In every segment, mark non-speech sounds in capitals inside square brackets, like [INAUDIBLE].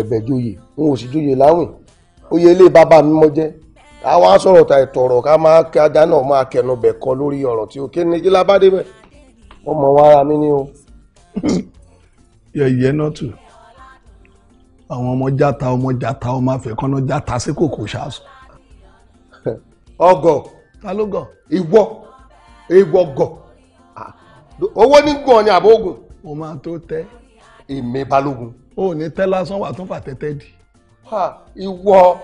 ẹ̀bẹ̀ joyè n ò sì joyè láwìn oyè ilé bàbá mi mọ́ jẹ́ àwa sọ̀rọ̀ ta ìtọ̀rọ̀ ká máa kí ajá náà máa kẹnu bẹ̀ kọ lórí ọ̀rọ̀ tí o kí ni kí lábá débẹ̀ wọ́n mọ̀ wá ara mi ní o. yẹ̀yẹ́ náà tù àwọn ọmọ játa ọmọ játa ọmọ afẹ́kọ́nà játa sí kòkò ṣáàṣù. ọgọ ta ló gọ. ìwọ ìwọ gọ ah, owó ní gùn ọ ní àbógun. mo máa tó tẹ. èmi balógun o ò ní tẹ́ lásán wà tún fàtẹ́tẹ́ dì. ìwọ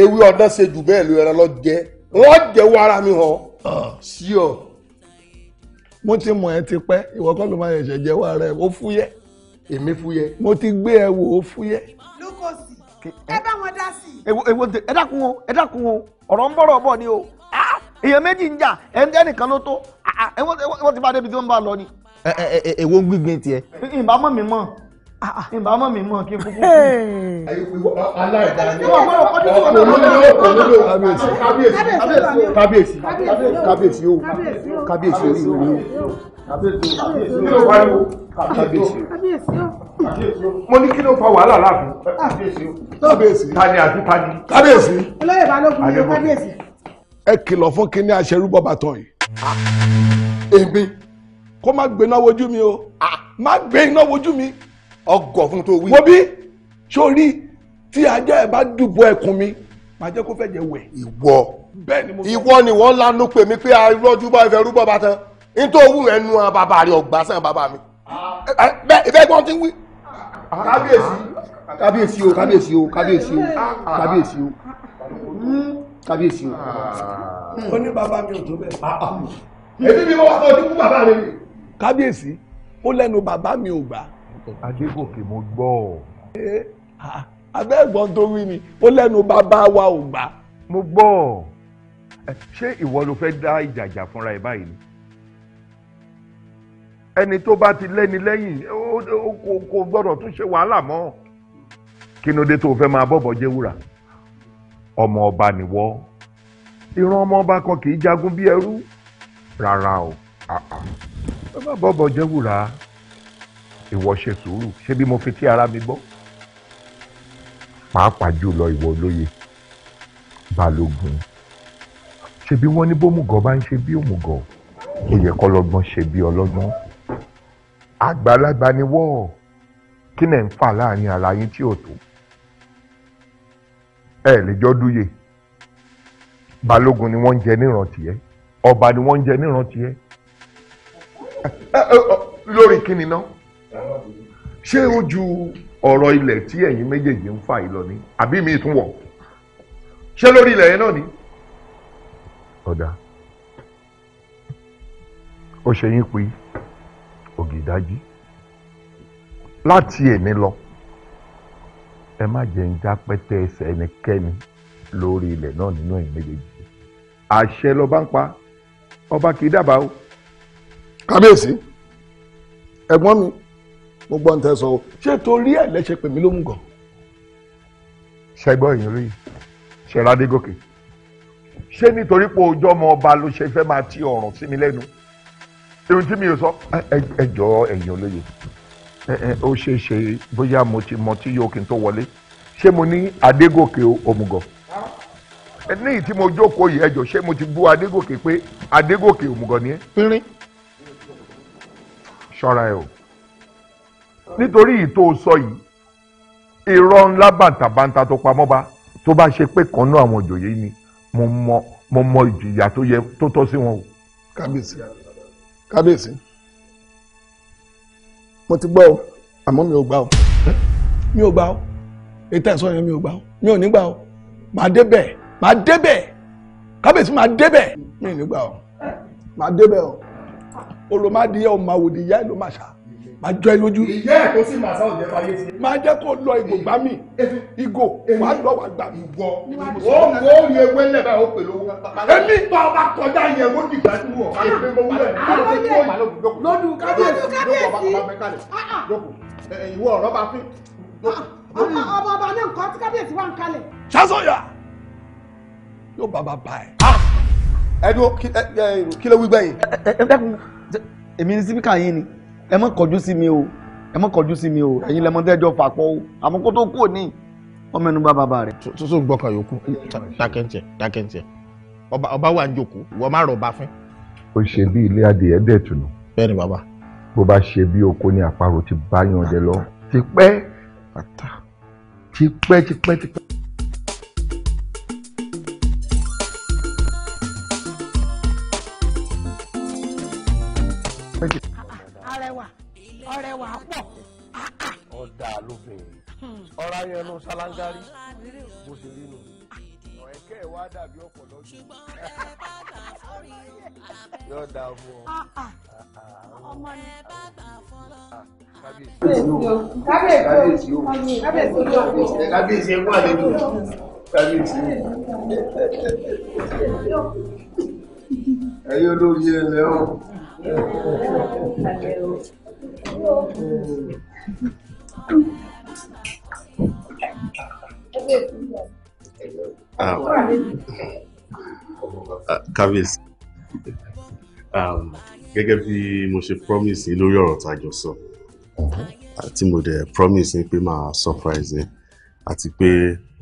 ewé ọdẹ ṣe jù bẹ́ẹ̀ lu ẹran lọ jẹ wọ́n jẹ́wọ́ ara mi hàn ah. sí ọ. mo ti mọ̀ ẹ́ ti pẹ́ ìwọ kọ́ ló máa ṣẹ̀ṣẹ̀ jẹ́wọ́ ara ẹ̀ ó fúyẹ́. èmi fúyẹ́. mo ti gbé ẹ wò ó fúyẹ́. lukosi ẹ bá wọn dá sí i. ẹ dákun o ẹ dákun o ọ̀rọ̀ ń bọ̀rọ̀ bọ̀ ni o ah, èèyàn méjì ń jà ẹnìkan ló tó ah, wọ́n ti bá débi tí wọ́n bá lọ ni. wo ń gbígbin tiẹ̀. ìbámu mi mọ̀ ìbá mọ̀ mi mọ̀ kí n kúkú kú. aláìdáni kábíyèsí kábíyèsí kábíyèsí o kábíyèsí orí mi o kábíyèsí o mo ní kí ló fa wàhálà láàbù kábíyèsí tani àti tani. kábíyèsí olóyè balógun ni kábíyèsí. ẹ kìlọ̀ fún kínní aṣẹ́rúbọ̀ bàtọ̀ yìí. èmi kó má gbé náà wojú mi o má gbé náà wojú mi ọgọ fún tó wí. wo bí sórí tí ajá ẹ bá dùbọ ẹkùn mi màá jẹ́ kó fẹ́ jẹ wẹ̀. ìwọ ìwọ ni wọ́n lanu pè mí pé arọ́jú bá ìfẹ́ rúbọ bá tán nítorí owó rẹ̀ nu bàbá rẹ̀ ọgbà bàbá mi. Ah. ìfẹ́ gbọ́n ti wí. kábíyèsí kábíyèsí o kábíyèsí o kábíyèsí o kábíyèsí o kábíyèsí o. ó ní bàbá mi ò tó bẹ́ẹ̀. Ah, ah. èmi ni mo wà fún ọdún fún bàbá mi. kábíyèsí ó lẹ́nu bàbá mi ò gbà adégòkè mo gbọ́ ọ. Ah, abẹ́ẹ̀gbọ́n tó wí ni ó lẹ́nu bàbá wa ò gbà. mo gbọ́ ọ ṣé ìwọ ló fẹ́ dá ìjàjà fúnra ẹ̀ báyìí ni ẹni tó bá ti lẹ́ni lẹ́yìn kò gbọ́dọ̀ tún ṣe wàhálà mọ́ kí o dé tó fẹ́ máa bọ́bọ̀ jẹ́ wúrà ọmọ ọba nìwọ ìran ọmọ ọba kan kì í jagun bí ẹrú rárá o bàbá bọ́bọ̀ jẹ́ wúrà ìwọ ṣe sùúrù ṣé bí mo fi tí ara mi gbọ́ pàápàá jùlọ ìwọ olóye balógun ṣe bí wọ́n ní bómùgọ̀ bá ń ṣe bí òmùgọ̀ ó yẹ kọ́lọ́gbọ́n ṣe bí ọlọ́gbọ́n àgbàlagbà ni wọ́ọ̀ kí nẹ̀ ń fà láàrin ara yín tí ò tó ẹ lè jọ dúye balógun ni wọ́n ń jẹ nírántí ẹ ọba ni wọ́n ń jẹ nírántí ẹ lórí kí ni náà ṣé ó ju ọ̀rọ̀ ilẹ̀ tí ẹ̀yin méjèèjì ń fà yìí lọ ni àbí mi tún wọ̀ ṣé lórí ilẹ̀ yẹn náà ni. ọ̀dà ó ṣe yín pé ògìdájí láti èmi lọ ẹ má jẹ́ ń já pẹ́tẹ́ ẹsẹ̀ ẹnikẹ́ni lórí ilẹ̀ náà nínú ẹ̀yin méjèèjì àṣẹ lọ́ba ń pa ọba kì í dábàá o. kábíyèsí ẹ̀gbọ́n mi mo gbọ́ ń tẹ́ sọ o ṣé torí ẹ̀ lẹ́sẹ̀ pè mí ló mú gan. ṣẹgbọ́n èèyàn rí ṣẹlá dégòkè ṣé nítorí pé ojú ọmọ ọba ló ṣe fẹ́ máa ti ọ̀rọ̀ sí mi lẹ́nu irun tí mi ò sọ ẹ jọ̀ọ́ èèyàn olóye ó ṣeé ṣe bóyá mo ti mọ tí yóò kí n tó wọlé ṣé mo ní adégòkè òmùgọ̀ ní ìtí mo jókòó yìí ẹjọ ṣé mo ti bú adégòkè pé adégòkè òmùgọ̀ ni ẹ. pínrín. ṣọ́ra ẹ o nítorí ìtò sọ yìí irọ́ ńlá bàǹtàbàǹtà tó pamọ́ bá tó bá ṣe pé kan náà àwọn ìjòyè ni mo mọ mo mọ ìjìyà tó yẹ tó tọ́ sí wọn o. kábíyèsí kábíyèsí mo ti gbọ́ o àmọ́ mi ò gbà o mi ò gbà o ètò ẹ̀sọ́ yẹn mi ò gbà o mi ò ní gbà o màá débẹ̀ màá débẹ̀ kábíyèsí màá débẹ̀ mi ò ní gbà o màá débẹ̀ o olùmọ̀dìyẹ ò máa wòdìyẹ ló máa ṣáà máa jọ ẹ lójú. ìyá ẹ̀ kó sì máa sáwọn jẹ́ fàyè sí. máa jẹ́ kó lọ ìgò gbá mi ìgò wà á lọ wà gbà mí. ìwọ ó mú ó rí ewé lẹ́bàá ó pè lówó. èmi bá ọba kọjá yẹn ó di ìgbà tí wọ̀. lọ́dún kábíyèsí. ìwọ ọ̀rọ̀ bá fín. ọmọ ọba náà nǹkan tí kábíyèsí wà ń kalẹ̀. ṣàṣọyà yóò bá bá bá ẹ. ẹ dúró kí ló wí gbẹ̀yìn. èmi ní síbíkà yín ni ẹ má kọjú sí mi o ẹ má kọjú sí mi o ẹ̀yin lẹ́mọ tẹ́jọ́ fàpọ̀ o àmọ́ kó tó kúrò ní ọmọ ẹnu bá bàbá rẹ̀. soso gbọ́kàn yòókù dákẹ́ntìẹ dákẹ́ntìẹ ọba wà ń jòkó ìwọ má rọ̀ ọba fún. ó ṣe bí ilé adìyẹ dẹ̀ tùnú. bẹ́ẹ̀ni bàbá. bó bá ṣe bí oko ni àparò ti bá yan ọdẹ lọ tipẹ́ tipẹ́ tipẹ́ tipẹ́. Thank you. lóbìnrin ọ̀rá yẹn ló ṣalángárì bó ṣe rí nù. ọ̀rẹ́ kẹ́ ẹ̀ wá dàbí ọ̀pọ̀lọ́ yóò dà fún ọ. ọmọ ni kábíyèsí o kábíyèsí ẹkún àlejò kábíyèsí o ẹyọ olóye ẹlẹ o. Ah, Kavis, um, gẹ́gẹ́ bí mo ṣe promise yín lórí ọ̀rọ̀ tá a jọ sọ uh-huh. tí mo dẹ̀ promise yín pé máa surprise yín àti pé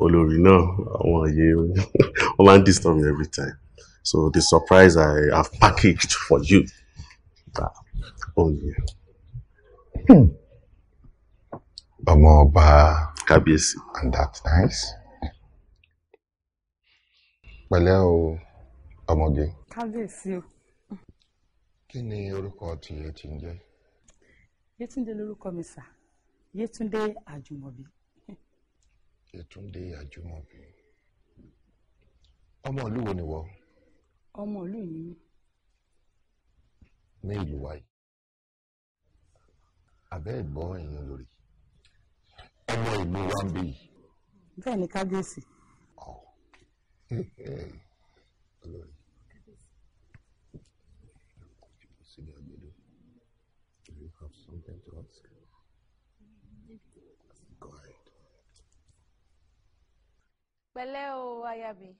olórí náà àwọn òye wọ́n máa ń disturb me every time so the surprise I have packaged for you. That, ah, oh yeah. Hmm ọmọọba. kábíyèsí. and that's nice. pẹ̀lẹ́ o ọmọge. kábíyèsí o. kí ni orúkọ tí Yétúndé. Yétúndé lórúkọ mi sà Yétúndé Àjùmọ̀bí. Yétúndé Àjùmọ̀bí. ọmọ ìlú wo ni wọ. ọmọ ìlú yìí ni. ní ìlú wa yìí. àbẹ́ ìgbọ́ ẹ̀yìn lórí ọmọ ìlú wa ń bí yìí. bẹ́ẹ̀ ni kábíyèsí. Do you have something to ask? Go ahead. Pẹ̀lẹ́ o, Ayabi.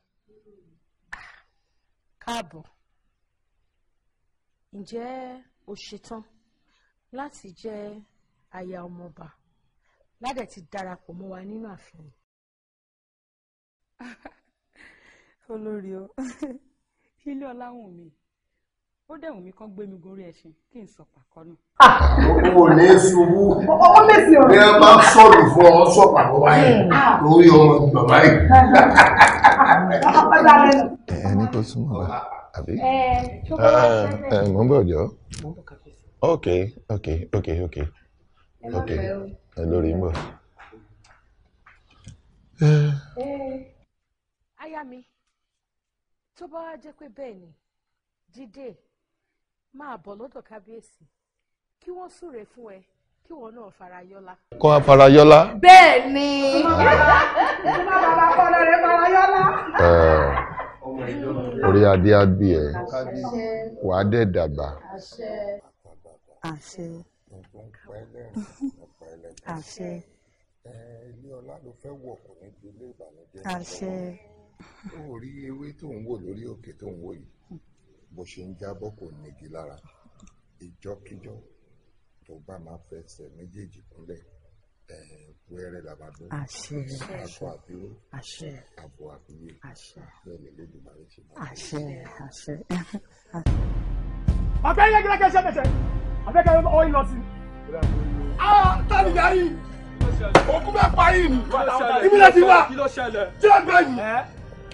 Káàbọ̀. Ǹjẹ́ o ṣetán láti jẹ́ aya ọmọọba? ládẹ̀ ti darapọ̀ mọ́ wa nínú ààfin ni. [LAUGHS] olórí o [LAUGHS] ilé ọláhùn mi ó dẹ̀wùn mi kán gbé mi gorí ẹṣin kí n sọ pàkọ́ nù. Ah! o ò ní ṣubú bí ẹ bá sọ̀rọ̀ fún ọ sọ pàkọ́ wáyé hmm. ah. lórí ọmọ bàbá yìí. [LAUGHS] Ah, ẹ ní kò súnmọ́ wa àbí. ẹ mọ̀ ń bọ̀ jọ. ok ok ok ok ok. lórí mọ̀. aya mi tó bá wá jẹ́ pé bẹ́ẹ̀ ma dídé máa bọ̀ lọ́dọ̀ kábíyèsí kí wọ́n súre fún ẹ kí fara bẹ́ẹ̀ ni. orí adé dàgbà. àṣẹ. ilé ọlá ló fẹ́ wọ̀ kò ní ju ilé ìbànújẹ́. àṣẹ. ó rí ewé tó ń wò lórí òkè tó ń wò yìí bó ṣe ń jábọ́ kò nígi lára ìjọkíjọ tó bá máa fẹsẹ̀ méjèèjì kúnlẹ̀ wẹ́rẹ́ làbàdó àṣọ àbíró àbọ̀ àbíyé bẹ́ẹ̀ ni lódùmarè ṣe máa ń bọ̀. ọ̀gá ilé gíga kẹsẹ̀ kẹsẹ̀ àbẹ́kẹ́ ọ̀hìn lọ sí i ah tani yari òkú bẹ parí ni ìbílẹ̀ ti wá tí wọ́n gbẹ yìí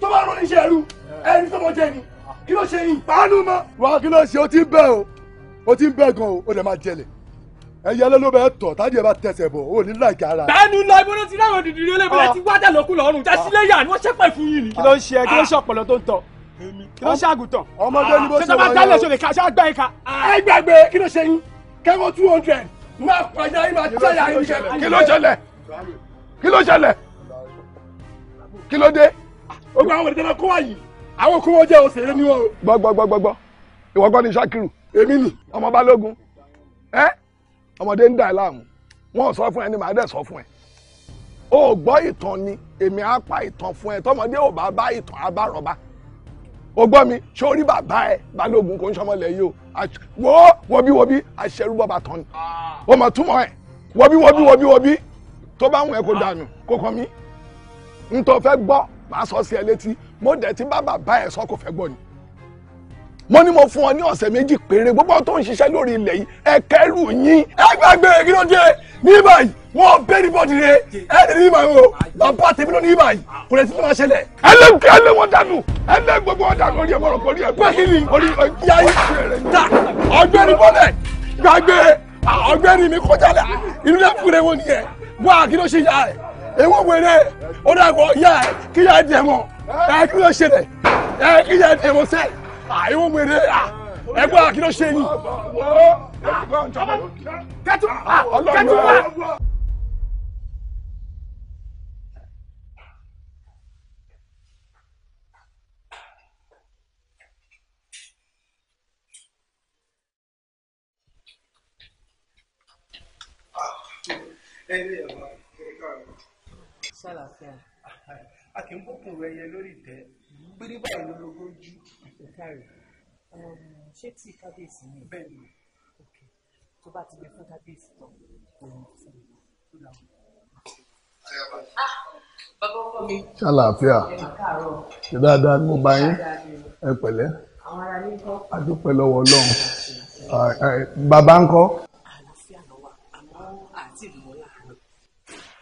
tó bá rán ẹni tó jẹ ni kí ló ṣe yìí pàánù mọ́. wà á kí ló ṣe o ti ń bẹ o o ti ń bẹ gan o o lè máa jẹlẹ ẹyẹ ló bẹ tọ tàbí ẹ bá tẹsẹ̀ bọ̀ o ní láìka ara. bẹ́ẹ̀ni lọ ibodò tí láwọn òdìdí ilé bẹ̀rẹ̀ ti wá dàlókù lọ́rùn jásílẹ̀ yà ni wọ́n ṣẹ́pẹ̀ fún yìí ni. kí ló ń ṣe kí ló ń ah. ṣe ọpọlọ tó ń tọ kí ló ń ṣe àgùntàn. ọmọdé ni bó ah. ṣe wọlé o ṣe tó bá dálẹ̀ ṣe lè ṣe àgbà yìí ka. ẹ gbàgbé kí ló ṣe yín kẹ́kọ̀ọ́ two hundred máa pàjá yín máa tẹ̀yà yín jẹ. kí ló ṣẹlẹ̀ kí ló ṣẹlẹ̀ kí ló dé. ogun àwọn ìdílé kó wá yìí àwọn kó wọ́n jẹ́ òṣèré ni wọ́n. gbọ́ gbọ́ gbọ́ gbọ́ gbọ́ ìwọ gbọ́ ni Sakiru. èmi ni. ọmọ balógun ẹ ọmọdé ń dà ẹ láàmú wọn ò sọ fún ẹ ni màá dẹ̀ sọ fún ẹ o gbọ́ ìtàn ni èmi á pa ìtàn fún ẹ tọmọdé ò bá bá ìtàn á bá rọba o gbọ́ mi sórí bàbá ẹ balógun kò ń sọmọlẹ̀ yìí o wo wọbí wọbí àṣẹrú bàbá tán ni o mọ̀ túmọ̀ ẹ wọbí wọbí wọbí wọbí tó bá wùn ẹ kó dànù kó kàn mí n tó fẹ́ gbọ́ màá sọ sí ẹ létí mo dẹ̀ ti bá bàbá ẹ sọ kò fẹ́ gbọ́ ni mo ní mo fún ọ ní ọ̀sẹ̀ méjì péré gbogbo tó ń ṣiṣẹ́ lórí ilẹ̀ yìí ẹ kẹ́rù yín ẹ kí ló dé ní báyìí wọn bẹ ní bọ́ọ̀dì rẹ ẹ ẹ ní ìmọ̀ ẹ̀rọ bàbá tèmi ló ní ìmọ̀ yìí kò lè ti máa ṣẹlẹ̀. ẹlẹ́gbẹ́ ẹlẹ́ wọn dànù ẹlẹ́ gbogbo wọn dànù orí ẹ̀ mọ̀rọ̀ pẹ̀lú ẹ̀ pé kí ni orí ìyá yìí ta ọ̀gbẹ́ni bọ́lẹ̀ gbàgbé ọ̀gbẹ́ni mi kọjá lẹ̀ inú náà fúnra wọn nìyẹn wá kí ló ṣe yá ẹ̀ èwo wẹ̀rẹ̀ ó dàgbọ́ yá ẹ̀ kí yá ẹ̀ kí yá ẹ̀ dẹ̀ mọ́ sẹ́ wá kẹ́tù wá. sálàáfíà. a kì í kókùn rẹ yẹ lórí ìtẹ́ gbírí báyìí ló lógún jù. ìkárè um, ṣé tí kábíyèsí ni. bẹ́ẹ̀ ni tó bá ti gbé fún kábíyèsí tán kò ní sí i. Ah, bàbá ọkọ mi. sálàáfíà ṣe dáadáa ni mo bá yín ẹ pẹ̀lẹ́ a dúpẹ́ lọ́wọ́ Ọlọ́run bàbá ńkọ́.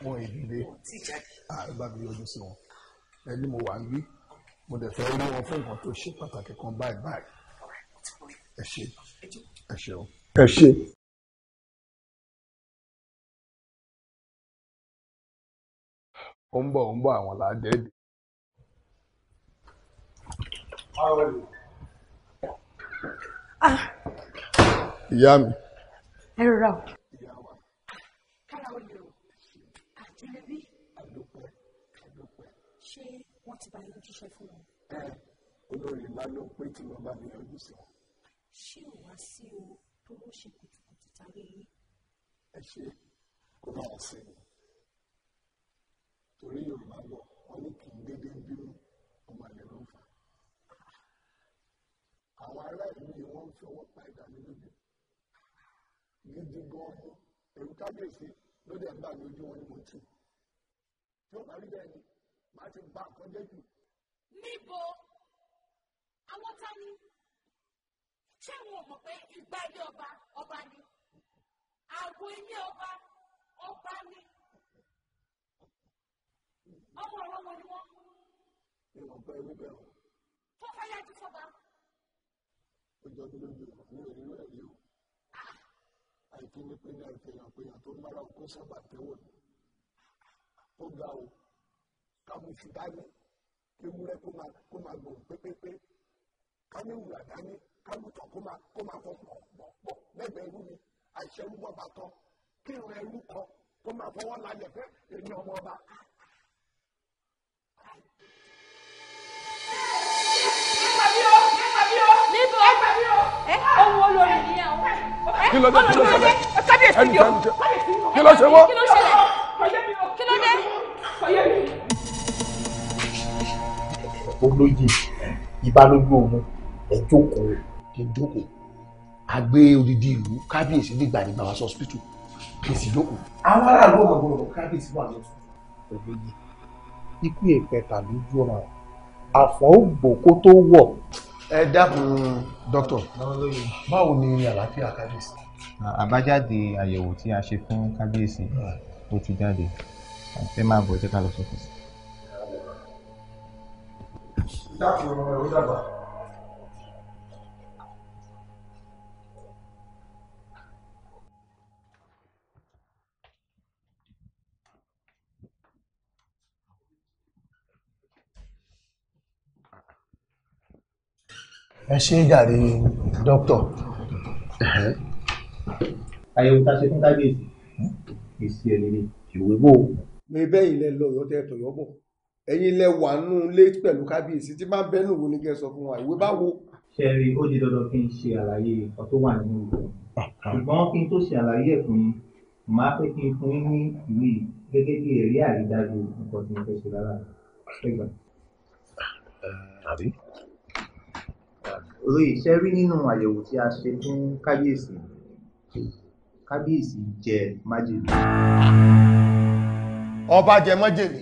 wọn ìdílé àgbà mi yọjú sí wọn ẹni mo wà ń wí mo dẹ̀ fẹ́ rí wọn fún nǹkan tó ṣe pàtàkì kan báyìí báyìí ẹ ṣe ẹ ṣeun. ẹ ṣe. ó ń bọ̀ ó ń bọ̀ àwọn làádẹ́ẹ̀dẹ́. Ah. ìyá mi. ẹ rọra o. bá yín jíṣẹ́ fún wọn. ẹ olórí ńlá ló pé tí wọn bá mi yọjú sí wọn. ṣé ò wá sí o tó ó ṣe kùtùkùtù tàbí yín. ẹ ṣe kó máa ṣe ni torí yorùbá bọ̀ wọ́n ní kì í dédé bínú ọmọ ilẹ̀ ló fà. àwọn ará ìlú yìí wọ́n ń fi ọwọ́ pa ìdá mi lóde gidi gan-an ẹ̀rù kábíyèsí ló dẹ̀ ń ojú wọn ni mo ti. tí ó parí bẹ́ẹ̀ ni a ti gba àkọjẹ́ jù. níbo àwọn ta ni ṣé àwọn ò mọ̀ pé ìgbà ilé ọba ọba ni àgbo ilé ọba ọba ni ọmọ ọ̀rọ̀ wọn ni wọ́n. ìwọ̀n pẹ́ irú o. tó fẹ́ yájú fọba. ó jọ bí lójú mi ò rí rẹ̀ o. àìkí ni pé tó ń bára kó sábà tẹ́wọ̀ ó ga o kámúṣù dání kí ewúrẹ́ kó máa kó máa gbòm pépépé kámúwùrà dání kámútọ̀ kó máa kó máa fọ pọ̀pọ̀pọ̀ lẹ́gbẹ̀ẹ́ irú mi àṣẹ irú ọba tán kí irun ẹrú kọ kó máa fọwọ́ lálẹ́ pé èmi ọmọ ọba. kí ló dé kí ló ṣẹlẹ̀ ẹnì kan kí ló ṣe wọ́n. kí ló ṣẹlẹ̀ kí ló dé olóyè ìbálòjú òun ẹ jókòó kí n jókòó àgbé odidi ìlú kábíyèsí nígbà ní bàbá sọ́spítù kí n sì jókòó. àwọn aráàlú ọmọ gbọ́dọ̀ kábíyèsí wà lọ́sùn. olóyè ikú ìpẹta lójú ọ̀ràn àfọ̀ ògbókó tó wọ̀. ẹ dákun dókítà báwo ni àlàáfíà kábíyèsí. àbájáde àyẹ̀wò tí a ṣe fún kábíyèsí ó ti jáde ẹ máa bọ̀ ẹ jẹ́ ká lọ sọ́fíìsì dákun ọmọ rẹ̀ ó dàgbà. ẹ ṣe é jàre dókítà. àyẹ̀wò ta ṣe fún kábíyèsí èsì hmm? ẹ̀ nìyí ìwé bò. mi bẹ́ẹ̀ ilẹ̀ lọ yọtẹ̀ tọ̀yọ́ bọ̀ ẹ̀yin lẹ wà nù lé pẹ̀lú kábíyèsí tí máa bẹ́nu wo ni kẹ́ sọ fún wa ìwé bá wo. ṣe rí ó di dandan kí n ṣe àlàyé nǹkan tó wà nínú ìwé ah, ah. ṣùgbọ́n kí n tó ṣe àlàyé ẹ̀ fún yín màá pé kí n fún yín ní ìwé gẹ́gẹ́ bí ẹ̀rí àrídájú nǹkan tí mo fẹ́ ṣe lára ẹgbà. olóyè ṣe rí nínú àyẹ̀wò tí a ṣe fún kábíyèsí kábíyèsí jẹ májèlé. ọba jẹ májèlé.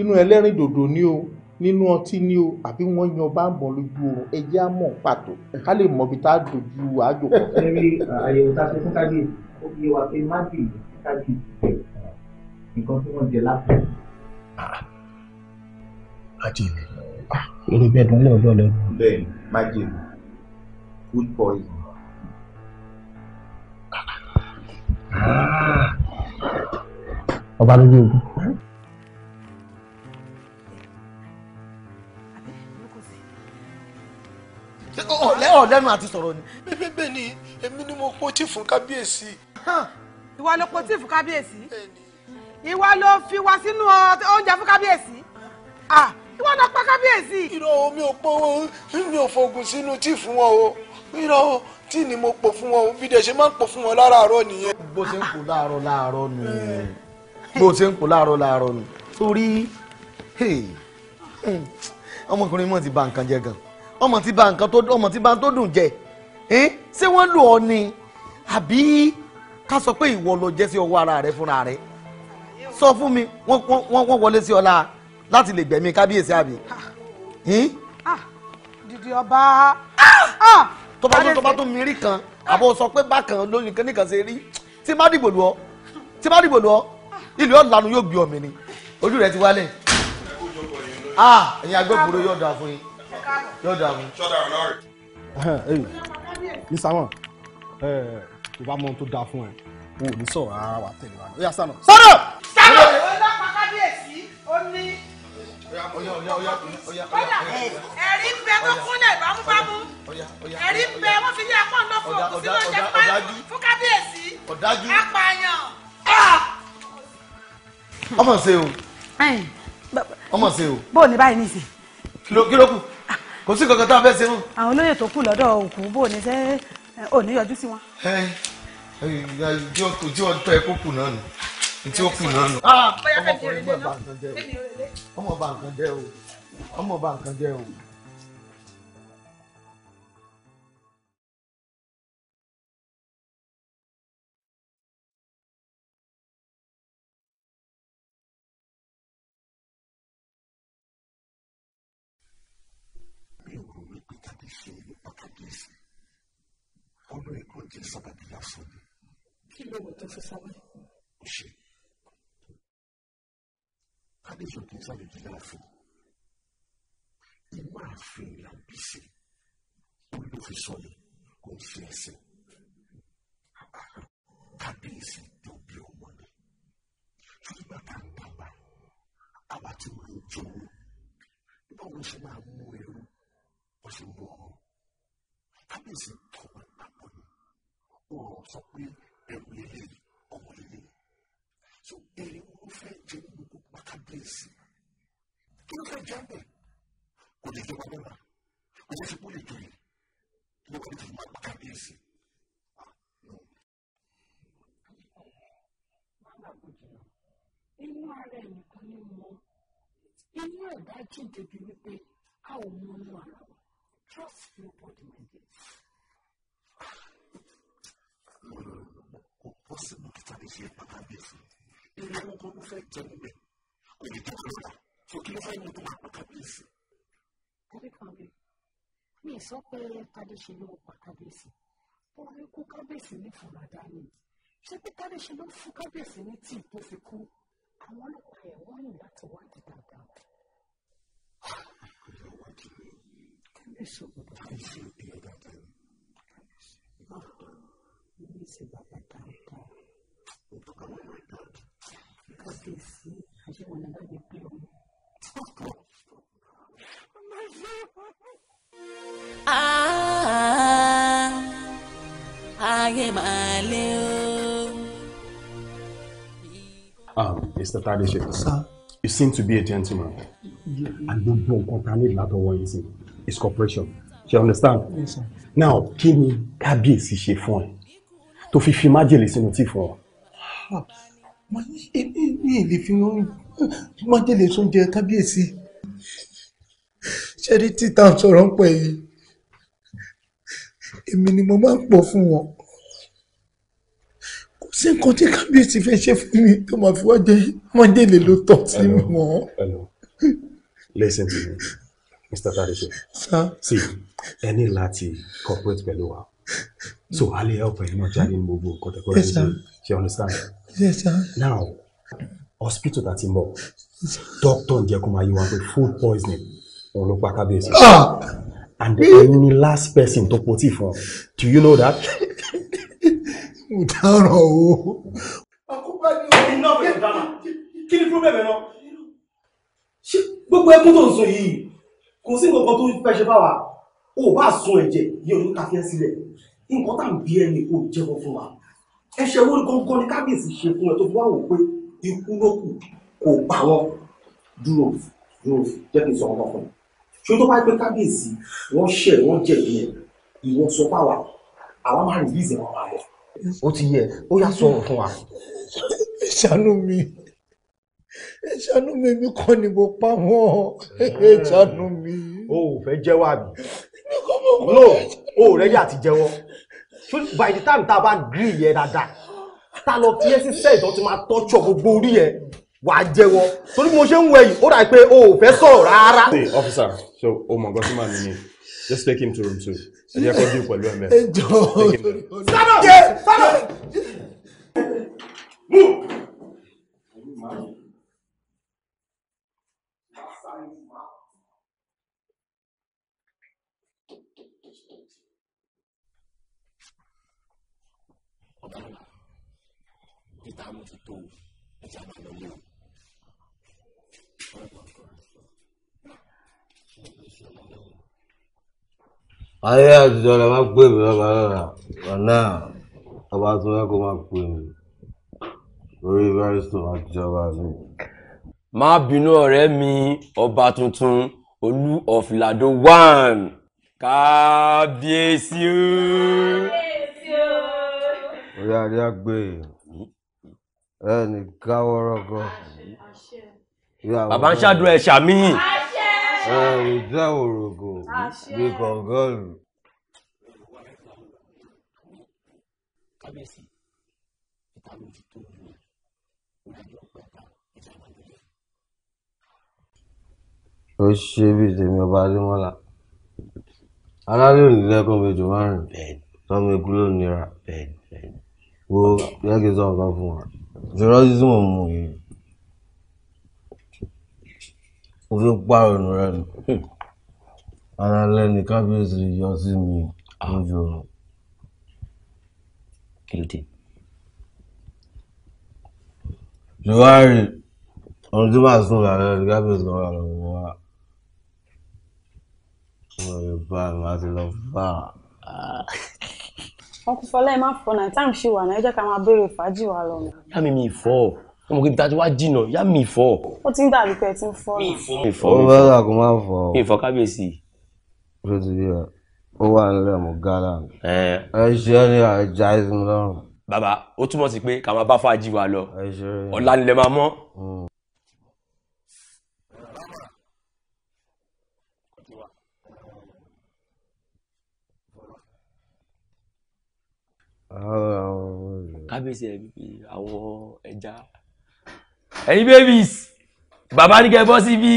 inú ẹlẹ́rìn dòdò ni o nínú ọtí ni o àbí wọ́n yan bá ń bọ̀ lójú oorun ẹjẹ́ á mọ̀ pàtó ká lè mọ ibi tá a dojú àjò kan. ẹ rí àyẹ̀wò tá a ṣe fún kábíyè ó fi wà pé má bì í kábíyè nǹkan tí wọ́n jẹ lápò. májèlé èrè bẹ́ẹ̀ dán lẹ́ọ̀dọ́ lẹ́nu. bẹ́ẹ̀ni májèlé food poison. ọba lójú ogun. ọ̀lẹ́ ọ̀lẹ́nu àti sọ̀rọ̀ ni. bẹ́ẹ̀ bẹ́ẹ̀ ni èmi ni mo pọ́tì fún kábíyèsí. ìwọ ló pọ́tì fún kábíyèsí ìwọ ló fi wá sínú oúnjẹ fún kábíyèsí ìwọ ló pa kábíyèsí. irọ́ o mi ò pọ́wọ́ mi ò fògùn sínú tí fún wọn o irọ́ o tí ni mo pò fún wọn o bí dẹ̀ ṣe máa ń pò fún wọn láràárọ̀ nìyẹn. bó ṣe ń pò láàárọ̀ láàárọ̀ nù bó ṣe ń pò láàárọ̀ láàárọ̀ nù torí ọmọkùnrin mọ̀ ti bà nǹkan jẹ́ gan-an ọmọ tí ba nǹkan tó ọmọ tí ba tó dùn jẹ ẹ ṣé wọ́n lù ọ ni àbí ká sọ pé ìwọ ló jẹ́ sí ọwọ́ ara rẹ fúnra rẹ sọ fún mi wọ́n wọlé sí ọlá láti lè gbẹ̀mí kábíyèsí àbí. Ah. Ah, dìdì ọba. Ah! tó bá tó tó bá tó mi rí kan àbọ̀ sọ pé bákan lóyún kẹ́nìkan ṣe rí tí má dìbò lù ọ tí má dìbò lù ọ ìlú ọ̀lànà yóò gbé ọ̀mì ni ojú rẹ ti wálẹ̀ ẹ̀yin agbẹ́bùrú yóò dà fún yín yóò dà mí. ṣọ́dà ọ̀nà rẹ̀. ní sáwọn tó bá mọ ohun tó dáa fún ẹ o ní sọ̀rọ̀ ara wa tẹ̀lé wa ó yà sànà. sànà. sànà. ọlọ́pàá kábíyèsí ó ní. ẹ̀rí ń bẹ tó kúnlẹ̀ bámúbámú ẹ̀rí ń bẹ wọ́n fi ní ẹ̀kọ́ ńlọ fún òkú sí lóúnjẹ fún kábíyèsí apààyàn. Ah! ọmọ ṣe o ọmọ ṣe o. bó o ní báyìí nìsín. kí ló kú kò sí kankan tá a fẹ́ ṣe mọ́. àwọn olóyè tó kù lọ́dọ̀ òkú bò ní sẹ́ ò ní yọjú sí wọn. ojú ọtọ ẹ kó kù náà nù ntí ó kù náà nù. ọmọkùnrin ah, ọmọ bá nǹkan jẹ o ọmọ bá nǹkan jẹ o. kí ni sábàbí yà fún mi. kí ló wọ tó fi sábà. ó ṣe kádéjọ kì í sábàbí yà fún inú ààfin làbí sí ló fi sọ ni kò ń fi ẹsẹ̀ kábíyèsí tó bí ọmọ ni nígbà tá a dàgbà àwa ti máa ń jowó báwo ló ṣe máa mú ẹrú wọ́n ṣe mú kábíyèsí tó wà ó sọ pé ẹrù lélẹ̀ ọmọ lélẹ̀ so èrè wo ló fẹ́ jẹ ní gbogbo pátábíyèsí kí ló fẹ́ jẹ bẹ́ẹ̀ kò lè jọba lọ́la kò sì ṣe kó lè jọyè kí ló wà ní fún pátábíyèsí. inú ara ẹnìkan ni mo inú ẹ̀dá jíǹde bíi wípé a ò mọ inú ara wa trust nobody my dear kò pọ́sibú kí tàbí ṣe pàkàbíyèsí ilé ọkọ̀ ló fẹ́ jẹ níbẹ̀ kò ní tẹ́tí lọ́la tó kí ló fẹ́ ní tó máa pàkàbíyèsí. tàbí kan bí mi sọ pé tàbí ṣe ló pàkàbíyèsí ó rí kú kábíyèsí ní fúnra dání ṣé pé tàbí ṣe ló fún kábíyèsí ní tíì tó fi kú àwọn ọlọ́pàá ẹ̀ wọ́n yìn láti wádìí dáadáa. kábíyèsí ò gbọdọ̀ kábíyèsí ò gbọdọ̀ dáadáa si baba tata kutoka mama tata kasisi ashaonagaje pilo Um, Mr. Tadeshe, sir, you seem to be a gentleman. And don't you don't contaminate Labour It's cooperation. you understand? Yes, sir. Now, Kimi, ni kábíyèsí ṣe fún ẹ? tó fi fi májèlé sínú tí fún wọn. Ah, mo ní èlé fi májèlé sóúnjẹ kábíyèsí ṣẹ́rí títà sọ̀rọ̀ ń pẹ̀ yìí èmi ni mo máa ń pọ̀ fún wọn kò sí nǹkan tí kábíyèsí fẹ́ ṣe fún mi tó máa fi wá jẹ májèlé ló tọ̀ sí mọ́. listen to me mr tariso see ẹni láti cooperate pẹ̀lú wa so a help ẹ̀yin náà jáde ní gbogbo nǹkan tẹ́kọ̀ rẹ̀ ṣe understand. yes sir. now hospital ta ti ń bọ̀ doctor ǹjẹ́ kó máa yí food poisoning òun ló pa kábíyèsí. Ah! and ẹ̀yin ni last person tó po tí fún ọ do you know that. mo dáràn o. àkókò ẹni náà fẹsẹ̀ dáná kí ni problem ẹ náà ṣé gbogbo ẹkún tó ń sọ yìí kò sí nǹkan tó fẹ́ ṣe fáwa ò bá sun ẹ̀jẹ̀ yìí ò ní ká sílẹ̀ nǹkan tá à ń bí ẹni kò jẹ́wọ́ fún wa ẹ̀ṣẹ̀ wo gangan ni kábíyèsí ṣe fún ẹ tó fi wá wò pé ikú ló kù kò pa wọn dúró dúró jẹ́ kí n sọ wọn kankan ṣé tó bá pé kábíyèsí wọ́n ṣẹ̀ wọ́n jẹ̀bi ẹ̀ ìwọ́n sọ fáwa àwa máa rìn bíìsì wọn máa lọ. ó ti yẹ ó yá sọ̀rọ̀ fún wa. ẹ ṣàánú mi ẹ ṣàánú mi èmi kọ́ ni mo pa wọ́n ẹ ṣàánú mi. o ò fẹ́ jẹ́wọ́ àbí. no o ò ti jẹ́wọ́ by the time tá a bá gírí yẹ dáadáa tá a lọ fi ẹ́ sí sẹ́ẹ̀ tó ti máa tọ́jú gbogbo orí yẹ wàá jẹ́wọ́ torí mo ṣe ń wẹ̀ yìí ó dà pé o ò fẹ́ sọ̀rọ̀ rárá. officer so o mọ̀ nǹkan tí màá mi just take him to room two ẹ jẹ́ kó dín pẹ̀lú ẹ̀mẹ́. ẹ jọ sábà jẹ sábà. move. àmójútó ẹja máa lọ lé o. ayé àtijọ́ la máa pè mí lọ́ba lọ́la ọ̀nà ọba tó yẹ kó máa pè mí lórí barrister àtijọba mi. má bínú ọ̀rẹ́ mi ọba tuntun olú of Lado one kábíyèsí o. ó yá adé á gbé e ẹnì gáwọ́rọ́gọ́. bàbá ń ṣàdúrà ẹ̀ ṣàmíyìn. ẹnì dáwòrògò bí kọ̀ǹgọ́ọ̀lù. kábíyèsí ìta ló ti tó ní ìrìnàjò pẹ̀lú ìta ìwádìí. ó ṣe bí tèmi ọba adémọlá alálẹ́ òní lẹ́kọ̀ọ́ méjì márùn-ún tọ́mọ ikú nira wo yẹ́kì sọ̀rọ̀ kan fún wa. Journalism ò mú yìí. Mo fi pààrọ̀ ẹnu rẹ ni. Hmm. Ara lẹ́ni kábíyèsí yọ sí mi lójú ah. oorun. Kí ló dé? Ìwádìí ohun tí màá sùn lálẹ́ ni kábíyèsí kan wà lọ́wọ́ wa. Mo lè bá a, màá ti lọ bá a. Ah ọkùnrin fọlá ẹ má fọ náà táàmù ṣì wà náà ẹ jẹ́ ká máa béèrè fàájì wa lọ. yá mi mi fọ́ ọ mo kí n ta ti wá jìnnà yá mi fọ́. ó ti ń dàbí pé ẹ ti ń fọ́ náà. mi fọ́ mi fọ́ mi fọ́ kábíyèsí. ló ti bí wa ó wà nílẹ̀ ọmọ gánà ẹ ṣe é ní àjà ìsinmi lọ́rùn. bàbá ó túmọ̀ sí pé ká máa bá fàájì wa lọ ọ̀la nílẹ̀ máa mọ́. Mm. kábíyèsí ẹ̀ bí àwọn ẹja ẹ̀yin babies bàbá ní kẹ́ bọ́ síbí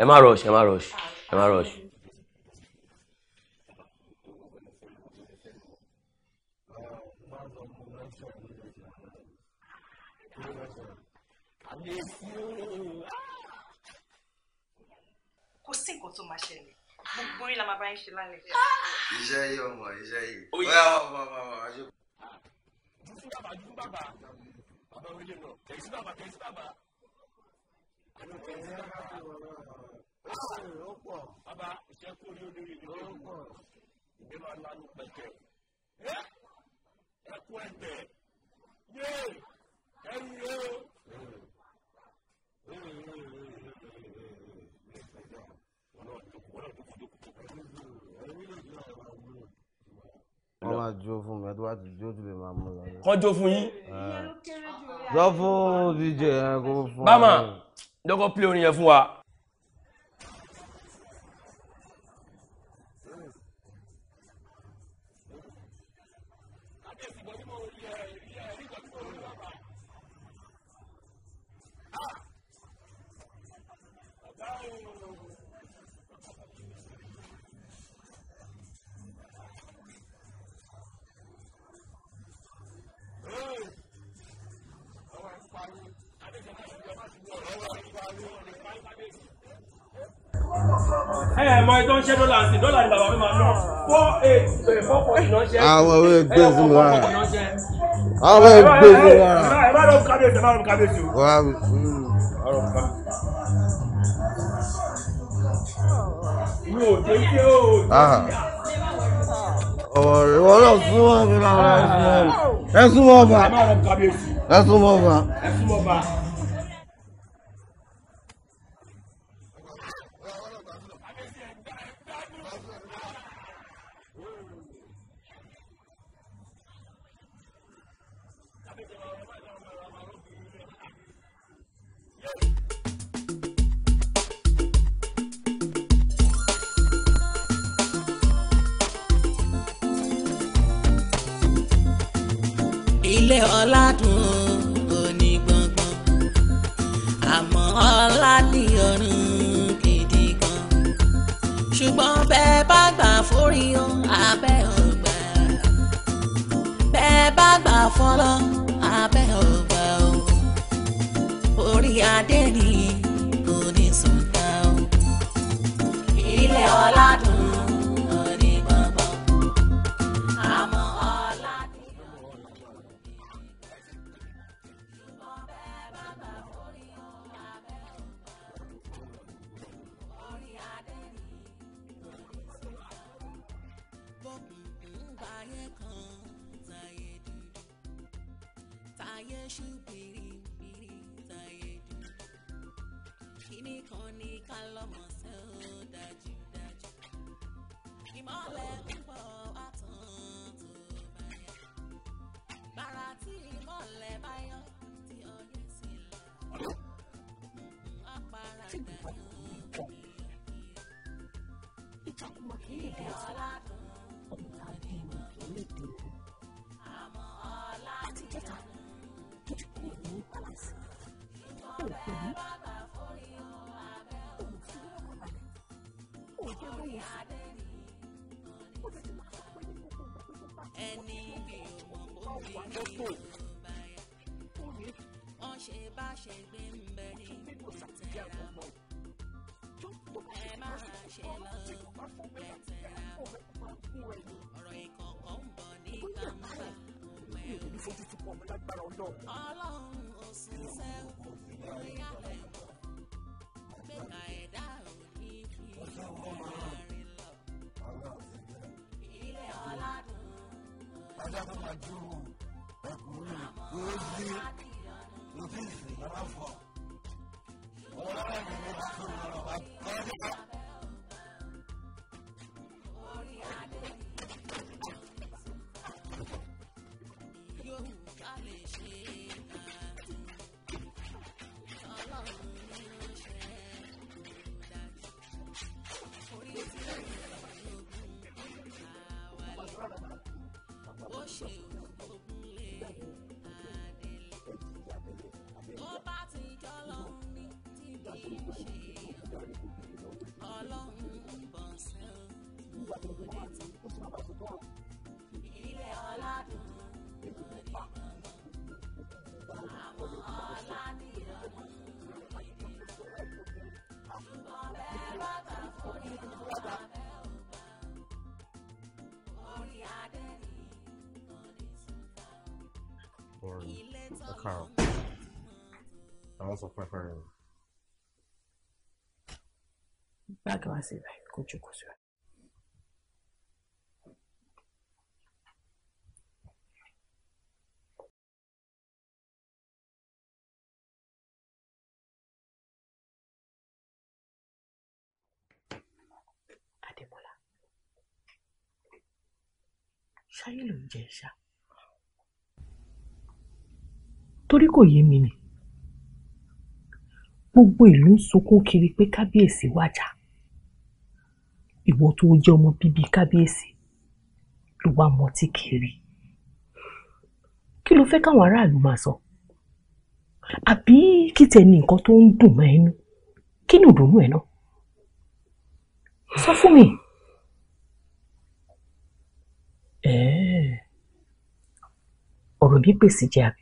ẹ má rush ẹ má rush ẹ má rush. rí la máa bá yín ṣe lálẹ́. iṣẹ́ yìí ọmọ iṣẹ́ yìí ó yá ọmọ ọmọ ọmọ ajé. jùsùn bàbá jùsùn bàbá bàbá wílé náà kẹ̀sí bàbá kẹ̀sí bàbá. bàbá iṣẹ́ kú orí olórí ìdílé ìlú ìgbé máa lánàá pẹ̀kẹ́ ẹ̀kú ẹ̀gbẹ́ yé ẹ̀rù yé o. máa jó fún mi ẹ tó ti jó jù lè máa mú lọ. kọ́ jó fún yín. lọ fún dj ẹ kó fún bámà dọ́kọ̀ pílẹ̀ orin yẹn fún wa. àwọn ewé gbé fún wa àwọn ewé gbé fún wa. ọ̀rẹ́ wọn náà súnmọ́ mi náà ẹ súnmọ́ ọba ẹ súnmọ́ ọba. sọ fún ẹ̀fọ́ báàgì wá sí ibẹ̀ kó jókòó sí ọ. ṣáyé ló ń jẹ ìṣá torí kò yé mi ni gbogbo ìlú ń sunkún kiri pé kábíyèsí wájà ìwọ tó jẹ́ ọmọ bíbí kábíyèsí ló wá mọtí kiri kí ló fẹ́ káwọn aráàlú máa sọ àbí kí tẹ ní nǹkan tó ń dùn mọ́ ẹnu kí ni ìdùnnú ẹ náà sọ fún mi. ọ̀rọ̀ bí gbèsè jẹ́ àbí.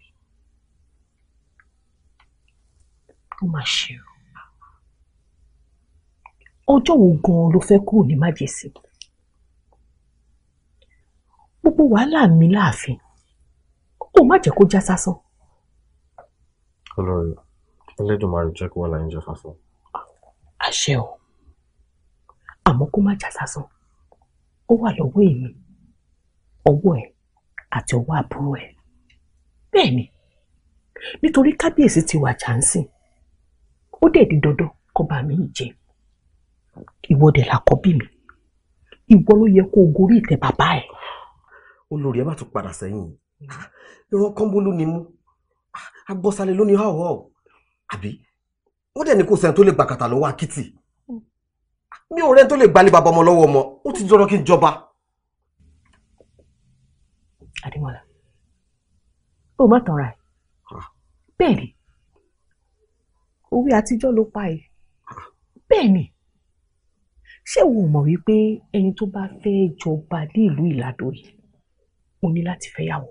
ó mà ṣe o ọjọ́ wo gan-an ló fẹ́ kúrò ní májèsí gbogbo wàhálà mi láàfin ó má jẹ́ kó já sásán. olórí Elédùmarè jẹ́ kó wà láyé jẹ́ sásán. àṣẹ o àmọ́ kó má já sásán ó wà lọ́wọ́ èmi ọwọ́ ẹ̀ àti ọwọ́ àbúrò ẹ̀ bẹ́ẹ̀ ni nítorí kábíyèsí ti wà jàǹsìn ó dẹ̀ di dandan kọ́ba mi yìí jẹ ìwọ dẹ̀ la kọ́ bí mi ìwọ ló yẹ kó o gorí ìtẹ̀ bàbá ẹ̀. olórí ẹ má tún padà sẹ́yìn ìran kọ́ńbó ló ní mú agbọ́sálẹ̀ ló ní hàwọ́ àbí wọ́n dẹ̀ ní kò sẹ́ni tó lè gbàkàtà lọ́wọ́ akitì mi ò rẹ́ni tó lè gbalẹ̀ bàbá ọmọ lọ́wọ́ ọmọ ó ti dọ́rọ́ kí n jọba. Adémọ́lá o má tanra ẹ bẹ́ẹ̀ ni òwe àtijọ́ ló pa ẹ̀ bẹ́ẹ̀ ni ṣé wo mọ̀ wípé ẹni tó bá fẹ́ jọba ní ìlú ìlàdọ̀rì ó ní láti fẹ́yàwó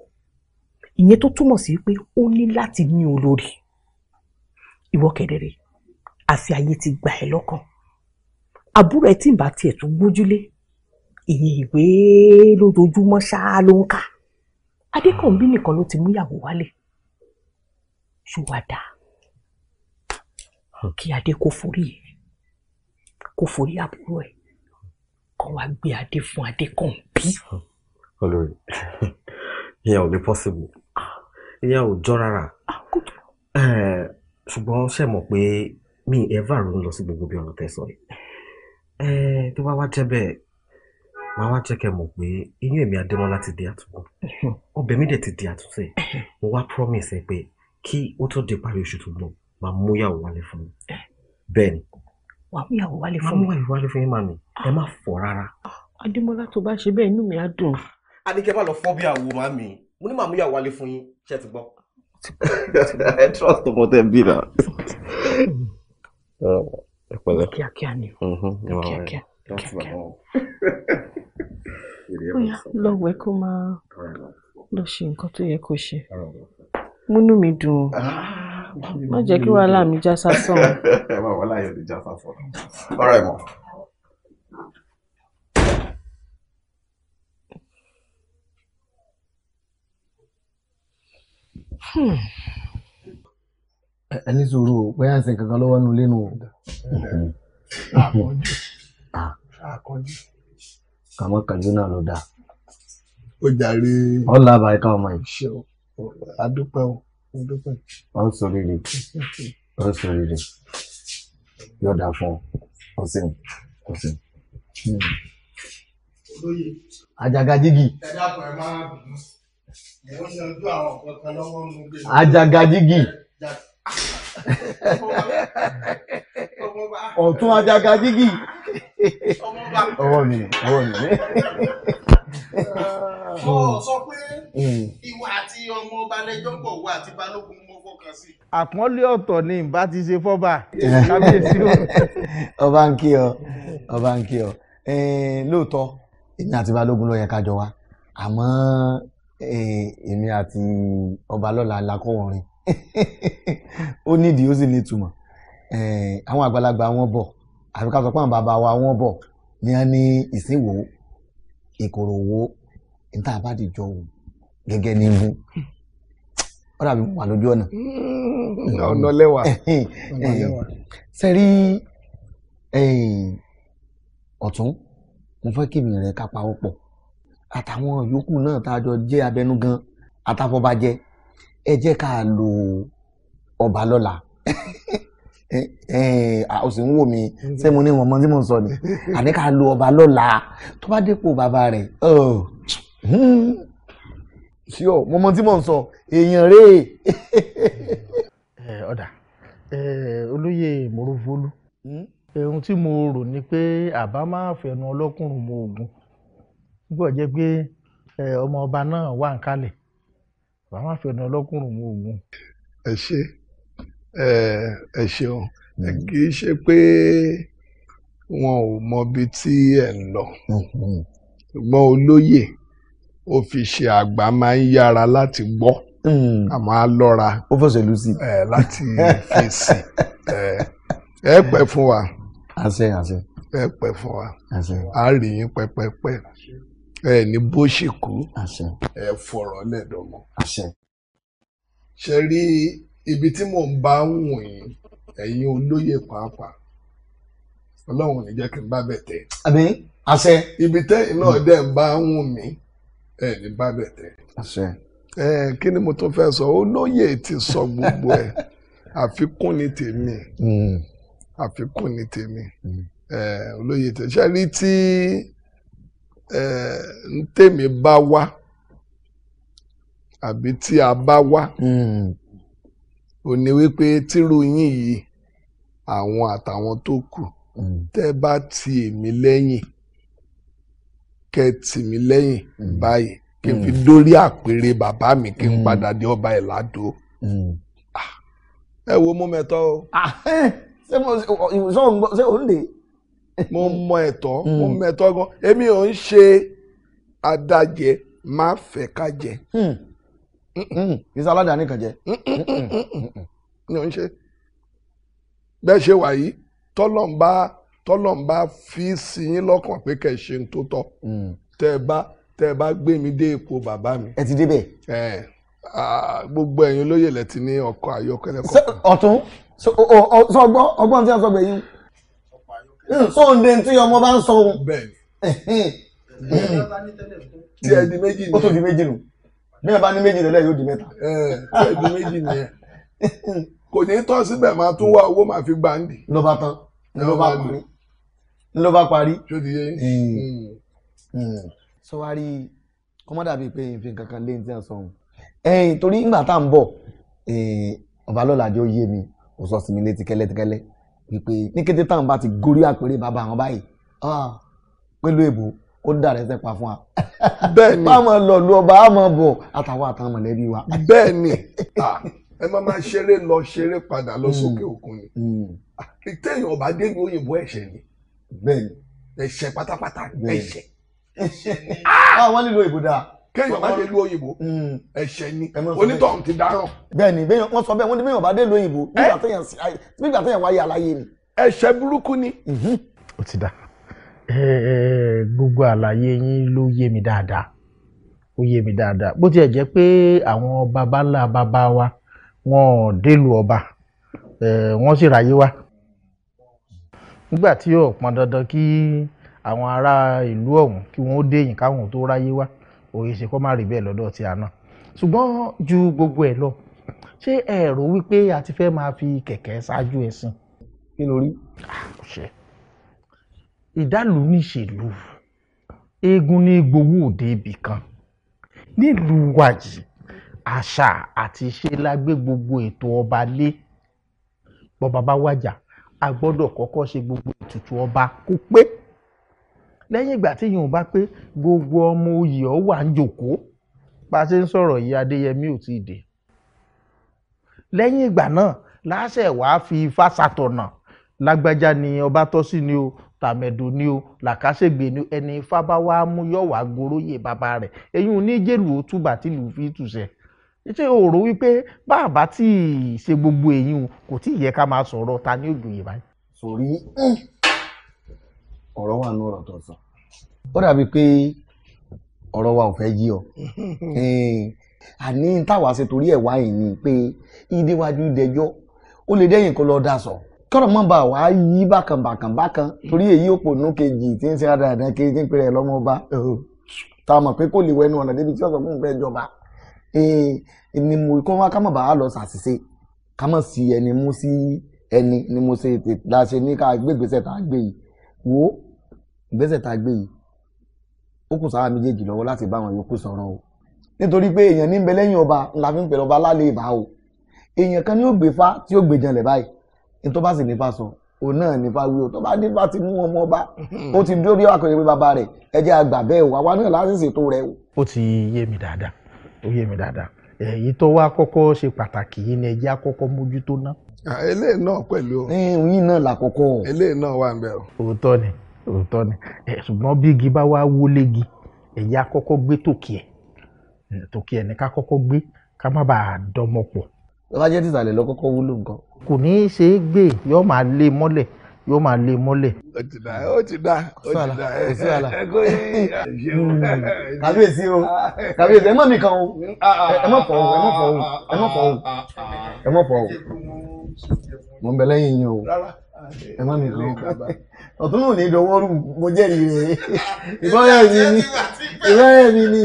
ìyẹn tó túmọ̀ sí pé ó ní láti ní olórí ìwọ kẹ̀dẹ̀rẹ̀ àfi ayé ti gbà ẹ́ lọ́kàn àbúrò ẹ tí ń bá tiẹ̀ tún gbójúlé ìyẹn ìwé lójoojúmọ́ ṣáá ló ń kà adékànbí nìkan ló ti múyàwó wálé ṣùwádàá kí adé kó forí ẹ̀ kó forí àbúrò ẹ̀ kàn wá gbé adé fún adé kàn bí. olórí ìyẹn ò lè possible ìyẹn ò jọ rárá ṣùgbọ́n ṣe mọ̀ pé mi ẹ̀fà ló ń lọ sí gbogbo bí ọ̀rọ̀ tẹ́ sọ yìí tó bá wá jẹ́ bẹ́ẹ̀ màá wá jẹ́ kẹ́ mọ̀ pé iyún èmi adémọ́lá ti di àtúnkù [LAUGHS] ọbẹ̀ mi dẹ̀ ti di àtúnṣe [LAUGHS] mo wá promise ẹ pé kí ó tó di parí oṣù tó ń máa mú yàwó wálé fún mi bẹ́ẹ̀ ni. wàá mú yàwó wálé fún mi. máa mú yàwó wálé fún yín màmí ẹ má fọ rárá. adémọlá tó bá ṣe bẹ́ẹ̀ inú mi á dùn. adékẹ́ má lọ fọ́ bí àwo màmí mo ní màá mú yàwó wálé fún yín ṣe ti gbọ́. ẹ [LAUGHS] trust ọmọ tẹ bí na. ẹ pẹ̀lẹ́. kíákíá ni mm-hmm. kíákíá kíákíá. [LAUGHS] lọ wẹ kó máa lọ ṣe nǹkan tó yẹ kó ṣe múnú mi dùn. Ah má jẹ́ kí wàhálà mi já sásán. ẹ [LAUGHS] má wàhálà yóò lè já sásán. ọ̀rọ̀ ẹ̀ mọ̀. ẹni sòrò o bóyá ẹsẹ̀ kankan lọ́wọ́ nu lẹ́nu o. àkànjú. àmọ́ kàjú náà ló dáa. ó jàre. ọ̀la àbáyíká ọmọ yìí. adúpẹ́ o ọ̀n sórí rẹ̀ ọ̀n sórí rẹ̀ yọ̀dà fún ọ ṣeun ọ ṣeun. àjàgàjìgì. ẹ dákun ẹ máa bínú mo ń yanjú àwọn nǹkan kan lọ́wọ́ mi ọwọ́ mi ọ sọ pé mm. ìwà àti ọmọ ọba lẹjọ pọ̀ wà àti balógun mọ fọkàn sí. àpọ́nlé ọ̀tọ̀ ni ìbá ti ṣe fọ́ba [LAUGHS] kábíyèsí o. ọba ń kí ọ ọba ń kí ọ lóòótọ́ èmi àti balógun ló yẹ ká jọ wá àmọ́ èmi àti ọba lọ́la lakọ́wọ́rin [LAUGHS] ó nídìí ó sì nítumọ̀ àwọn àgbàlagbà wọn bọ̀ àbíká sọ àwọn bàbá wa wọn bọ̀ ni a ní ìsìnwó ìkòrò wo níta bá dìjọ wò gẹ́gẹ́ ní ibú ó dàbí wà lójú ọ̀nà. Hmm, ọ̀nà lẹ́wà. sẹ́rí ọ̀tún mo fẹ́ kí mi rẹ̀ ká pawọ́ pọ̀ àtàwọn yòókù náà tá a jọ jẹ́ abẹnú gan àtàfọ́bàjẹ́ ẹ jẹ́ ká lo ọba lọ́la [LAUGHS] ó eh, eh, sì ń wò mí ṣé mo ní wọn mọ tí mò ń sọ ni àní [LAUGHS] ká lu ọba lọ́la tó bá dépò bàbá rẹ̀ ṣíọ hmm, mo mọ tí mò ń sọ èèyàn rèé. [LAUGHS] Eh, ọ̀dà olóyè mòrúfólú hmm? ohun tí mo rò ni pé àbá máa fẹnu ọlọ́kùnrin mọ ogun gbọ́dọ̀ jẹ́ pé ọmọ ọba náà wà ń kalẹ̀ àbá máa fẹnu ọlọ́kùnrin mọ ogun. ẹ ṣe ẹ ṣeun hmm. kì í ṣe pé wọn ò mọbi tí ẹ ń lọ hmm. ṣùgbọ́n olóyè ó fi ṣe àgbà máa ń yára láti gbọ́ àmọ́ hmm. á lọ́ra ó fọ̀sẹ̀ lù sí ẹ láti fèsì ẹ ẹ pẹ́ fún wa àṣẹ àṣẹ ẹ pẹ́ fún wa àṣẹ rí yín pẹ́pẹ́pẹ́ ẹ ní bó ṣì kú ẹ fọ̀rọ̀ lẹ́dọ̀mọ́ ṣe rí ibi tí mò ń bá ń wùn yín ẹ̀yin olóyè pàápàá ọlọ́run ní jẹ́ kí n bá bẹ̀ tẹ́. àmì àṣẹ. ibi tẹ́yìn náà dẹ̀ ń bá ń wùn mí ẹ̀ ní bá bẹ̀ tẹ́. àṣẹ. ẹ kí ni mo tún fẹ́ sọ olóyè ti sọ gbogbo ẹ àfikún ni tèmi hmm. àfikún ni tèmi hmm. olóyè tẹ ṣe rí tí ntèmi bá wá àbí tí a bá wá. Hmm ò ní wípé tírú yín yìí àwọn àtàwọn tó kù mm. tẹ́ bá ti èmi lẹ́yìn kẹ́ tì mí lẹ́yìn mm. báyìí kí n fi mm. dórí àpèrè bàbá mi kí n padà dé ọba ẹ̀ ládò ẹ wo mú mẹtọ o. ṣé mo ṣe òun lè. mo mọ ẹ̀tọ́ mo mẹtọ gan èmi ò ń ṣe adájẹ má fẹ́ ká jẹ. Hmm kì í ṣe aládàáni kan jẹ ní òun ṣe bẹ́ẹ̀ ṣe wà yìí tọ́lọ́mbà tọ́lọ́mbà fi sí yín lọ́kàn pé kẹ̀ ṣe ń tó tọ́ mm. tẹ́ ẹ bá tẹ́ ẹ bá gbé mi dé ipò bàbá mi. ẹ ti débẹ̀. ẹ gbogbo ẹ̀yin olóyè lẹ ti ní ọkọ̀ ayọ́kẹ́lẹ́ kọ̀ọ̀kan. ọ̀tún ọgbọ́n ọgbọ́n tí wọ́n sọ gbẹ̀yìn sóńdé tí ọmọ bá ń sọ. bẹ́ẹ̀ni tí ẹ di méjì nù bí ẹ bá ní méjì lẹ́lẹ́ yóò di mẹ́ta. ẹ ẹ di méjì nìyẹn kò ní tọ́ síbẹ̀ máa tún wá owó máa fi gbà ń dì. ló bá tán ló bá parí ló bá parí. tó ti yé hmm. hmm. sọ wá rí ọmọ dàbí pé nfin kankan lé ní sọhun ẹyìn torí ìgbà tá à ń bọ̀ ọba lọ́làjọ́ yé mi kò sọ sí mi létí kẹ́lẹ́kẹ́lẹ́ wípé ní kété táwọn bá ti gorí àpèrè bàbá àwọn báyìí ah, pẹ̀lú èbó kó dàrẹ́ sẹ́ pa fún wa. bẹ́ẹ̀ni báwọn lọ lu ọba àmọ́ bọ̀ àtàwọn àtàwọn mọ̀lẹ́bí wa. bẹ́ẹ̀ni ẹ máa máa ṣeré lọ ṣeré padà lọ hmm. sókè òkun ni hmm. téèyàn ọba dé ìlú òyìnbó ẹ̀ṣẹ̀ ni bẹ́ẹ̀ni ẹ̀ṣẹ̀ pátápátá ẹ̀ṣẹ̀. àwọn ah! lílo ìbò dáa kéèyàn bá dé lu òyìnbó hmm. ẹ̀ṣẹ̀ ni onítọ̀hún ti dáràn. bẹ́ẹ̀ni wọ́n sọ bẹ́ẹ̀ wọ́n ní bẹ́ẹ̀yàn bá dé lu òyìnbó nígbà téèyàn wáyé aláyé ni. ẹ̀ṣẹ̀ burúkú ni. Mhm. ó ti dáa. Eh, gbogbo àlàyé yín ló yé mi dáadáa ó yé mi dáadáa bó tiẹ̀ jẹ́ pé àwọn baba ńlá baba wa wọn ò délùú ọba eh, wọ́n sì ráyé wá nígbà tí ó pọn dandan kí àwọn ará ìlú ọ̀hún kí wọ́n ó déyìn káwọn tó ráyé wá òye ṣe kó má rí bẹ́ẹ̀ lọ́dọ̀ tí a náà ṣùgbọ́n ju gbogbo ẹ̀ lọ ṣé ẹ wípé a ti fẹ́ máa fi kẹ̀kẹ́ ṣáájú ẹ̀sìn. kí ló rí. ah ṣe ìdálù níṣèlú eégún ní gbowó òde ibì kan nílùú wa àṣà àti ìṣe la gbé gbogbo ètò ọba lé bọ́ba bá wájà a gbọ́dọ̀ kọ́kọ́ ṣe gbogbo ètùtù ọba kó pé lẹ́yìn ìgbà tí yìnyín bá pé gbogbo ọmọ oyè ọ wà ń jòkó bá a ṣe ń sọ̀rọ̀ yìí adéyẹmí ò tí ì lẹ́yìn ìgbà náà láṣẹ wàá fi ifá ṣàtọ̀nà lágbájá ni ọba tọ́ ni o tàmẹ̀dò ni o làkàṣègbè ni ẹni ifá bá wá mú yọ̀ wá goróyè bàbá rẹ̀ eyín oníjèlú òtúbà tí lù fi tùṣẹ̀ ṣé o rò wípé bàbá tí ì ṣe gbogbo èyí o kò tí ì yẹ ká máa sọ̀rọ̀ ta ní òjòyè báyìí. sórí ọ̀rọ̀ wà ní ọ̀rọ̀ tó sọ ó dàbí pé ọ̀rọ̀ wa ò fẹ́ yí ọ [LAUGHS] àní táwa ṣe torí ẹ̀ wáyé ni pé ìdíwájú dẹjọ́ ó lè dẹ́yìn kó lọ́ọ́ dà sọ̀rọ̀ kọ́rọ̀ mọ́ bá wàá yí bákan bákan bákan torí èyí òpònú kejì tí ń ṣe àdáadáa kejì tí ń pèrè lọ́mọ ọba tá a mọ̀ pé kò lè wẹnu ọ̀nà débi tí ọ̀sán fún ìfẹ́ ìjọba ni mo kọ́ wá ká mọ̀ bá lọ sàṣìṣe ká mọ̀ sí ẹni mú sí ẹni ni mo ṣe ètè la ṣe ní ká gbé ìgbésẹ̀ tá a gbé yìí wo ìgbésẹ̀ tá a gbé yìí ó kù sára méjèèjì lọ́wọ́ láti bá àwọn yòókù sọ̀rọ̀ o nítorí pé èèyàn ní ń bẹ lẹ́yìn ọba ńlá fi ń pè lọ́ba alálẹ̀ o èèyàn kan ni ó gbé fa tí ó gbé janlẹ̀ báyìí ní tó bá sì nípa sọ òun náà nípa wí o tó bá nípa ti mú ọmọ ọba hmm. ó ti dúró yóò àkọyẹ pé bàbá rẹ̀ ẹ àgbà bẹ́ẹ̀ o àwa náà láti ṣètò rẹ̀ ó ti yé mi dáadáa ó yé mi dáadáa èyí tó wá kọ́kọ́ ṣe pàtàkì yìí ni ẹ jẹ́ àkọ́kọ́ mójútó ná. eléyìí náà pẹ̀lú o. yìí náà làkọ́kọ́. eléyìí náà wà ń bẹ̀ o. òótọ́ ni òótọ́ ni ṣùgbọ́n bí igi bá wá wó légi ẹ̀yà àkọ́kọ́ gbé tòkì ẹ̀ tòkì ẹ̀ ní ká kọ́kọ́ gbé ká má bàa dọ́mọ pọ̀ tó bá jẹ́ tìsàlẹ̀ lọ kọ́kọ́ wúlò nǹkan. kò ní í ṣe é gbé yóò máa lé mọ́lẹ̀ yóò máa lé mọ́lẹ̀. ó ti dà ó ti dà ó ti dà ẹ hmm, ẹ kó yí. kábíyèsí o kábíyèsí ẹ mọ̀ mi kan o ẹ mọ̀ fọ̀ o ẹ mọ̀ fọ̀ o ẹ mọ̀ fọ̀ o ẹ mọ̀ fọ̀ o mo ń bẹ lẹ́yìn yín o ẹ má mi ràn ọ́ ọ̀tún náà ní ìdánwọ́rù mo jẹ́rìí rẹ̀ ìbáyà mi ni ìbáyà mi ni.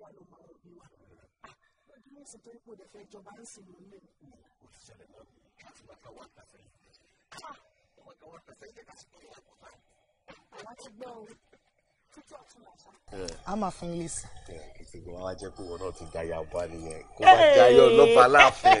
wa ló máa bí wa lójú ní ìsìn tó ń pòdè fẹ́ jọba ń sìn ló lè. òṣìṣẹ́ náà ni káfí wákà wá kàfẹ́ wákà wá kàfẹ́ jẹ́ káfí kọ́ ìyá kó yìí. àwa ti gbọ́ o a máa fún ilé sí. ìṣègùn wa wá jẹ́ kó wọn náà ti dayà bá nìyẹn kó wá jayọ̀ lọ́ba láàfin.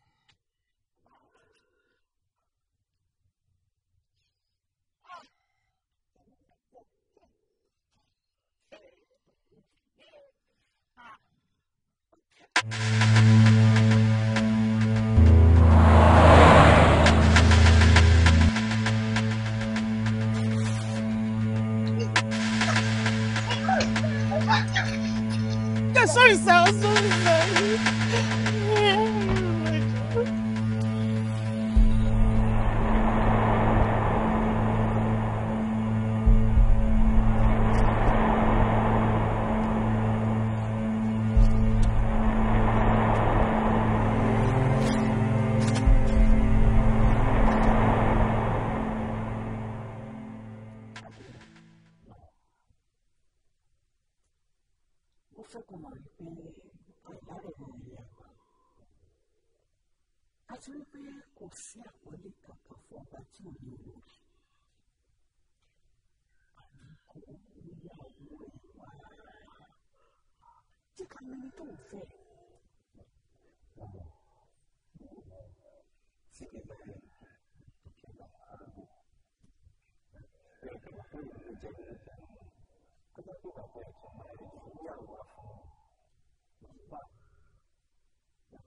Sorry, Sal, sorry, Sal.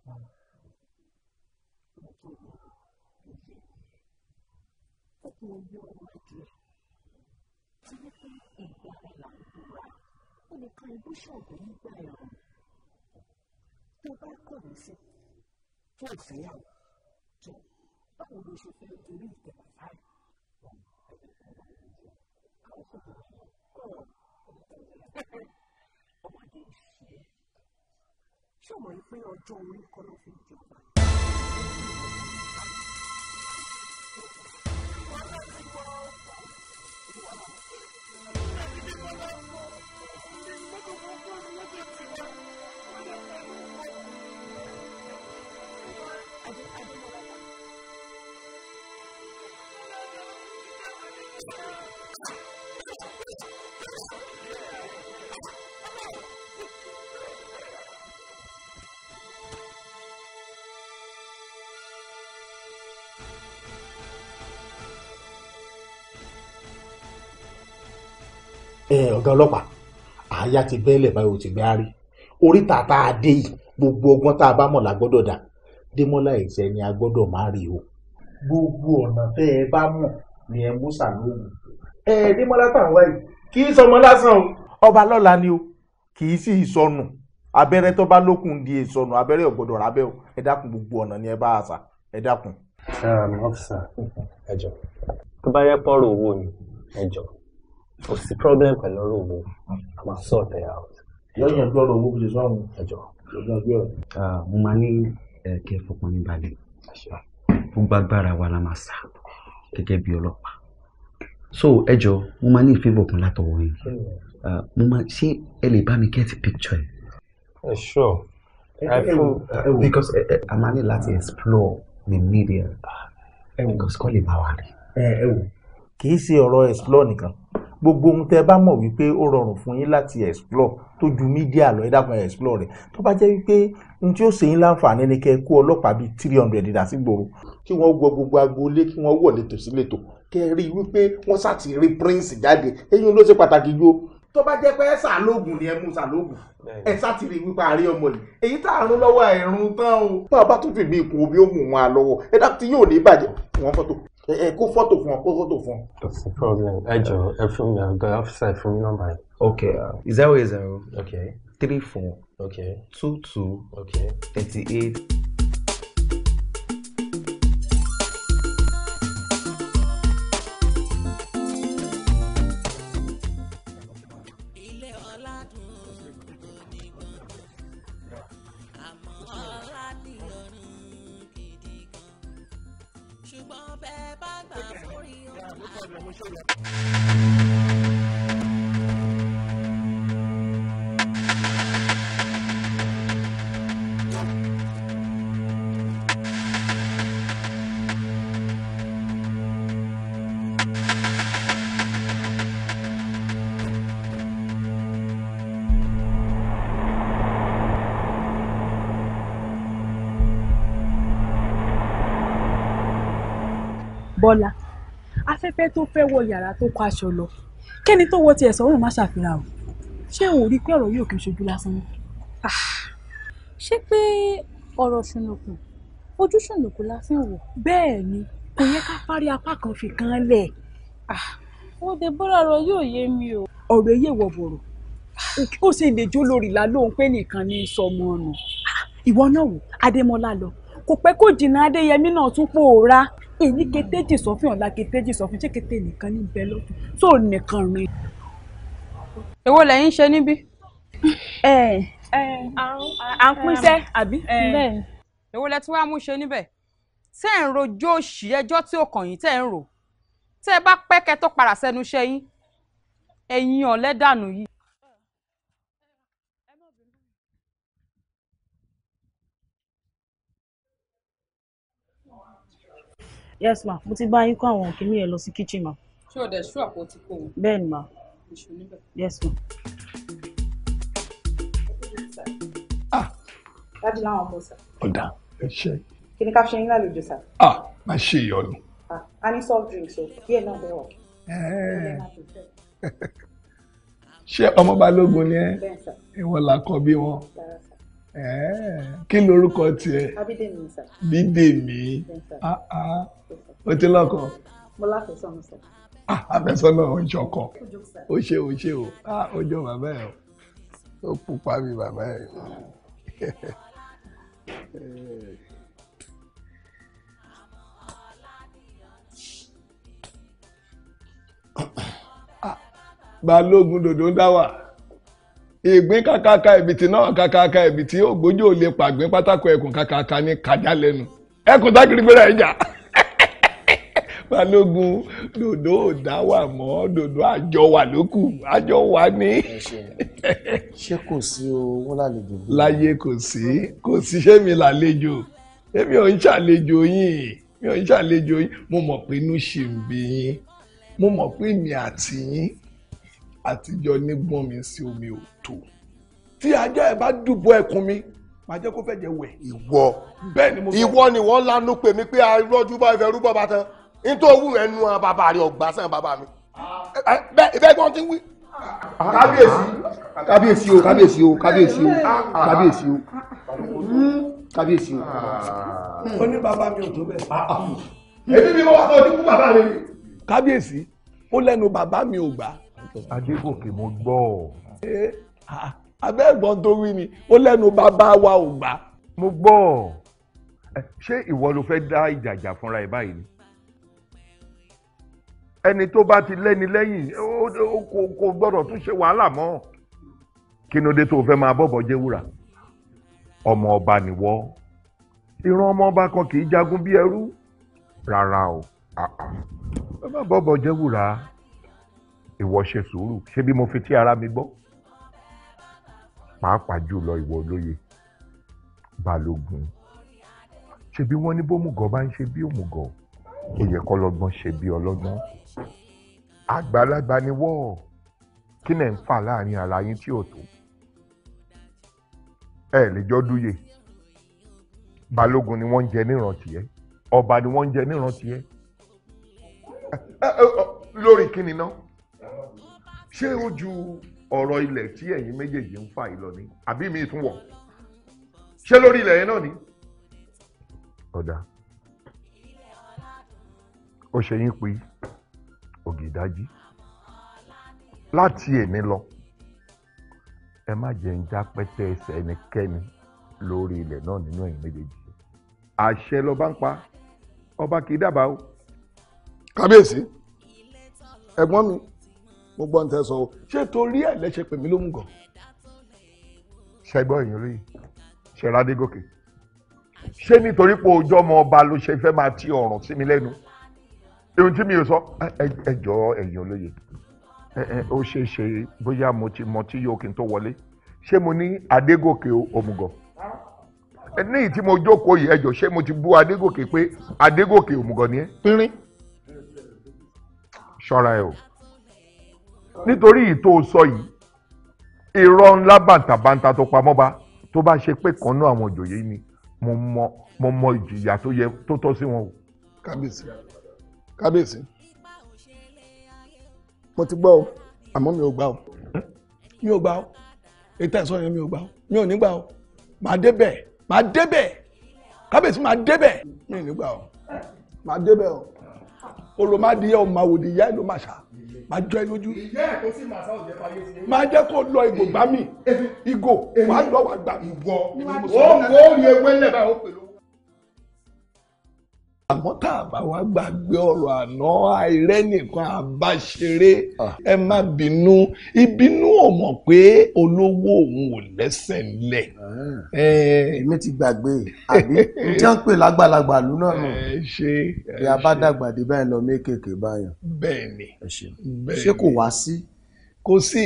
这多有外界，这个是一家的老虎啊，我们看不少的一家人，多把个人是做谁呀？做，那我们是非要独立的来，我们还得看看人家，告诉我们，哦，我们等着来，我们得学。ṣé o pé ọjọ́ orí kọ́ ló fi jọba. Thank you. ọ̀gá ọlọ́pàá àáyá ti bẹ́ẹ̀lẹ̀ báyìí ò ti gbé àárí oríta tá a dé yìí gbogbo ọgbọ́n tá a bá mọ̀ la gbọ́dọ̀ dà démọ́lá ẹ̀jẹ̀ ni a gbọ́dọ̀ má rí o. gbogbo ọ̀nà tẹ́ ẹ bá mọ̀ ni ẹ mú sàlóògùn. ẹ démọ́lá tàn wáyé kì í sọmọ lásán o. ọba lọ́la ni o kì í sì sọnù abẹ́rẹ́ tó bá lókun di ìsọnù abẹ́rẹ́ ògbọ́dọ̀ rábẹ́ o ẹ dákun gbogbo ọ̀nà ni ẹ bá a sà ẹ dákun. ọfíìsà ẹ jọ tó bá yẹ pọ́ọ̀rọ̀ owó ni ẹ jọ kò sí problem pẹ̀lú ọ̀rọ̀ owó a máa sort it out. lọ́jọ́ ìgbà ọ̀rọ̀ owó bìí sọ́run ẹ̀jọ̀ lọ́jọ́ ìgbà ọ̀rọ̀. mo máa ní kẹ́ ẹ fọkàn yín balẹ̀ gbogbo agbára wa la máa sá gẹ́gẹ́ bí ọlọ́pàá so ẹ̀jọ̀ mo máa ní favour kan látọwọ́ yín mo máa ṣé ẹ lè bá mi get picture ẹ. Uh, sure I feel uh, because a máa ní láti explore the media because kọ́ lè bá wa rí. ẹ ẹ wò kì í ṣe ọ̀rọ̀ explore nìkan gbogbo ohun tẹ bá mọ̀ wípé ó rọrùn fún yín láti explore tó ju mídíà lọ ẹ dákun ẹ explore rẹ̀ tó bá jẹ́ wípé ohun tí ó ṣe yín láǹfààní ni kẹ́ kó ọlọ́pàá bíi three hundred dà sí gbòòrò kí wọ́n wọ gbogbo agboolé kí wọ́n wọ̀ létò sí létò kẹ́ rí wípé wọ́n sá ti rí prince jáde eyín ló ṣe pàtàkì jù tó bá jẹ́ pé ṣàlóògùn ni ẹ mú ṣàlóògùn ẹ sátìrì wípé àárẹ̀ ọmọ yìí èyí tá à ń lọ́wọ́ ẹ̀rùn tán o. bá a bá tún fìmí ikùn omi ó mú wọn lọ́wọ́ ẹ dá tí yóò ní bàjẹ́ wọn fọ́tò ẹ kó fọ́tò fún ọ kó fọ́tò fún ọ. kò problem ẹ jọ ẹ fún mi àgbà ọ́fíìsà ẹ fún mi nọ́mbà yìí. okay uh, zero eight zero okay three four okay two two okay thirty eight. tó fẹ́ wọ yàrá tó kọ aṣọ lọ kẹ́ni tó wọ tiẹ̀ sọ́rùn má ṣàfihàn o ṣé ò rí pé ọ̀rọ̀ yóò kí n ṣojú lásán ni. Ah, ṣé pé ọ̀rọ̀ ṣùnùkùn ojú ṣùnùkùn la fi ń wò. bẹ́ẹ̀ ni kò yẹ ká fárí apá kan fi kan lẹ̀. wọ́n dé bọ́lá ọ̀rọ̀ yóò yé mi o. ọ̀rọ̀ eyé wọ bọ̀rọ̀ ó ṣe lè jó lórí la lóhun pé nìkan ní í sọmọ ọ̀nà ah, ìwọ náà wò adémọlá lọ kò pẹ́ kó jìnnà adéyẹmí náà tún pòórá èyí keteji sọ fún ọ̀la keteji sọ fún ṣé kete nìkan ní bẹ́ẹ̀ lọ́tún tó nìkan rìn. èwo lẹ́yìn ṣe níbí. ẹ ẹ à ń pínṣẹ́ àbí. èwo lẹ tí wàá mú ṣe níbẹ̀ tẹ́ ẹ̀ ń rojọ́ òṣì ẹjọ́ tí ó kàn yín tẹ́ ẹ̀ ń rò tẹ́ ẹ bá pẹ́kẹ́ tó padà sẹ́nu iṣẹ́ yín ẹ̀yin yìí. yes ma mo ti bá yín kó àwọn kìnìún yẹn lọ sí kitchen ma. ṣé o dẹ̀ ṣú àpò tí kò ni ma. yes ma. Ah! dájú láwọn ọmọ sà. ọ̀dà ẹ ṣe. kí ni ká fi ṣe yín lálejò sà. a ah! máa ṣe ìyọnu. Ah, a ní soft drink so díẹ̀ náà bẹ́ẹ̀ wọ̀. [LAUGHS] ṣé ọmọ balógun ni ẹ ìwọ la bí wọn kí lorúkọ tiẹ̀ bídèmí ó ah, ah. ti lọ́kọ. mo láfẹsọ̀nà sọ. Ah, àfẹsọ̀nà ọjọkọ ó ṣe ó ṣe ó ó jọ bàbá ẹ ó pupa bí bàbá ẹ. Balógun dòdò ń dá wà ìgbín kàkàkà ìbìtì náà kàkàkà ìbìtì ògbójú ò lè pàgbín pátákó ẹkùn kàkàkà ní kàjá lẹ́nu ẹkùn tákìrì gbéra ìjà [LAUGHS] balógun dòdò òdá wà mọ́ dòdò àjọ wà lókù àjọ wà ní. ṣé kò sí owó lálejò. láyé kò sí kò sí sẹ́mi lálejò èmi ò ń ṣàlejò yín mi ò ń ṣàlejò yín mo mọ̀ pé inú ṣì ń bí yín mo mọ̀ pé mi àti yín àtijọ́ nígbọ́n mi sí omi ò tó tí ajá ẹ bá dùbọ̀ ẹkùn mi màá jẹ́ kó fẹ́ jẹ wẹ̀. ìwọ bẹ́ẹ̀ ni mo sọ. ìwọ ni wọ́n lanu pè mí pé arọ́jú bá ìfẹ́ rúbọ̀ bá tán nítorí owó rẹ̀ nu bàbá rẹ̀ ọ̀gbà sàn bàbá mi. Ah. bẹ́ẹ̀ ìfẹ́ gbọ́n ti wí. Ah. kábíyèsí kábíyèsí o kábíyèsí o kábíyèsí o ah. kábíyèsí o kábíyèsí o. ó ní bàbá mi ò tó bẹ́ẹ̀. èmi mi wọ́n wá sọ ojú fún bàbá mi. kábíyèsí ó lẹ́nu bàbá mi ò gbà adégòkè mo gbọ́ ọ. Ah, abẹ́gbọ́n tó wí ni ó lẹ́nu bàbá wa ò gbà. mo gbọ́ ọ ṣé ìwọ ló fẹ́ dá ìjàjà fúnra ẹ̀ báyìí ni ẹni tó bá ti lẹ́ni lẹ́yìn kò gbọ́dọ̀ tún ṣe wàhálà mọ́ kí ni ó dé tó fẹ́ máa bọ̀bọ̀ jẹ́ wúrà ọmọ ọba nìwọ ìran ọmọ ọba kan kì í jagun bí ẹrú rárá o ẹ má bọ̀bọ̀ jẹ́ wúrà ìwọ ṣe sùúrù ṣé bí mo fi tí ara mi gbọ́ pàápàá jùlọ ìwọ olóye balógun ṣe bí wọ́n ní bómùgọ̀ bá ń ṣe bí òmùgọ̀ ó yẹ kọ́lọ́gbọ́n ṣe bí ọlọ́gbọ́n àgbàlagbà ni wọ́ọ̀ kí náà ń fà láàrin ara yín tí ò tó ẹ lè jọ dúye balógun ni wọ́n ń jẹ nírántí ẹ ọba ni wọ́n ń jẹ nírántí ẹ lórí kí ni náà ṣé ó ju ọ̀rọ̀ ilẹ̀ tí ẹ̀yin méjèèjì ń fà yìí lọ ni àbí mi tún wọ̀ ṣé lórí ilẹ̀ yẹn náà ni. ọ̀dà ó ṣe yín pé ògìdájí láti èmi lọ ẹ má jẹ́ ń já pẹ́tẹ́ ẹsẹ̀ ẹnikẹ́ni lórí ilẹ̀ náà nínú ẹ̀yin méjèèjì àṣẹ lọ́ba ń pa ọba kì í dábàá o. kábíyèsí ẹ̀gbọ́n mi mo gbọ́ ń tẹ́ sọ o ṣé torí ẹ̀ lẹ́sẹ̀ pè mí ló mú gan. ṣẹgbọ́n èèyàn rí ṣẹlá dégòkè ṣé nítorí pé ojú ọmọ ọba ló ṣe fẹ́ máa ti ọ̀rọ̀ sí mi lẹ́nu ohun tí mi ò sọ ẹ jọ̀ọ́ èèyàn olóye ó ṣeé ṣe bóyá mo ti mọ tí yóò kí n tó wọlé ṣé mo ní adégòkè òmùgọ̀ ní tí mo jókòó yìí ẹjọ ṣé mo ti bú adégòkè pé adégòkè òmùgọ̀ ni ẹ. pínrín. ṣọ́ra ẹ o nítorí ìtò sọ yìí irọ́ ńlá bàǹtàbàǹtà tó pamọ́ bá tó bá ṣe pé kan náà àwọn ìjòyè ni mo mọ mo mọ ìjìyà tó yẹ tó tọ́ sí wọn o. kábíyèsí kábíyèsí mo ti gbọ́ o àmọ́ mi ò gbà o mi ò gbà o ètò ẹ̀sọ́ yẹn mi ò gbà o mi ò ní gbà o màá débẹ̀ màá débẹ̀ kábíyèsí màá débẹ̀ mi ò ní gbà o màá débẹ̀ o olùmọ̀dìyẹ ò máa wò di ìyá ẹ̀ ló máa jọ ẹ lójú. ìyá ẹ̀ tó sì màá sáwọ́ jẹ́ fayé fún mi. máa jẹ́ kó lọ ìgò gbá mi ìgò wàá lọ wàá gbà. ìwọ ó ń wọ ó rí ewé lẹ́bàá ó pẹ̀lú àmọ́ tá a bá wá gbàgbé ọ̀rọ̀ àná àìrẹ́ nìkan àbáṣeré ah. ẹ má bínú ìbínú ò mọ̀ pé olówó òun ò lẹ́sẹ̀ ńlẹ̀. Ah. èmi ti gbàgbé àbí njẹ́ ń pè lágbàlagbà lù náà nù ṣe bí a bá dàgbà dé báyìí lọ mékèké báyọ̀. bẹ́ẹ̀ni bẹ́ẹ̀ni ṣé kò wá sí. kò sí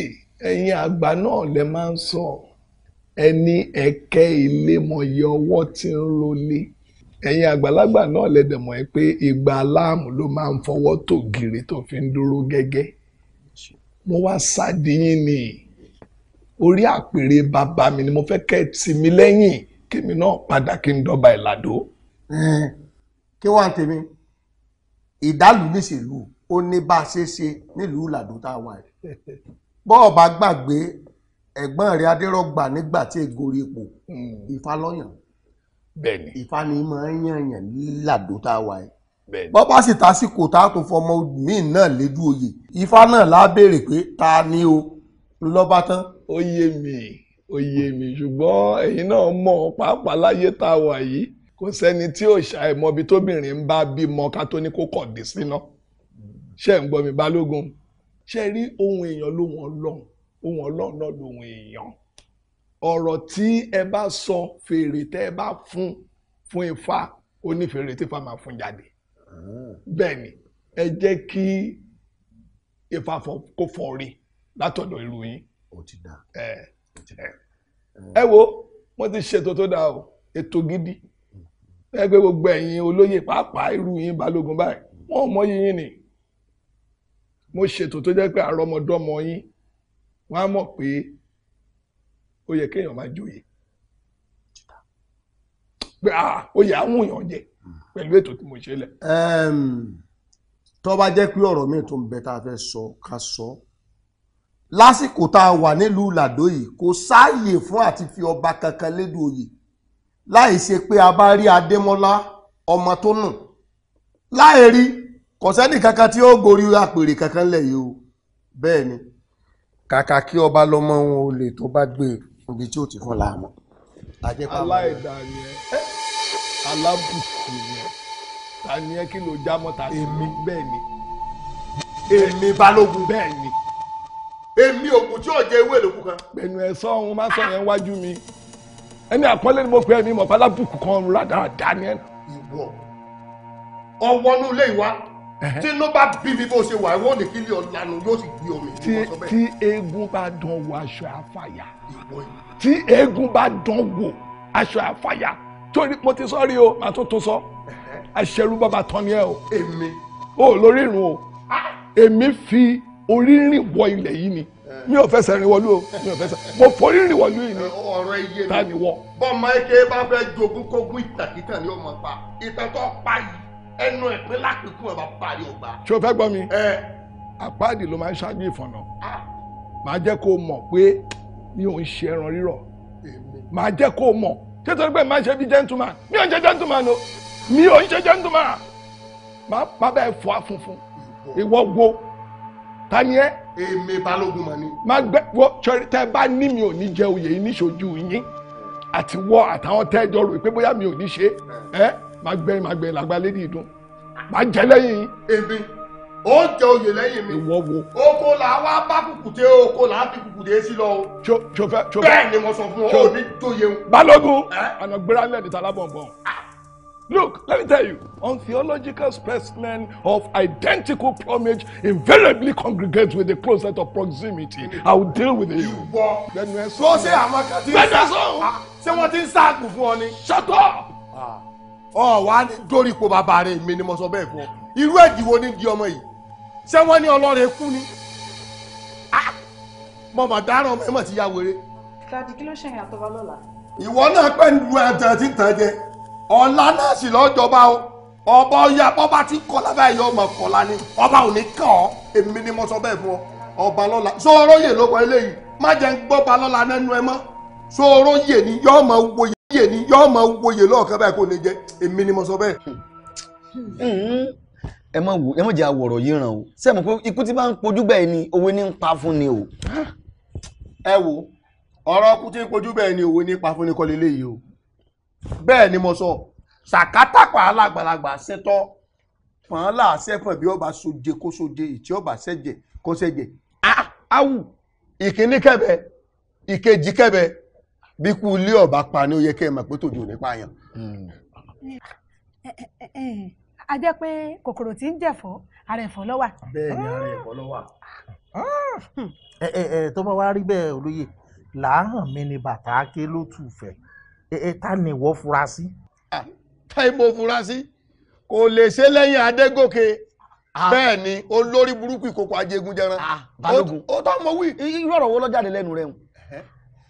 ẹ̀yin àgbà náà lẹ máa ń sọ ẹni ẹ̀kẹ́ ilé mọ̀yẹ ọwọ́ tí ń rolé ẹ̀yin àgbàlagbà náà lẹ́dẹ̀ mọ̀ ẹ́ pé igba aláàmù ló máa ń fọwọ́ tó gírí tó fi ń dúró gẹ́gẹ́ mo wá sádìyín ni orí àpèrè bàbá mi ni mo fẹ́ kẹ́ ẹ tì mí lẹ́yìn kémi náà padà kí n dọ́ba ìlàdó. kí wọ́n á tèmi ìdálù níṣèlú ó ní bá a ṣe ṣe nílùú ìlàdó tá a wà yìí bọ́ọ̀ gbàgbé ẹ̀gbọ́n rẹ̀ adérọ́gbà nígbà tí ègorí ipò ìfalọ́yàn. Hmm. Mm bẹ́ẹ̀ni Ifá máa ń yànyàn ládò tá a wà yìí bẹ́ẹ̀ni bọ́ bá sì tásìkò tá a tó fọmọ míì náà lédú oyè Ifá náà lá béèrè pé ta ni o lọ́ba tán. ó yé mi ó yé mi ṣùgbọ́n ẹ̀yin náà mọ̀ pàápàá láyé tá a wà yìí kò sẹ́ni tí ò ṣàìmọbi tóbìnrin ń bá bímọ ká tó ní kó kọ̀ dé síná ṣé ń gbọ́ mi balógun ṣé rí ohun èèyàn lóhun ọlọ́run ohun ọlọ́run náà lóhun èèyàn ọ̀rọ̀ tí ẹ bá sọ fèrè tẹ́ ẹ bá fún fún ifá ó ní fèrè tí ifá máa fún jáde hmm. bẹ́ẹ̀ ni ẹ jẹ́ kí ifá kó fọ orí látọ̀dọ̀ irú yín. ó ti dà ẹ hmm. wo wọ́n ti ṣètò tó dáa o ètò gidi ẹ gbé gbogbo ẹ̀yin olóyè pàápàá irú yín balógun báyìí wọ́n mọ yín ni mo ṣètò tó jẹ́ pé àrọ́mọdọ́mọ yín wọ́n á mọ̀ pé ó yẹ kéèyàn máa joyè pé ah, ó yẹ àwọn èèyàn jẹ pẹ̀lú ètò tí mo ṣe lẹ̀. tó bá jẹ́ pé ọ̀rọ̀ míì tó ń bẹ tá a fẹ́ sọ ká sọ lásìkò tá a wà nílùú làdó yìí kò sáàyè fún àti fi ọba kankan lédu oyè láì ṣe pé a bá rí adémọ́lá ọmọ tó nù láì rí kò kankan tí ó gorí àpèrè kankan lẹ̀ yìí o bẹ́ẹ̀ ni kàkà kí ọba lọ́mọ wọn ò lè tó bá gbé e níbi tí o ti fọ́ la mọ̀. aláìdá ni ẹ alábùkù ni ẹ ta ni ẹ kí ló já mọ́ta sí mi bẹ́ẹ̀ ni èmi balógun bẹ́ẹ̀ ni èmi òkú tí ò jẹ ewé lókun kan. pẹ̀lú ẹ̀sọ́ ohun máa sọ yẹn wájú mi ẹni àpọ́nlé ni mo pè é mi mọ̀ bá alábùkù kan rà dáadáa ni ẹ. ìwọ ọwọ́ nulẹ̀ ìwà tínú bá bí mi bó ṣe wà ìwọ ní kílí ọ̀lànà yóò sì gbé omi. tí eégún bá dán wo aṣọ àfàyà tí eégún bá dán wo aṣọ àfàyà torí mo ti sọ rí o màá tó tó sọ aṣẹrú bàbá tán ni ẹ o. èmi. o lórí irun o ah! èmi fi orí rìn wọ ilẹ̀ yìí ni mi ò fẹsẹ̀ rìn wọlú o mi ò fẹsẹ̀ mo forí rìn wọlú yìí ni. ọ̀rọ̀ iye mi ta ni wọ. bọ́ọ̀ máa ń ké bá fẹ́ jogún kógún ìtàkìtà ni ó máa pa ìtàkọ́ pa yìí ẹnu ẹ̀ pé lápẹ̀kún ẹ̀ bá parí ọgbà. ṣé o fẹ́ gbọ́ mi. àpáàdì ló máa ń ṣáájú ìfọ̀nà ah. màá jẹ́ kó o mọ̀ pé mi ò ń ṣe ẹran rírọ̀ màá jẹ́ kó o mọ̀ ṣé torí pé màá ṣe bí gentleman mi ò ń ṣe gentleman o mi ò ń ṣe gentleman màá bẹ́ẹ̀ fọ́ afunfun ìwọ wo ta ni ẹ. èmi balógun mà ni. máa gbẹ wọ sọrí tẹ bá ní mi ò ní jẹ oyè yìí níṣojú yín àti wọ àtàwọn tẹjọ rò pé bóyá mi ò ní ṣe ẹ. Eh? máa gbẹ́yìn máa gbẹ́yìn làgbà lédi ìdún máa jẹ́ lẹ́yìn. èmi ó jẹ oyè lẹ́yìn mi. ìwọ wo. oko là wá bá kùkùté oko là fi kùkùté sí lọ. tso tso tso fẹ. ni mo sọ fún ọ ò ní tóye o. balógun ọ̀nà gbéra ní Talabọ̀nbọ̀n. Look, let me tell you, untheological specimen of identical plumage invariably congregates with a closet of proximity. I will deal with you. Ìwọ lẹnu ẹ sọ. Tó ṣe àwọn kan ti ń sá. Ah, ṣé wọ́n ti ń sáàkù fún ọ ni? Shut up! Ah ọ wá dórí ipò bàbá rẹ mi ni mo sọ bẹ́ẹ̀ fún ọ irú ẹdìwọ ní di ọmọ yìí ṣé wọn ní ọlọrẹ kú ni mo mà dáràn ọmọ ẹ mà ti ya wèrè. dadi kí ló ṣe ìyàn tó bá lọ́la. ìwọ náà pẹ́ ń lu ẹ̀jẹ̀ tí ń tàn jẹ ọ̀la náà sì lọ́jọba o ọba ọya bọ́ba ti kọ́ lábẹ́ ẹ̀yọ́ ọmọ kọ́lá ni ọba ò ní kàn ọ́ èmi ni mo sọ bẹ́ẹ̀ fún ọba lọ́la sọ oróyè ló kọ eléyìí má jẹ́ ń gbọ́ba lọ́la nẹ́nu ẹ mọ́ sọ oróyè ni yọ́ ọmọ wòye yè ni yọ́ wo, wòye lọ́ọ̀kan báyìí kò ní jẹ́ èmi ni mo sọ bẹ́ẹ̀. Hmm. ẹ má wò ẹ má jẹ́ àwòrán yìí ràn o sẹ́mi pé ikú tí bá ń pojú bẹ́ẹ̀ ni òwe ní ń pa fún ni o. ẹ wo ọ̀rọ̀ ọkùn tí ń pojú bẹ́ẹ̀ ni òwe ní pa fún ni kọ́ lélẹ́ yìí o bẹ́ẹ̀ ni mo sọ sàkátàpá alágbàlagbà ṣetọ́ pọ́nlá sẹ́fọ̀n bí ọba soje kó soje ìtí ọba sẹ́jẹ̀ kó sẹ́jẹ̀ áwù ìkíní kẹ́bẹ̀ ìkejì kẹ́bẹ̀ bí kú ilé ọba pa ni ó yẹ kẹ́ ẹ mọ̀ pé tòjú ò ní a jẹ́ pé kòkòrò tí ń jẹ̀fọ́ ara ẹ̀fọ́ ló wà. bẹ́ẹ̀ ni ara ẹ̀fọ́ ló wà. Ah. ẹ ẹ ẹ tó bá wá rí bẹ́ẹ̀ olóye làáhàn mi ni bàtà ké ló tù fẹ́ ẹ ẹ ta ni ìwọ fura sí. Ah, táì mo fura sí kò lè ṣe lẹyìn adégòkè ah. bẹẹ ni olórí burúkú ìkòkò ajégunjẹran ó tó mọ̀ wí. irú ọ̀rọ̀ wo ló jáde lẹ́nu rẹ̀ hùn.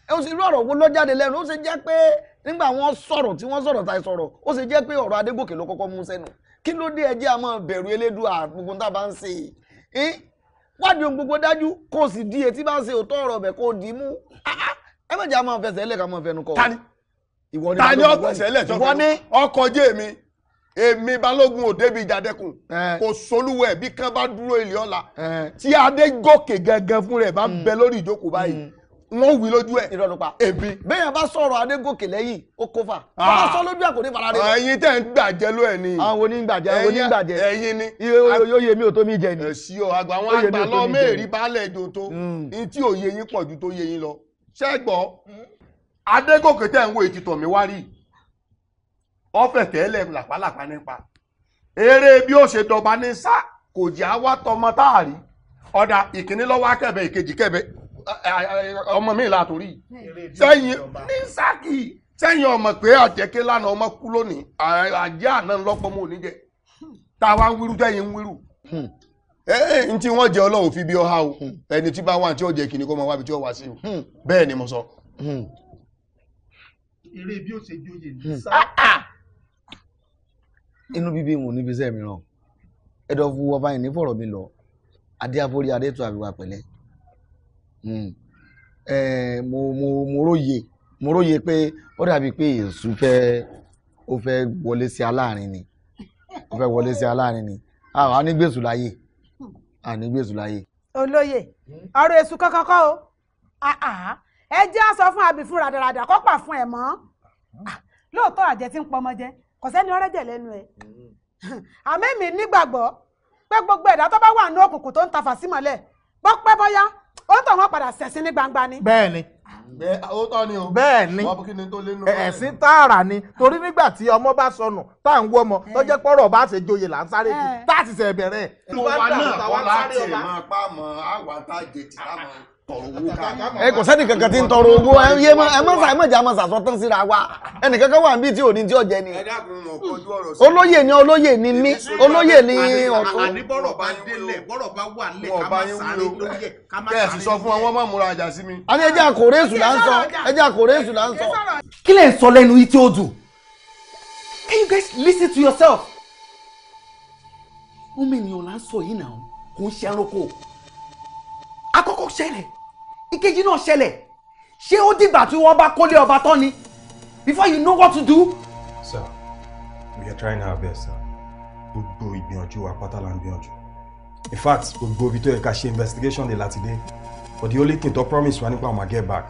ẹ ó sì irú ọ̀rọ̀ wo ló jáde lẹ́nu ó sì jẹ́ pé nígbà wọ́n sọ̀rọ̀ tí wọ́n sọ̀rọ̀ táì sọ̀rọ̀ ó sì jẹ́ pé ọ̀rọ̀ Adégòkè ló kọ́kọ́ mú sẹ́nu kí ló dé ẹjẹ́ a máa bẹ̀rù Elédùà gbogbo tá a bá ń ṣe é wádìí ohun gbogbo dájú kó o sì di etí bá ń ṣe òótọ́ ọ̀rọ̀ ọ̀bẹ kó o dì í mú ah, ah, ẹ má jẹ́ a máa fẹsẹ̀ ẹlẹ́ka máa fẹnu kọ. tani tani ọfẹsẹ̀ ẹlẹ́jọ́ fẹnu ọkọ̀ jẹ́ mi èmi balógun ò débi ìjàdẹkùn kò solúwọ ẹ bí kán bá dúró ilé ọ̀la tí Adégòkè wọ́n wí lójú ẹ̀. irọ́ ló pa bá sọ̀rọ̀ Adégòkè lẹ́yìn ó kófà. Ah. sọ lójú ẹ̀ kò ní fara ẹ̀yin tẹ̀ ń gbàjẹ́ ló ẹ̀ ni. àwọn onígbàjẹ́ àwọn onígbàjẹ́. ẹ̀yin ni. oyè mi ò tó mi jẹ ni. èsì o àgbà àgbà tó. Hmm. n tí yín pọ̀ tó mi ọ̀fẹ́ tẹ́lẹ̀ ọmọ mi látòrí sẹ́yìn ní sákì ọmọ pé àjẹkẹ́ lánàá ọmọ kú lónìí àjẹ́ àná lọ́pọ̀ mọ́ oníjẹ táwa ń wíru tẹ́yìn ń wíru. Hmm. n tí wọ́n jẹ fi bí o hmm. ẹni tí tí ó jẹ kìnnìkan wá tí ó wá sí o hmm. bẹ́ẹ̀ ni mo sọ. eré bí ó ṣe jóye ah, ah! inú bíbí níbi iṣẹ́ ẹ̀dọ̀ fún ní mi lọ adé Hmm. Eh, mo mo mo róye mo róye pé ó dàbí pé èṣù fẹ́ ó fẹ́ wọlé sí aláàárín ni ó fẹ́ wọlé sí aláàárín ni àwọn anígbèsù láyè anígbèsù láyè. olóyè ọ̀rọ̀ èṣù kankan kọ́ o ẹ jẹ́ á sọ fún àbí fún ràdàràdà kó pà fún ẹ̀ mọ́ ah, lóòótọ́ àjẹ́ tí ń pọmọ jẹ kò sẹ́ni ọ̀rẹ́jẹ̀ lẹ́nu ẹ̀ àmẹ́mì nígbàgbọ́ pé gbogbo ẹ̀dá tó bá wà ní òkùnkùn tó ń tafà símọ́lẹ̀ bọ́ bọ́yá ó tọ̀ wọ́n padà sẹ̀sìn ní gbangba ni. bẹ́ẹ̀ ni ó tọ́ ni o. bẹ́ẹ̀ ni ẹ̀sìn tààrà ni torí nígbà tí ọmọ bá sọnù tá à ń wọ́ ọmọ eh. tó jẹ́ pọ́rọ̀ bá ṣe joyè là ń sáré kí eh. tá à ti sẹ̀ bẹ̀rẹ̀. ìwà náà kọ́ láti máa pa mọ́ àwọn àtàjẹ̀ tì ẹ eh, kò sẹ́ni kankan tí ń tọrọ owó ẹ má wa ẹnì kankan wà níbi tí ò ní tí ò jẹ ni. olóyè ni olóyè ni mí olóyè ni ọ̀tún. àní bọ́rọ̀ bá délẹ̀ bọ́rọ̀ bá wà lẹ̀ ká sáré lóye ká sáré. kẹ́ẹ̀sì sọ fún wọ́n a ní lẹ́nu yìí can you guys listen to yourself. ó mẹ́ni ọ̀la ń sọ yìí náà kò ń ìkejì náà ṣẹlẹ̀ ṣé ó dìgbà tí wọ́n bá kólé ọba tán ni before you know what to do. sir we are trying our best sir gbogbo ìgbìyànjú wa pátá la ń gbìyànjú in fact gbogbo ibi tó yẹ ká ṣe investigation dé láti dé but the only thing to promise wa nípa ma get back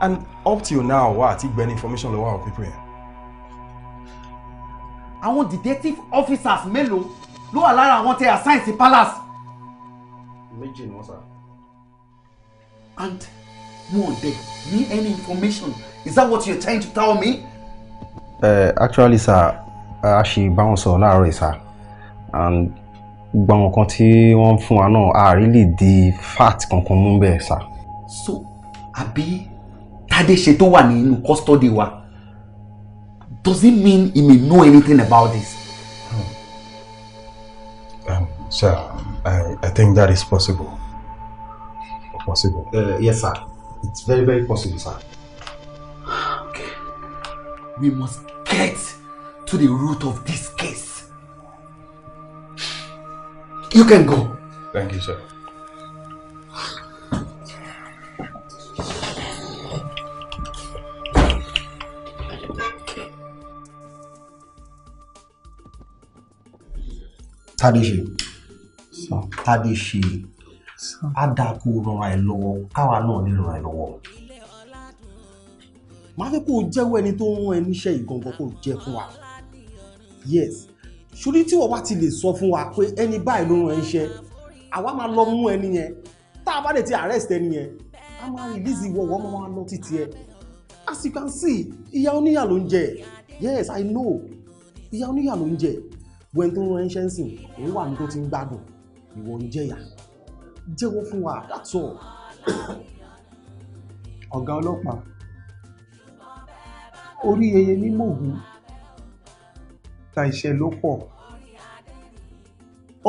and up till now wa àti gbẹni information lọ́wọ́ àwọn people yẹn. àwọn detective officers mélòó ló wà lára àwọn tẹ assign sí palace. méjì ni wọ́n sá and no they need any information is that what you're trying to tell me. Uh, actually sir a she bá on sọ láàárọ̀ sir and when we continue on wọ́n fún wa really the fact kankan mú bẹ́ẹ̀ sir. so Abi, tade ṣe tó wà nínú custody wa does it mean he may know anything about this. Hmm. Um, sir I, I think that is possible. Possible. Uh, yes, sir. It's very, very possible, sir. Okay. We must get to the root of this case. You can go. Thank you, sir. Tadeshi. Tadeshi á dáa kó rọra ẹ lọ́wọ́ káwa náà lè rọra ẹ lọ́wọ́. màá fẹ́ kó o jẹ́wọ́ ẹni tó ń rán ẹ níṣẹ́ ìgangan kó o jẹ́ fún wa yes ṣùrí tí wọ́n bá ti lè sọ fún wa pé ẹni báyìí ló rán ẹ àwa máa lọ mú ẹni yẹn tá a bá lè ti arrest ẹni yẹn a máa release ìwọ wọ́n máa lọ títí ẹ as you can see ìyá oníyà ló ń jẹ yes i know ìyá oníyà ló ń jẹ wẹ́n tó ń rán ẹ níṣẹ́ ń sìn òun wà ní tó ti ń gbádùn ìwọ ń jẹ̀yà jẹ́wọ́ fún wa that's all. ọ̀gá ọlọ́pàá orí yeye ní mògùn ta iṣẹ́ ló pọ̀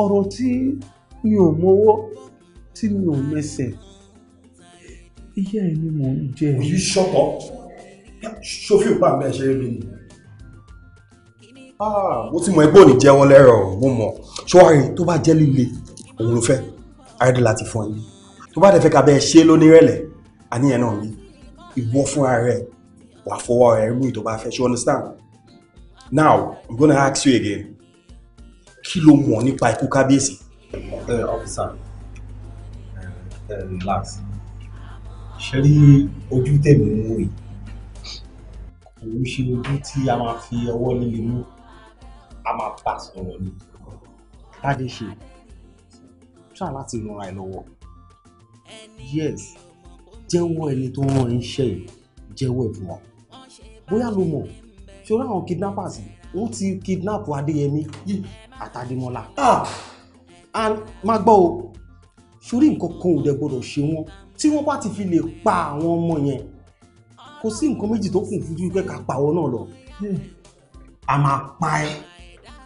ọ̀rọ̀ tí mi ò mọwọ́ tí mi ò mẹsẹ̀ ìyá ẹ̀ ni mò ń jẹ. òyì ṣọpọ ṣòfin òpá mi ẹ ṣe mi ni ah, mo ti mọ ẹgbẹ́ òní jẹ́ lẹ́rọ̀ mo mọ̀ ṣọ́wárí tó bá jẹ́ líle òun ló fẹ́ àrídùn láti fún yín tó bá dẹ̀ fẹ́ ká bẹ́ẹ̀ ṣe lónírẹ̀lẹ̀ àníyàn náà rí ìwọ fúnra rẹ wà fọwọ́ rẹ mú ìtọ́ bá fẹ́ ṣe understand now i'm gonna ask you again kí ló mọ̀ nípa ikú kábíyèsí. ọ̀fíìsà relax ṣe rí ojú tèmi mú yìí kò ń ṣe ojú tí a máa fi ọwọ́ líle mú a máa bá sọ̀rọ̀ ni. tádé ṣe ṣá láti rọra ẹ lọ́wọ́ yes jẹ́wọ́ ẹni tó rán ẹ ń ṣe yìí jẹ́wọ́ ẹ̀ fún wọn bóyá ló mọ̀ ṣọlá àwọn kidnappers wọ́n ti kidnap adéyẹmí àtàdémọ́lá ah! and má gbọ́ o sórí nǹkan kan ò dẹ̀ gbọ́dọ̀ ṣe wọ́n tí wọ́n bá ti fi lè pa àwọn ọmọ yẹn kò sí nǹkan méjì tó kù fojú pé ká pa àwọn náà lọ hmm. a máa pa ẹ́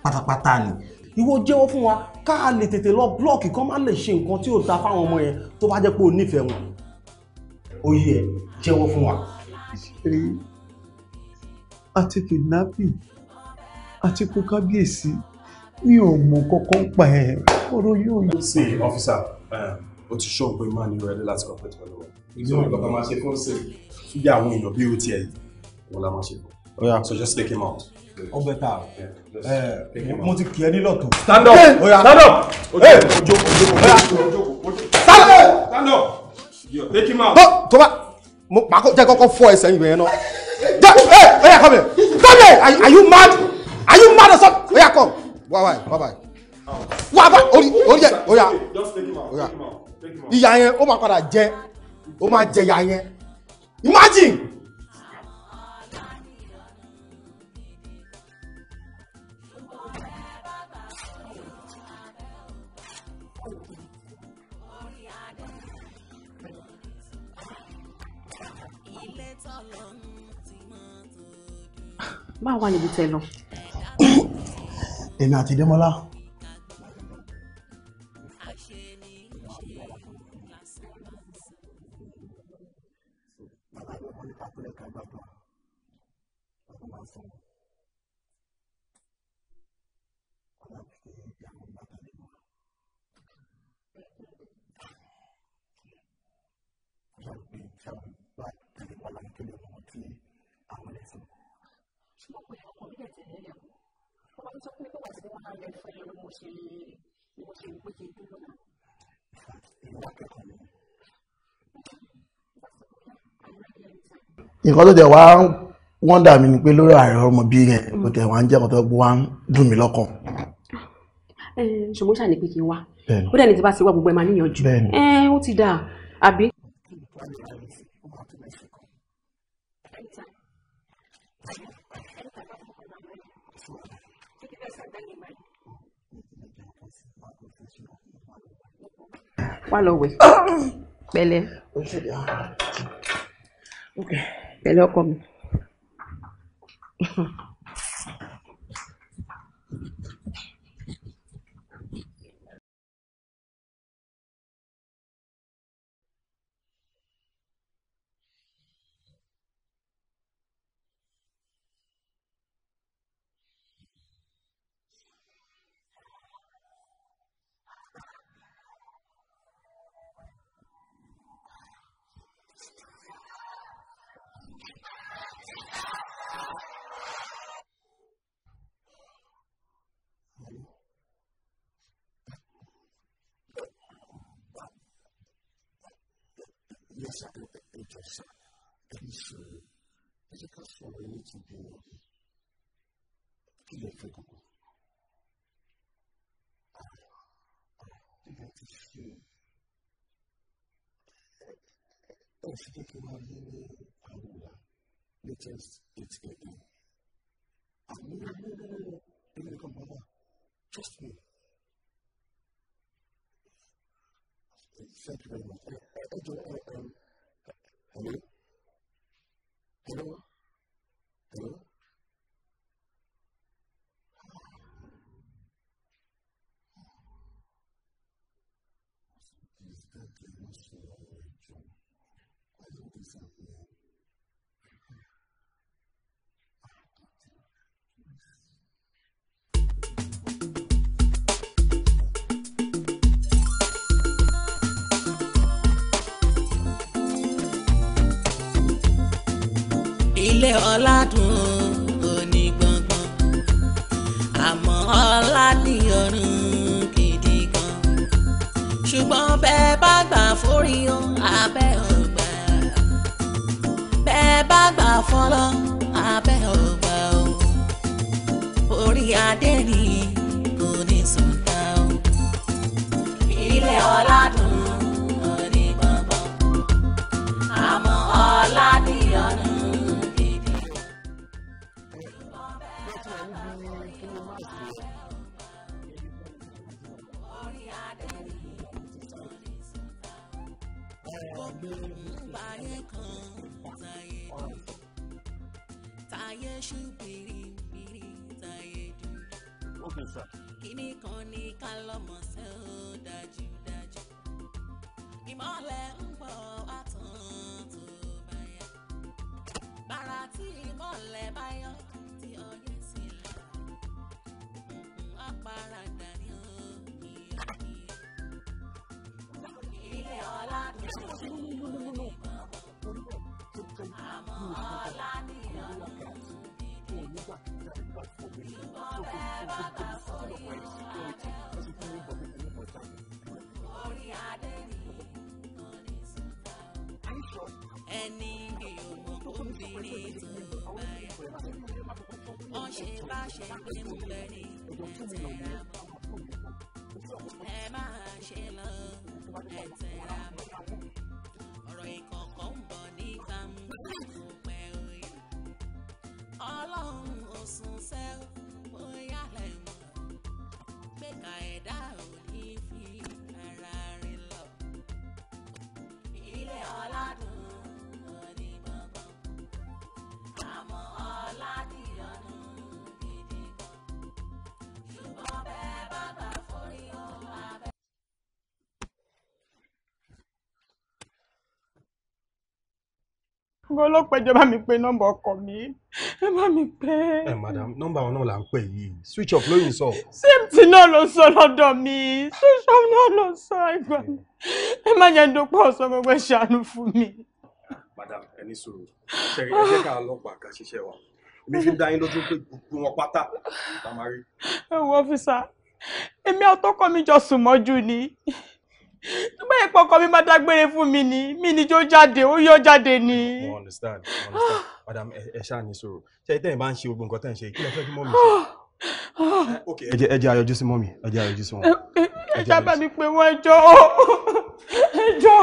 pátápátá ni ìwọ jẹ́wọ́ fún wa ká lè tètè lọ blọ́ọ̀kì kán má lè ṣe nǹkan tí ò da fáwọn ọmọ yẹn tó bá jẹ́ pé o nífẹ̀ẹ́ wọn oyè ẹ jẹ́wọ́ fún wa. ṣeré àti kidnapping àti kó kábíyèsí mi ò mọ kọ́kọ́ ń pa ẹ̀ ọ̀rọ̀ yóò yọ. ṣe ọfíìsà o ti ṣọ́ pé máa nílò ẹni láti ọ̀pẹ̀tẹ̀ pẹ̀lú wọn ìgbìmọ̀ ìgbàgbọ́ máa ṣe fún ṣe fúgbà àwọn èèyàn bí ó tiẹ̀ wọn la máa ṣe ọgbẹ eh, ta mo ti kí ẹ nílọ tó. stand up stand up ojo ojo ojo stand up take him out. tó bá mo pàkó jẹ́ kọ́kọ́ fọ ẹsẹ̀ ìgbẹ́ yẹn náà jẹ́ ẹ ẹ yà come here come here are you mad are you mad or something ẹ yà come wá wá bye bye wá bá orí orí ẹ oya oya ìyá yẹn ó máa padà jẹ ó máa jẹ ìyá yẹn imagine. máa wà níbi tẹ lọ. [COUGHS] èmi àti Démọ́lá nǹkan tó tẹ̀ wá wọ́n dà mí ni pé lórí ààrẹ ọmọ bí yẹn tó tẹ̀ wá ń jẹ́ kọ́tọ́ gbọ́ wá ń dùn mí lọ́kàn. ṣùgbọ́n ṣàní pé kí ó dẹ̀ ní bá ti wá gbogbo ẹ̀ máa níyànjú ó ti dà àbí. wá lọ wẹ̀ [COUGHS] pẹ̀lẹ́. Okay pẹ̀lú [LAUGHS] preferred as a customer when you can do it. Chi lo fa con Identifié. Ensuite, que ma ligne à Oula, le test est aidé. Ah, non, non, non, non, non, il est comme maman. Trust me. Thank you very much. I, I, I, I, um, Hello. Hello. ilé ọ̀làdùn òní gbọ̀ngbọ̀n àmọ́ ọ̀là ní ọ̀run gidi gan ṣùgbọ́n bẹ́ẹ̀ bá gbà forí o abẹ́ ọgbà bẹ́ẹ̀ bá gbà fọlọ́ abẹ́ ọgbà o orí adé ni kò ní sùntà o ilé ọ̀làdùn òní gbọ̀ngbọ̀n àmọ́ ọ̀là ní ọ̀run. táyé kan táyé dùn táyé ṣùgbìrì bìrì táyé dùn. kíní kan ní ká lọ́mọ ṣe ó dájúdájú. ìmọ̀lẹ̀ ń bọ̀ àtàn tó bá yá. bàrà tí ìmọ̀lẹ̀ bá yọ tí ọyẹ́ sí là. àparadà ni ó ní ọ̀nìyàn. ilé ọlá tó ṣe é àmọ́ ọ̀la ni ọ̀nà tún dìde. Ìwọ obìnrin tó báyà. Wọ́n ṣe bá ṣe pé mo fẹ́ ní ẹ̀tẹ̀ra mọ́. Ẹ máa ṣe lọ ẹ̀tẹ̀ra mọ́ orin kọ̀ọ̀kan ń bọ̀ ní gbangba fún pẹ́ oyè ọlọ́run ò sùn sẹ́ bóyá lẹ̀ mọ́ pé ká ẹ̀dá ò ní fi ara rìn lọ. ilé ọládùn. gbọ́ ọlọ́pàá ìjọba mi pé nọ́mbà ọkọ mi ẹ bá mi pé. ẹ eh, madam nọ́mbà wọn náà là ń pè yìí switch off lóyún sọ. same thing náà ló sọ lọ́dọ̀ mi switch off náà ló sọ ẹgbẹ́ mi ẹ má yẹn dópọ̀ ọ̀sán gbogbo ẹ̀ ṣàánú fún mi. madam ẹ ní ṣe ẹ jẹ́ ká ọlọ́pàá ká ṣiṣẹ́ wa èmi fi dá yín lójú pé gbogbo wọn pátá la máa rí. ẹ wo ọ́fíìsà èmi àtọkọ mi jọ sùn mọ́jú ni tó bá yẹ pé ọkọ mi máa dágbére fún mi ni mi ni jó jáde ó yọ jáde ni. mo understand mo understand [SIGHS] madam ẹ ṣáà ní sọ̀rọ̀ ṣe é tẹ́yìn bá ń ṣe gbogbo nǹkan tẹ́ ń ṣe kí lẹ fẹ́ kí mọ́mì ṣe. [SIGHS] ok ẹ jẹ́ ẹ jẹ́ ayọjú sí mọ́mì ẹ jẹ́ ayọjú sí wọn. ẹ jábàá mi pé wọ́n ẹjọ́ [LAUGHS] ẹjọ́.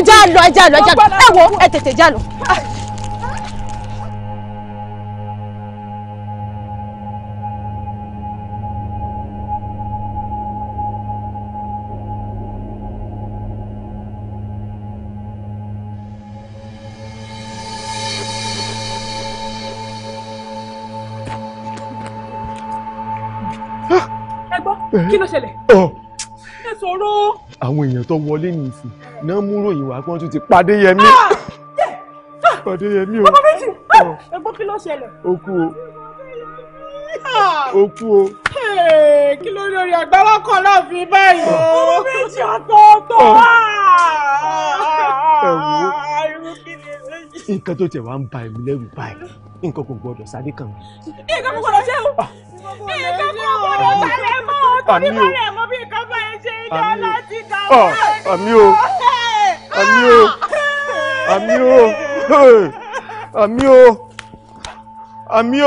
ẹja lọ ẹja lọ ẹja lọ ẹ wo ẹ tètè já lọ. kí ló ṣẹlẹ̀. ẹ sọ̀rọ̀. àwọn èèyàn tó wọlé nìyí sí i náà mú ròyìn wá pé wọ́n tún ti pàdé yẹmí pàdé ah! yẹmí o. ọmọ méjì ah! oh. ẹ̀gbọ́n kí ló ṣẹlẹ̀. ó o ah! ó o. kí ló lórí àgbáwá kan náà fi báyìí o. ọmọ oh. méjì ọ̀tọ̀ọ̀tọ̀ oh. nǹkan tó tẹ̀ wá ń ba èmi lẹ́rù báyìí nǹkan kò gbọdọ̀ sáré kàn nǹkan kò gbọdọ̀ ṣe o nǹkan kò gbọdọ̀ sáré mọ́ o torí rẹ̀ mọ́ bí nǹkan bá ẹ ṣe ìjọ láti dà wá. àmì o. àmì o àmì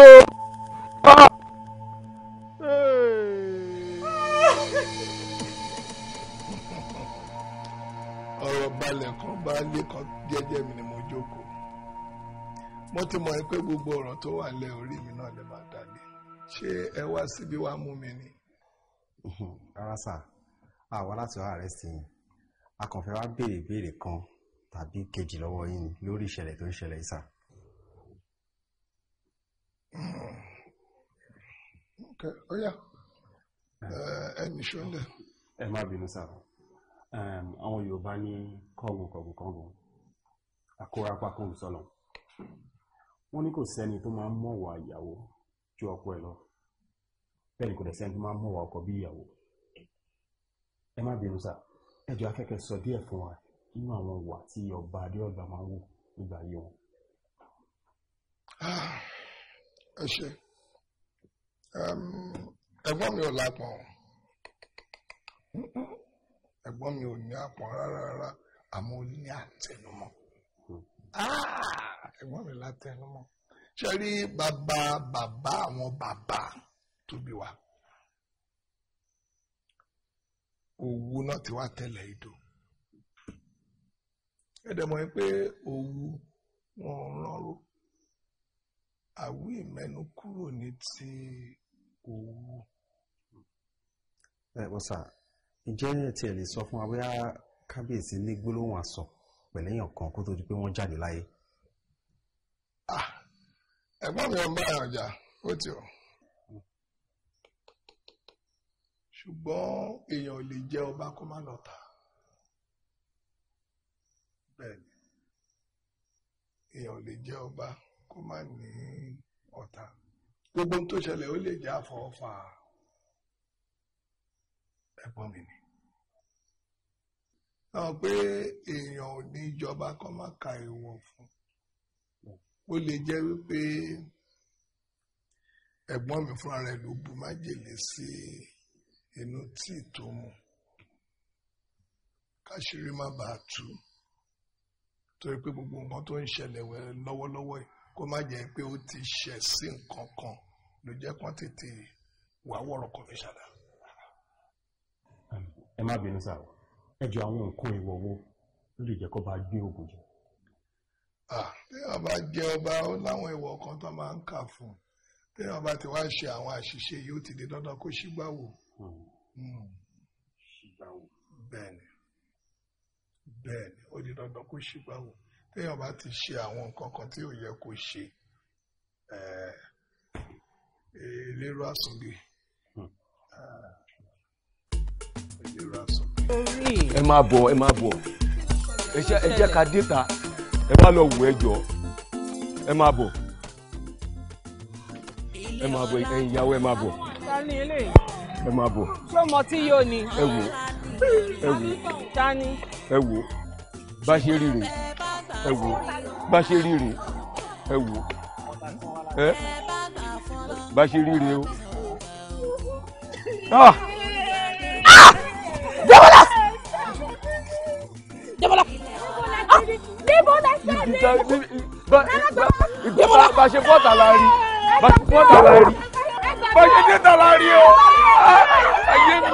o ọ̀rọ̀ balẹ̀ kan bá lé kan jẹ́jẹ́ mi ni mo jókòó mo ti mọ̀ pé gbogbo ọ̀rọ̀ tó wà lẹ́ orí mi náà lè máa dàlé ṣé ẹ wá síbi wàá mú mi ni. rárá sà àwa láti wá àrẹ́sì yín a kàn fẹ́ wá béèrè ìbéèrè kan tàbí kejì lọ́wọ́ yín ni lórí ìṣẹ̀lẹ̀ tó ń ṣẹlẹ̀ yìí sà. ó yá eh, ẹni ṣọlẹ̀. ẹ má bínú sà àwọn Yorùbá ní kọ́ọ̀gùn kọ̀ọ̀gùn kọ́ọ̀gùn àkórapá kọ́ọ̀gùn sọ̀nà wọ́n ní kò sẹ́ni tó máa ń mọ̀wà ìyàwó ju ọkọ ẹ̀ lọ bẹ́ẹ̀ ni kò dẹ̀ sẹ́ni tó máa ń mọ̀wà ọkọ bí ìyàwó ẹ má bínú sà ẹjọ́ akẹ́kẹ́ sọ díẹ̀ fún wa nínú àwọn ìwà tí ọba adéọba máa ń wò nígbà ayé wọn. Ah, ẹ ṣe ẹ̀gbọ́n mi ò lápọn ẹ̀gbọ́n mi ò ní àpọn rárá rárá àmọ́ ó ní àtẹnumọ́ ah, ẹ̀gbọ́n mi látẹnumọ́ ṣe rí bàbá bàbá àwọn bàbá tó wa. owó náà ti wá tẹ́lẹ̀ ìdò ẹ̀dẹ̀mọ̀ yìí pé owó wọn rọrùn àwí ìmẹ́nu kúrò ní ti owó. ẹ bọ́sà ǹjẹ́ tí ẹ lè sọ fún wa bóyá kábíyèsí ní gbólóhùn àsọ pẹ̀lú èèyàn kan kó tó di pé wọ́n jáde láyé. Ah, ẹ̀gbọ́n mi ò ń bá ẹ̀yàn jà ó ti ọ̀. ṣùgbọ́n èèyàn ò lè jẹ́ ọba kó má lọ́ta bẹ́ẹ̀ni èèyàn ò lè jẹ́ ọba kó má ní ọ̀tá gbogbo tó ṣẹlẹ̀ ó lè jẹ́ àfọwọ́fà ẹ̀gbọ́n mi ni náà pé èèyàn ò ní ìjọba kó má ka èèwọ̀ fún ó lè jẹ́ wípé ẹ̀gbọ́n mi fúnra rẹ̀ ló bu májèlé sí i inú tí tó mu káṣírí má bàa tú torí pé gbogbo nǹkan tó ń ṣẹlẹ̀ wẹ̀ lọ́wọ́lọ́wọ́ kó má jẹ́ pé ó ti ṣẹ̀ sí nǹkan kan ló jẹ́ kán tètè wà wọ̀rọ̀ kọmíṣánná. ẹ má bínú sáà ẹ jọ àwọn nǹkan èèwọ̀ wo ló lè jẹ́ kó bá gbé oògùn jù. tí wọ́n bá jẹ ọba ó láwọn èèwọ̀ kan tó máa ń kà fún un tí wọ́n bá ti wá ṣe àwọn àṣìṣe yóò ti di dandan kó ṣígbà wò ṣìgbàwò. bẹ́ẹ̀ni bẹ́ẹ̀ni ó di dandan kó ṣìgbàwò téèyàn bá ti ṣe àwọn nǹkan kan tí ò yẹ kó ṣe elérò àsùnbí hmm. elérò àsùnbí. ẹ máa bọ̀ ẹ máa bọ̀ ẹ jẹ́ ká dé ta ẹ wá lọ wù ẹ jọ ẹ máa bọ̀ ẹ máa bọ̀ ẹ̀yin ìyàwó ẹ máa bọ̀. ta ni eléyìí ẹ máa bọ̀. ṣé o mọ tí yóò ni. ẹ wò ẹ wò. tani. ẹ wò bá ṣe rí rè ẹ wò bá ṣe rí rè ẹ wò ẹ bá ṣe rí rè o. Débọ́lá! Ah! Ah! Débọ́lá! Débọ́lá ah! ṣáà dé! Débọ́lá! Bá ṣe bọ́tà la rí. Bá ṣe bọ́tà la rí. Bá ṣe dé tà la rí o ayé ah, mi.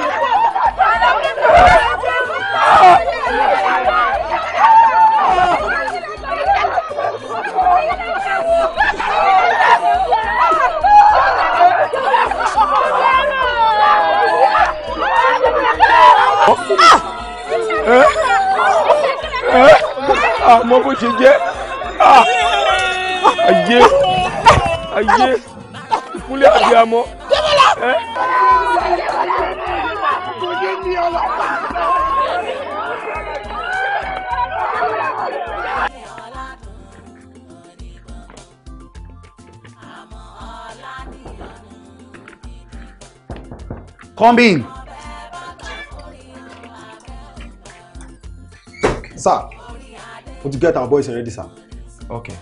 bó ṣe jẹ́ ah, ayé ayé ìkúlẹ̀ àbí eh? Combine, Sir, would you get our boys ready, sir? Okay.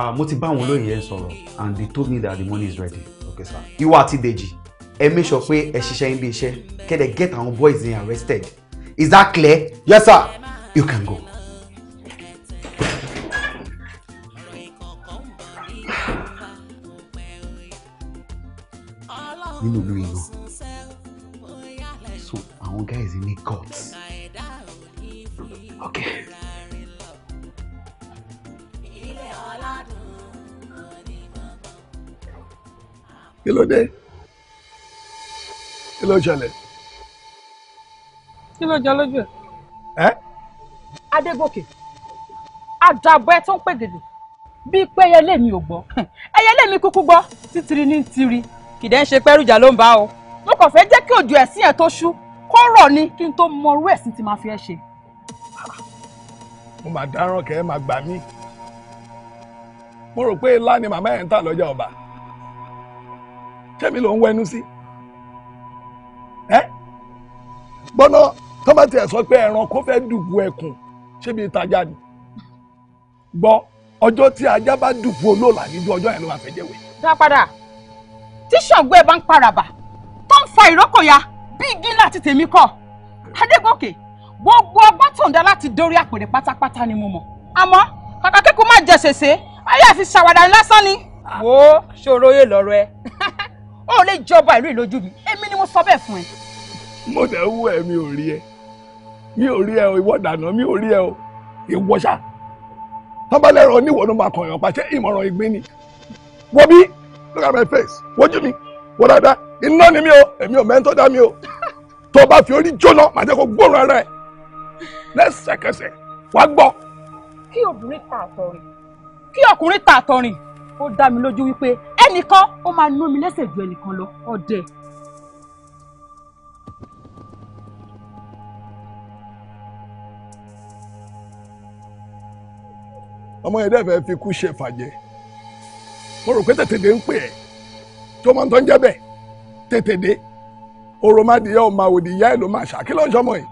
Ah, mo ti bá àwọn olóyè yẹn sọ̀rọ̀ and they told me that the money is ready. Okay, sir. Ìwọ àti Dèjì, ẹ make sure pé ẹ ṣiṣẹ́ ibi iṣẹ́ kẹ́dẹ̀ get our boys in arrested. Is that clear? Yes, sir. You can go. [SIGHS] nínú ìlú ìlú àwọn guys ní guts. Okay. kí ló Hello, kí Hello, Jale. kí ló jẹ lójú ẹ. ẹ. adégòkè àdàbọ̀ ẹ tó ń pè gèdè bíi pé ẹyẹlé mi ò gbọ́ [LAUGHS] ẹyẹlé mi kúkú gbọ́ títiri ní tiri kìdẹ́ ń ṣe o mo kàn fẹ́ jẹ́ kí òjò ẹ̀sìn ẹ̀ tó ṣú kọ́rọ̀ ni kí n tó mọ irú ẹ̀sìn tí màá fi ẹ ṣe. mo mà dáràn kẹ́ ẹ máa gbà mí mo rò pé ilá ni màmá ẹ̀ ń tà lọ́jà ọba ṣẹ́mi ló ń wẹnu sí ẹ gbọ́nà tọ́mọ̀tì ẹ̀ sọ pé ẹran kó fẹ́ dùbù ẹkùn ṣébi ìtajà ni gbọ́ ọjọ́ tí ajá bá dùbù olóòlà níjú ọjọ́ yẹn ló máa fẹ́ jẹ́wé. dá padà tí ṣàǹgbọ́ bá ń paraba tó ń fa ìrókòyà bígí láti tèmi kọ́ adégòkè gbogbo ọgbọ́n tó ń da láti dórí àpèrè pátápátá ni mo mọ̀ àmọ́ kàkà kíkún má jẹ ṣèṣe ayé àfi ṣàwàdà lásán ni. wo ṣòro yé lọ́rọ̀ ẹ ó lè jọba ìlú ìlójú mi èmi ni mo sọ bẹ́ẹ̀ fún ẹ. mo tẹ wú ẹ mi ò rí ẹ mi ò rí ẹ o ìwọ dànù mi ò rí ẹ o ìwọ ṣá tọ́balẹ̀rọ oníwọ̀ ló máa kọ̀yàn pàṣẹ ìmọ̀ràn ìgbín ni wọ́n bí look at my face wojú mi wọ́n dáadáa iná ni mi o èmi ò mẹ́ńtọ́ dá mi o tó bá fi orí jóná màá jẹ́ kó gbóòórùn ara ẹ̀ lẹ́sẹ̀kẹsẹ̀ wàá gbọ́. kí obìnrin ta àtọ̀rìn kí ọkùnrin ta àtọ̀rìn ó dá mi lójú wípé ẹnìkan ó máa ná mi lẹ́sẹ̀ ju ẹnìkan lọ ọdẹ. ọmọ yẹn dẹ́fẹ̀ẹ́ fi kú ṣe fàjẹ́ mo rò pé tètè dé ń pè ẹ́ tó máa ń tọ́ ń jẹ́ bẹ́ẹ̀ tètè dé oromadìyẹ ọmọ àwòdì ìyá ẹ ló máa ṣá kí ló ń sọmọ yìí.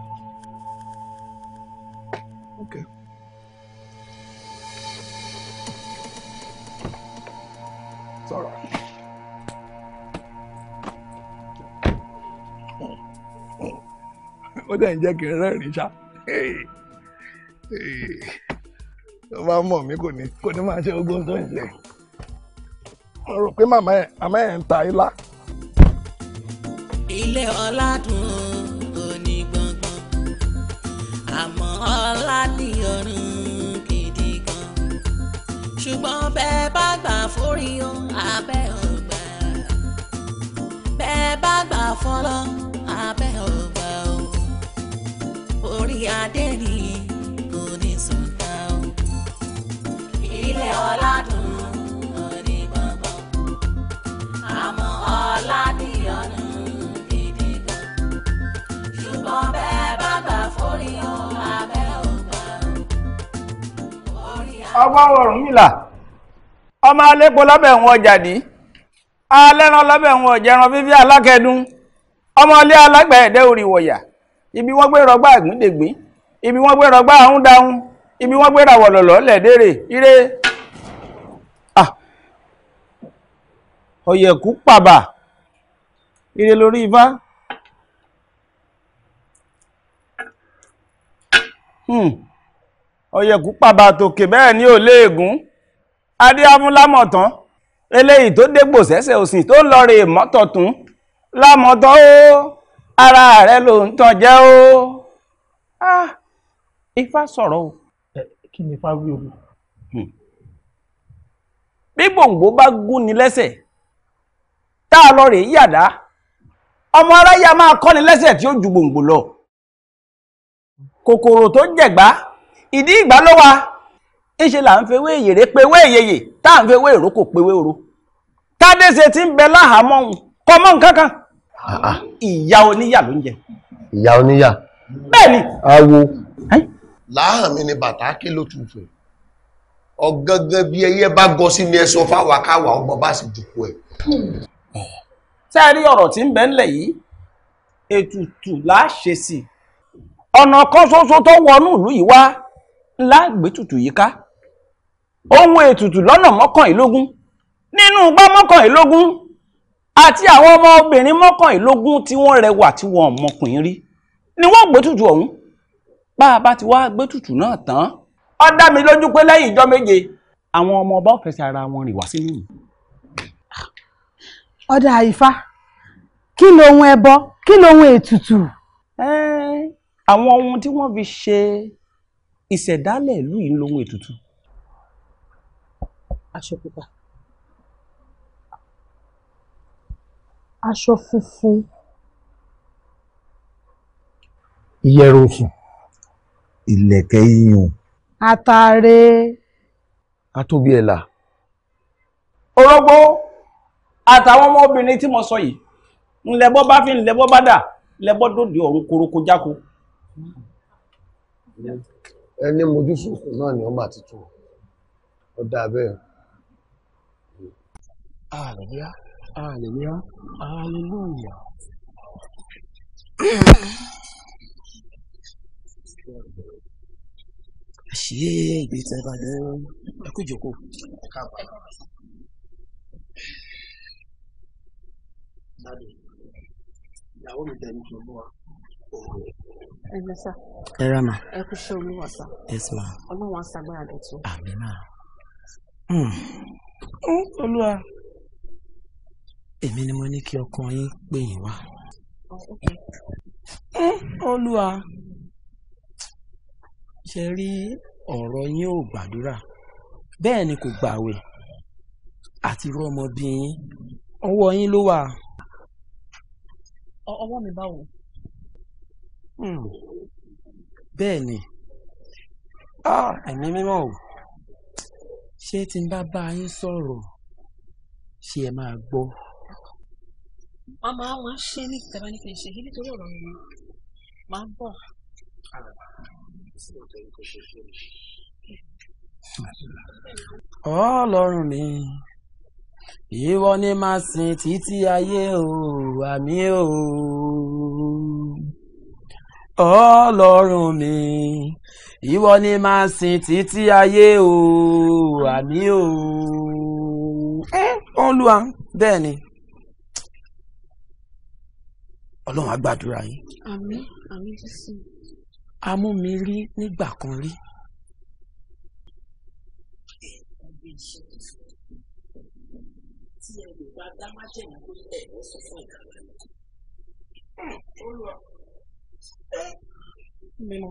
ó dẹ̀ ń jẹ́ kí n rẹ́rìn ṣá tó bá mọ̀ mí kò ní kò ní máa ṣe ogún tó ń ṣe mo rò pé màmá ẹ̀ ń ta ilá ilé ọ̀làdùn òní gbọ̀ngbọ̀n àmọ́ ọ̀là ní ọ̀run gidi gan ṣùgbọ́n bẹ́ẹ̀ bá gbà forí o abẹ́ ọgbà bẹ́ẹ̀ bá gbà fọlọ́ abẹ́ ọgbà o orí adé nìyí. ọgbọ́n rọrùn mìlà ọmọ alẹ́pọ̀ lọ́bẹ̀ wọn ọjàdí alẹ́ran lọ́bẹ̀ wọn ọjẹran fífí alákẹ́dún ọmọ ilé alágbẹ̀ẹ́dẹ́ orí wọ̀yà ibi wọ́n gbé rọgbà àgbìndègbín ibi wọ́n gbé rọgbà ahún dáhùn ibi wọ́n ire ọ̀yẹ̀kú pàbà ire lórí ifá hmm. ọ̀yẹ̀kú pàbà tòkè bẹ́ẹ̀ ní òléègún adéáfúnlámọ̀tán eléyìí tó dégbò sẹ́sẹ̀ òsì tó ń lọrè mọ́tọ̀tún lámọ̀tán ó ara rẹ̀ ló ń tàn jẹ́ ó ah, ifá sọ̀rọ̀ o. kí ni ifá wí o. Hmm. bí gbòǹgbò bá gún ni lẹ́sẹ̀ tá a lọ rè é yàdá ọmọ aráyà máa kọ́ ni lẹ́sẹ̀ tí ó ju gbòǹgbò lọ kòkòrò tó jẹ̀gbá ìdí ìgbà ló wa ńṣe là ń fewé èyèrè pewé èyèyè tá à ń fewé èrò kò pewé oro kádéṣe ti ń bẹ láhàámọ́ òun kọ mọ́ nǹkan kan ah, ah. ìyá oníyà ló ń jẹ. ìyá oníyà. bẹ́ẹ̀ni. awo. láhàn mi ni bàtà ké ló tún fún ọ̀gángan bí ẹyẹ bá gọ sí ni ẹ sọ fáwa káwa ọmọ bá sì jùkú ẹ. sẹ́ẹ̀rí ọ̀rọ̀ tí ń bẹ ńlẹ̀ yìí ètùtù láṣẹ sí ọ̀nà kan ṣoṣo tó wọnú ìlú yìí wá láàgbétùtù yìí ká ohun ètùtù lọ́nà mọ́kànlélógún nínú igbá mọ́kànlélógún àti àwọn ọmọ obìnrin mọ́kànlélógún tí wọ́n rẹwà tí wọ́n mọkùnrin rí ni wọ́n gbétùtù ọ̀hún bá a bá ti wá gbétùtù náà tán ó dá mi lójú pé lẹ́yìn ìjọ méje àwọn ọmọ ọba òfẹsẹ̀ ara wọn rìn wá sínú ìlú. ọ̀dà Ifá kí lohun ẹbọ kí lohun ètùtù. àwọn ohun tí wọ́n fi ṣe ìṣẹ̀dálẹ̀ ìlú yìí ń lo ohun ètùtù. aṣọ pupa aṣọ funfun. ìyẹ̀rù òsùn. ìlẹ̀kẹ̀ iyùn. àtàrẹ. atóbi ẹ̀là. orógbó àtàwọn ọmọbìnrin tí mo sọ yìí ńlẹ̀bọ́ bá fi ńlẹ̀bọ́ bá dà lẹ́bọ́ dòde ọ̀run koroko jáko. Yeah ẹni mojú sùnkún náà ni ọmọ àtìtù ó dáa bẹ́ẹ̀. aleluya aleluya aleluya. àṣìyé ìgbé tí a bá lẹ ẹ ìjókòó. ìyàwó mi dẹnu sọ fún wa ẹ ra ma. ẹ kú ṣe olúwa sá. yes ma. ọlọ́run aṣàgbára rẹ̀ tó. àmín ma. Hmm. olúwa. èmi ni mo ní kí ọkàn yín pè yín wá. Oh, olúwa ṣe rí ọ̀rọ̀ yín ò gbàdúrà bẹ́ẹ̀ ni kò gbàwẹ̀ àti irú ọmọ bí yín ọwọ́ yín ló wà. ọwọ́ mi báwo. Hmm. bẹ́ẹ̀ ni ah. ẹ̀mí mímọ́ o ṣé tí n bá bá yín sọ̀rọ̀ ṣé ẹ máa gbọ́. màmá wọn ṣe ní ìtàbá ní kìí ṣe kí nítorí ọ̀rọ̀ mi máa ń bọ̀. ọlọ́run mi ìwọ ni màá sìn títí ayé o àmì o ọlọ́run mi ìwọ ni màá sìn títí ayé o àmì o. ẹ olúwa bẹ́ẹ̀ ni ọlọ́run á gbàdúrà yín. àmín àmín jésù. a mú mi rí nígbà kan rí. tí ẹ lè bá dá májèlé tó tẹ̀ ẹ́ sọ fún ìkàlẹ̀ nínú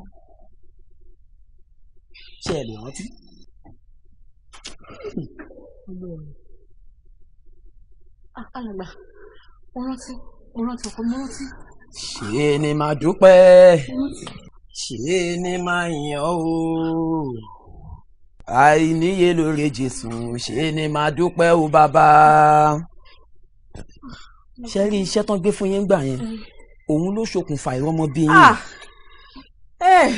ṣe ẹ Jésù ṣé ni màá dúpẹ́ ó bàbá ah, ṣe rí iṣẹ́ tán gbé fún yín gbà yẹn. Mm òun ló ṣokùnfà ìrọmọbí yín. Ah! Eh!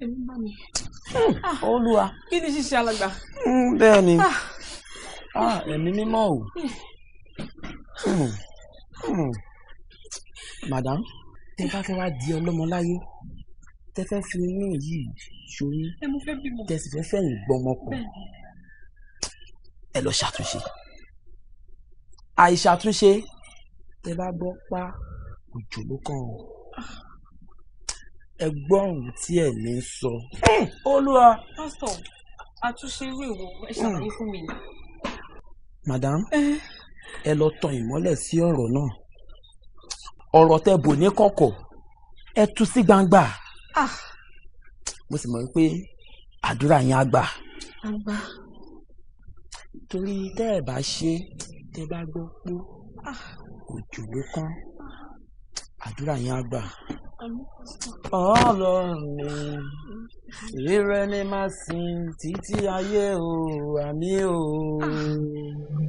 Hmm. Ah! olúwa. kí ni ṣíṣe alàgbà. Hmm, bẹ́ẹ̀ ni ah! ẹ̀mí mímọ́ o. Hmm. madam tẹ bá fẹ́ wá di ọlọ́mọ láyé tẹ fẹ́ fi inú yìí ṣoyún tẹ sì fẹ́ fẹ́yìn gbọmọkùn ẹ lọ ṣàtúnṣe àìṣàtúnṣe tẹ bá gbọ́ pa òjò ló kàn ó ẹ gbọ́ ohun tí ẹ̀mí ń sọ. Hmm, olúwa pásítọ̀ àtúnṣe irú ìwò ẹ ṣàlàyé hmm. fún mi. madam eh? ẹ lọ tan ìmọ́lẹ̀ sí ọ̀rọ̀ náà ọ̀rọ̀ tẹ́ bò ní kọ̀kọ̀ ẹ tú sí gbangba ah. mo sì mọ̀ pé àdúrà yẹn á gbà. torí tẹ́ ẹ bá ṣe tẹ́ bá gbọ́ pé ah. òjò ló kàn àdúrà yẹn á gbà. ọlọ́run mi rírẹ máa sin títí ayé o àmì o. Mm.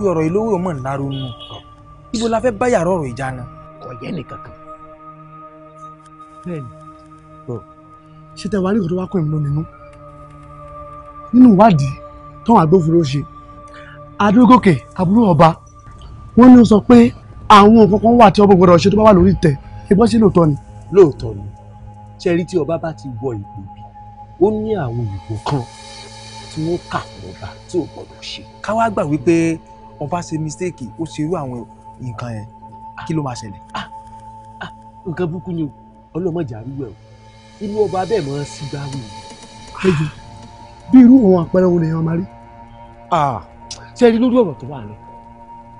pé ọ̀rọ̀ yìí lówó mọ̀ ńlá ronú ibo la fẹ́ bá yàrá ọ̀rọ̀ ìjàna. ọ̀yẹ́ nìkankan. bẹ́ẹ̀ni ṣe tẹ wàá rí ìkọ̀tọ̀ wá kọ́ ìmúlò nínú nínú ìwádìí táwọn agbófinró ṣe adúgòkè àbúrò ọba wọn ní ó sọ pé àwọn nǹkan kan wà tí ọba gbọ́dọ̀ ṣe tó bá wà lórí ìtẹ́ ìbọn ṣe lóòótọ́ ni. lóòótọ́ ni ṣe rí tí ọba bá ti wọ ìpè bí ó ní àwọn ìbò kan tí wọ́n kà fún tí ò gbọ́dọ̀ ṣe. ká gbà wípé ó bá ṣe mistake ó ṣe irú àwọn nǹkan yẹn kí ló máa ṣẹlẹ̀. Ah, ah, nǹkan burúkú ni o ọlọ́mọdé àríwẹ̀ o inú ọba bẹ́ẹ̀ mọ́ sí gbáwé o. ẹjọ bí irú àwọn àpẹẹrẹ wo lèèyàn máa rí. Ah. ṣe rí lórí ọ̀rọ̀ tó wà lọ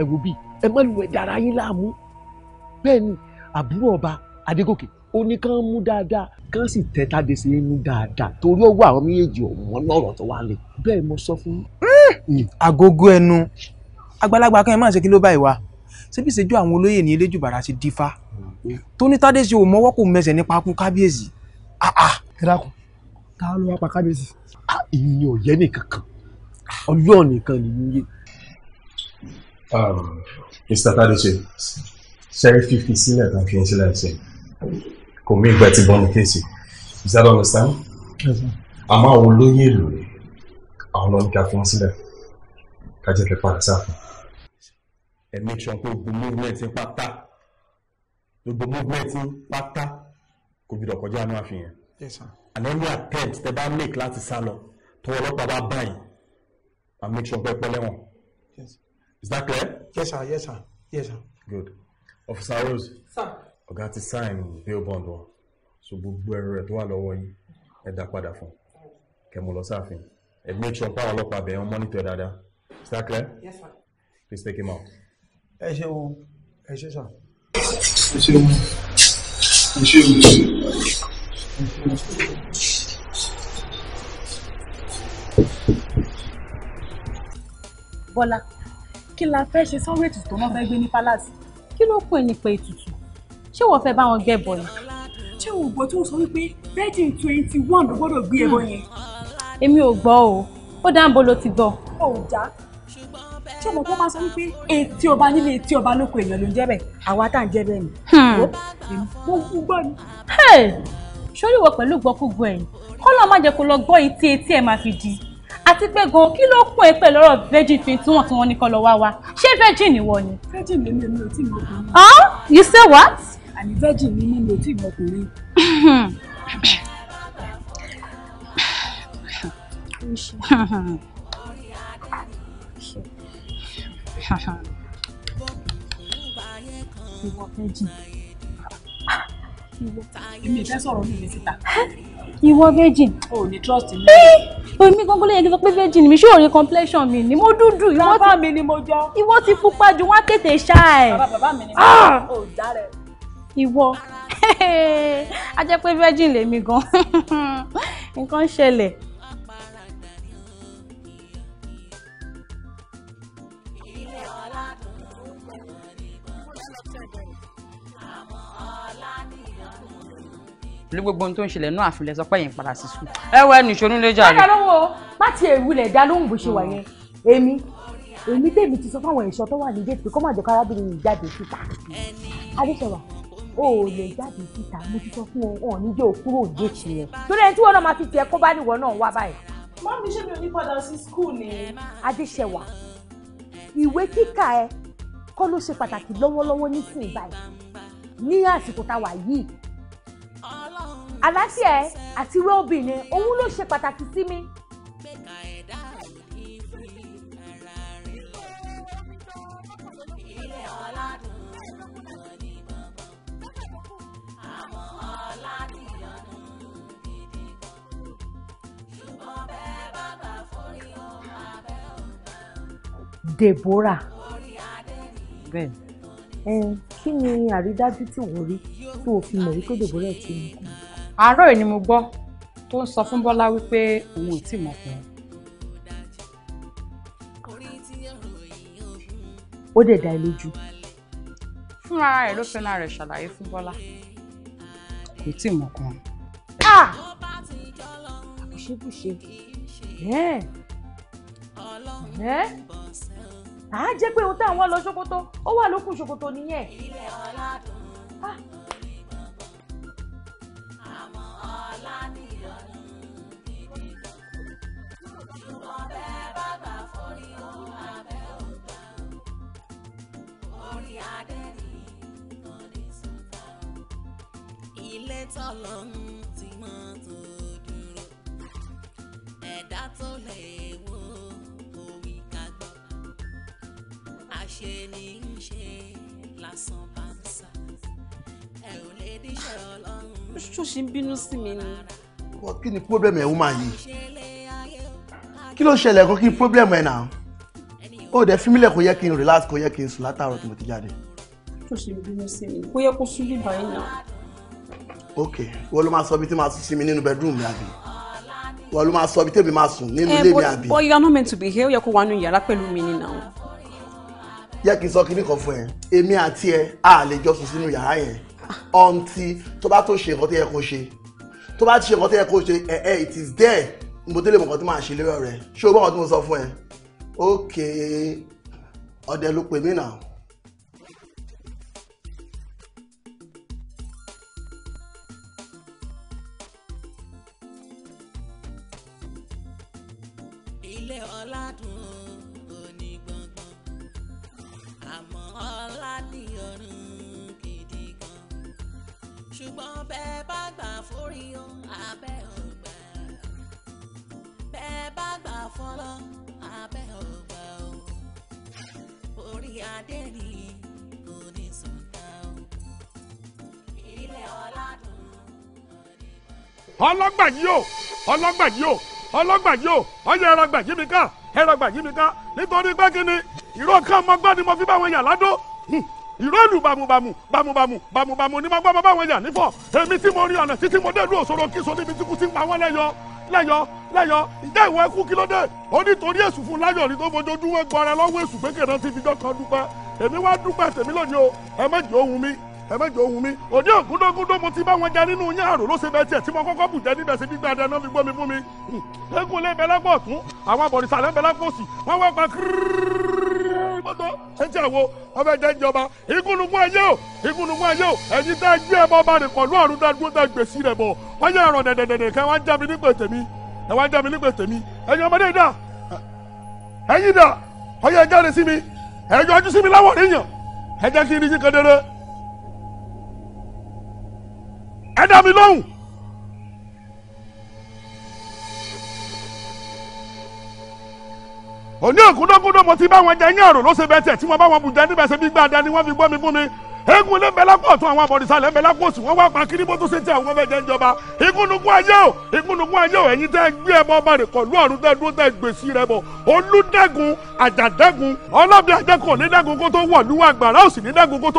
ẹ wo bí ẹ má lu ẹ̀dá ara yín láàmú bẹ́ẹ̀ ni àbúrò ọba adégòkè ó ní kán mú dáadáa kán sì tẹ táde sí inú dáadáa torí ọwọ́ àwọn méjèèjì ọ̀wọ́n lọ́rọ̀ tó wà lẹ̀ bẹ́ẹ̀ mo sọ fún. Hmm, agogo ẹnu àgbàlagbà kan ẹ máa ṣe kí ló bá ìwà ṣé bí ìṣèjú àwọn olóyè ní eléjù bàrà ti dífá tóní tádé ṣe ò mọ́wọ́ kò mẹsẹ̀ nípa kú kábíyèsí. ìdákun ta ló wá pa kábíyèsí. ìyìn ọ̀yẹ́ nìkan kan ọlọ́ọ̀ nìkan nìyí. mr tadeṣe ṣẹ́rí fífi sílẹ̀ kan fi ń sílẹ̀ ṣe kò mí ìgbà tí bọ́ọ̀lù kéèsì is that understand? àmọ́ àwọn olóyè ìlú àwọn ọlọ́ọ̀ká fi wọ́n sílẹ̀ kájẹ́ kẹ́ padà sáfún. And make sure pé gbogbo movement yín pátá gbogbo movement yín pátá kò gbọdọ̀ kọjá ní àfihàn yes sir and any attempt they bá make láti sá lọ tó ọlọ́pàá bá báyìí i make sure pé pẹ́ lẹ́wọ̀n yes is that clear. yes sir yes sir yes sir. good officer rose. sir. ọ̀gá ti sign bail bond wọn so gbogbo ẹrù rẹ̀ tó wà lọ́wọ́ yìí ẹ dá padà fún kẹmú lọ sáàfin ẹ make sure pé àwọn ọlọ́pàá bẹ̀rẹ̀ monitor dáadáa is that clear. yes sir. please take him out ẹ ṣeun ẹ ṣe sàn. ẹ ṣeun ẹ ṣeun ẹ ṣeun. Bọ́lá kí la fẹ́ ṣe sanwó ètùtù wọn fẹ́ gbé ní palace kí ló kún ẹni pé ètùtù ṣé wọ́n fẹ́ bá wọn gbé ẹbọ ṣé o gbọ́ tí o sọ wípé virgin twenty one ló gbọ́dọ̀ gbé ẹbọ yẹn. èmi ò gbọ́ o ó dáńbó ló ti gbọ́. ó dáa ṣé mo kó máa sọ wípé etí ọba nílé etí ọba lóko èèyàn ló ń jẹ́ bẹ́ẹ̀ àwa tá à ń jẹ́ bẹ́ẹ̀ ni. Hmm. mo kú gbọ́ ni. sórí ìwọ pẹ̀lú gbọ́kúgbọ́ ẹ̀ kọ́lọ́ má jẹ́ kó lọ gbọ́ etí etí ẹ̀ máa fi di àti pé gan kí ló kún ẹ pẹ̀lú ọ̀rọ̀ virgin fi tí wọ́n tí wọ́n ní kọ́ lọ wá wa ṣé virgin ni wọ́n ni. virgin lèmi èmi ò tí ì mọ ọkùnrin. ah you say what. àní virgin ni mi ò tí ì mọ ọkùnrin. Hmm. Hmm. ìwọ fẹ́ jì ìwọ èmi ìfẹ́ sọ̀rọ̀ mi síta. ìwọ virgin. o ò ní trust mi. èmi gbogbo lè sọ pé virgin mi ṣòro complexion mi ni mo dúdú. bàbá mi ni mo jọ. ìwọ ti pupa jù wá tètè ṣá ẹ. bàbá bàbá mi ni mo jọ o dá rẹ. ìwọ [LAUGHS] a jẹ́ pé virgin lèmi gan [LAUGHS] nǹkan ṣẹlẹ̀. pẹ̀lú gbogbo ohun tó ń ṣẹlẹ̀ náà àfilẹ̀ sọ pé yẹn padà sí sùn. ẹ wọ ẹnu ìṣonú lé jàre. bákan lọ́wọ́ má ti èrú dá lóhùn bó ṣe wà yẹn èmi èmi tèmi ti sọ fáwọn ẹ̀ṣọ́ tó wà ní géètì pé kó má jẹ́ ká arábìnrin yìí jáde síta adéṣẹ́wà o ò lè jáde síta mo ti sọ fún ọ ní jẹ́ òkúrò géètì yẹn torí ẹni tí wọn náà máa fi tiẹ̀ kó bá níwọ̀ náà wá báyìí. má mi ṣe mi ò ní padà sí àlàáfíà ẹ àti well-being ẹ òun ló ṣe pàtàkì sí mi. Deborah. Bẹ́ẹ̀ni kí ni àrídájú tí wò rí tó o fi mọ̀ wípé Deborah ti mú kàn. àárọ̀ yìí ni mo gbọ́ tó ń sọ fún Bọ́lá wípé òun ò tí ì mọ̀kùnrin. ó dẹ̀ dá ẹ lójú. fúnra ẹ̀ ló fẹ́ra rẹ̀ ṣàlàyé fún Bọ́lá kò tí ì mọ̀kùnrin. àkùṣebùṣe bẹ́ẹ̀ bẹ́ẹ̀ à á jẹ́ pé ohun táwọn lọ ṣòkòtò ó wà lókùn ṣòkòtò nìyẹn. Ah. ilé ọlọ́dún àmọ́ ọlá ní ìyọnu gidi ṣùgbọ́n bẹ́ẹ̀ bàbá forí ohun abẹ́ ògbà orí adé ní ọdẹ sọta ilé tọ́lọ́run ti mọ́ tó dúró ẹ̀dá tó lè wọ. àṣe ní í ṣe lásán pàǹsà ẹ ò lè díṣẹ́ ọlọ́run. ṣó ṣe ń bínú sí mi ni. wọ́n kí ni pọ́blẹ́mù ẹ̀ woman yìí kí ló ṣẹlẹ̀ kan kí ni pọ́blẹ́mù ẹ̀ náà ó dẹ̀ fi mí lẹ̀ kó yẹ kí n relax kó yẹ kí n sùn látàárọ̀ tí mo ti jáde. ṣó ṣe ń bínú sí mi kó yẹ kó sún bíbá yín náà. ok wọ́n ló máa sọ ibi tí màá sùn sí mi nínú bedroom mi àbí wọ́n ló máa sọ ibi tí èmi máa sùn nínú ilé mi eh, àbí. but you are not meant to be here ó yẹ kó wà nínú yàrá pẹ̀lú mi nínú àwọn jẹ́ kí n sọ kinní kan fún ẹ èmi àti ẹ a lè jọ sùn sínú yàrá yẹn ọ̀ǹtì tó bá tó ṣe nǹkan tó yẹ kó ṣe tó bá ti ṣe nǹkan tó yẹ kó ṣe ẹ eh, ẹ eh, it is there mo délé mọ̀kàn tó máa ṣe lérò rẹ ṣé o gbọ́ nǹkan tó mo sọ fún ẹ ok ọdẹ ló pè mí náà. fọ́lọ́ abẹ́ ọgbà o orí adé ni kò ní sọ̀tà o ilé ọ̀làdùn ọlọ́gbà yìí o ọlọ́gbà yìí o ọlọ́gbà yìí o ọyọ ẹ̀rọ gbà yìí mi ká ẹ̀rọ gbà yìí mi ká nítorí pé kí ni ìró kan mọ gbọ́ ni mo fi bá wọn yà ládó hmm. ìró ìlú bàmùbàmù bàmùbàmù bàmùbàmù ni mo gbọ́ mo bá wọn yà nífọ̀ èmi tí mo rí ọ̀nà títí mo dẹ́lu òṣòro kí so níbi tí kú ti ń pa wọ́n lẹ́yọ lẹ́yọ̀ lẹ́yọ̀ ìjà ìwọ ẹkú kí ló dé ó ní torí èsù fún láyọ̀ ní tó fojoojúmọ́ gbọ́ra lọ́wọ́ èsù pé kèrè ti fi jọ́kan dúpẹ́ èmi wá dúpẹ́ tèmi lónìí o ẹ méjì ó hun mi ẹ méjì ó hun mi òní ògúndógúndó mo ti bá wọn jẹ nínú yín àrò ló ṣe bẹ tiẹ̀ tí mo kọ́kọ́ bù jẹ níbẹ̀ sí gbígbà dáná fi gbómi fún mi hmm. eégún lé bẹlẹ́gbọ̀ tún àwọn abọ̀rìṣà lẹ́bẹ̀lẹ́gbọ̀ sí wọ́n wá pa kírírírí mọ́tò ẹtí àwo ọbẹ̀ jẹ́ ìjọba ìgúnnugún ayé o ìgúnnugún ayé o ẹ̀yin tẹ́ gbé ẹbọ bá rìn pọ̀lú ọ̀run tẹ́ dúró tẹ́ rẹ̀ bọ̀ wọ́n ẹ̀rọ dẹ̀dẹ̀dẹ̀dẹ̀ kẹ́ wọ́n á mi nígbè tèmi ẹ̀ wọ́n á mi nígbè tèmi ẹ̀yin ọmọdé dà ẹ̀yin dà ọyẹ jáde sí mi ẹ̀yọ ojú sí mi láwọ̀ níyàn ẹ òní òkúndókúndó mo ti bá wọn jẹ yín ọ̀rọ̀ ló ṣe bẹ́ẹ̀ tẹ̀ tí wọ́n bá wọn bùjá níbẹ̀ ṣe bí gbàdá ni wọ́n fi gbọ́ mi fún mi eégún lé mbẹ́lá pọ̀ tún àwọn àbọ̀rìṣà lé mbẹ́lá pọ̀ sí wọ́n wá pa kí ni bó tún ṣe tí àwọn ọmọbẹ̀jẹ̀ ń jọba ìgúnnugún ayé o ìgúnnugún ayé o ẹ̀yin tẹ́ gbé ẹbọ ọba rẹ̀ kọ̀lú ọ̀run tẹ́ dúró tẹ́ gbèsè rẹ̀ bọ̀ olùdẹ́gun àjàdẹ́gun ọlọ́bì àjẹkọ̀ ní dẹ́gun kó tó wọ̀ níwọ̀ àgbàrá òsì ní dẹ́gun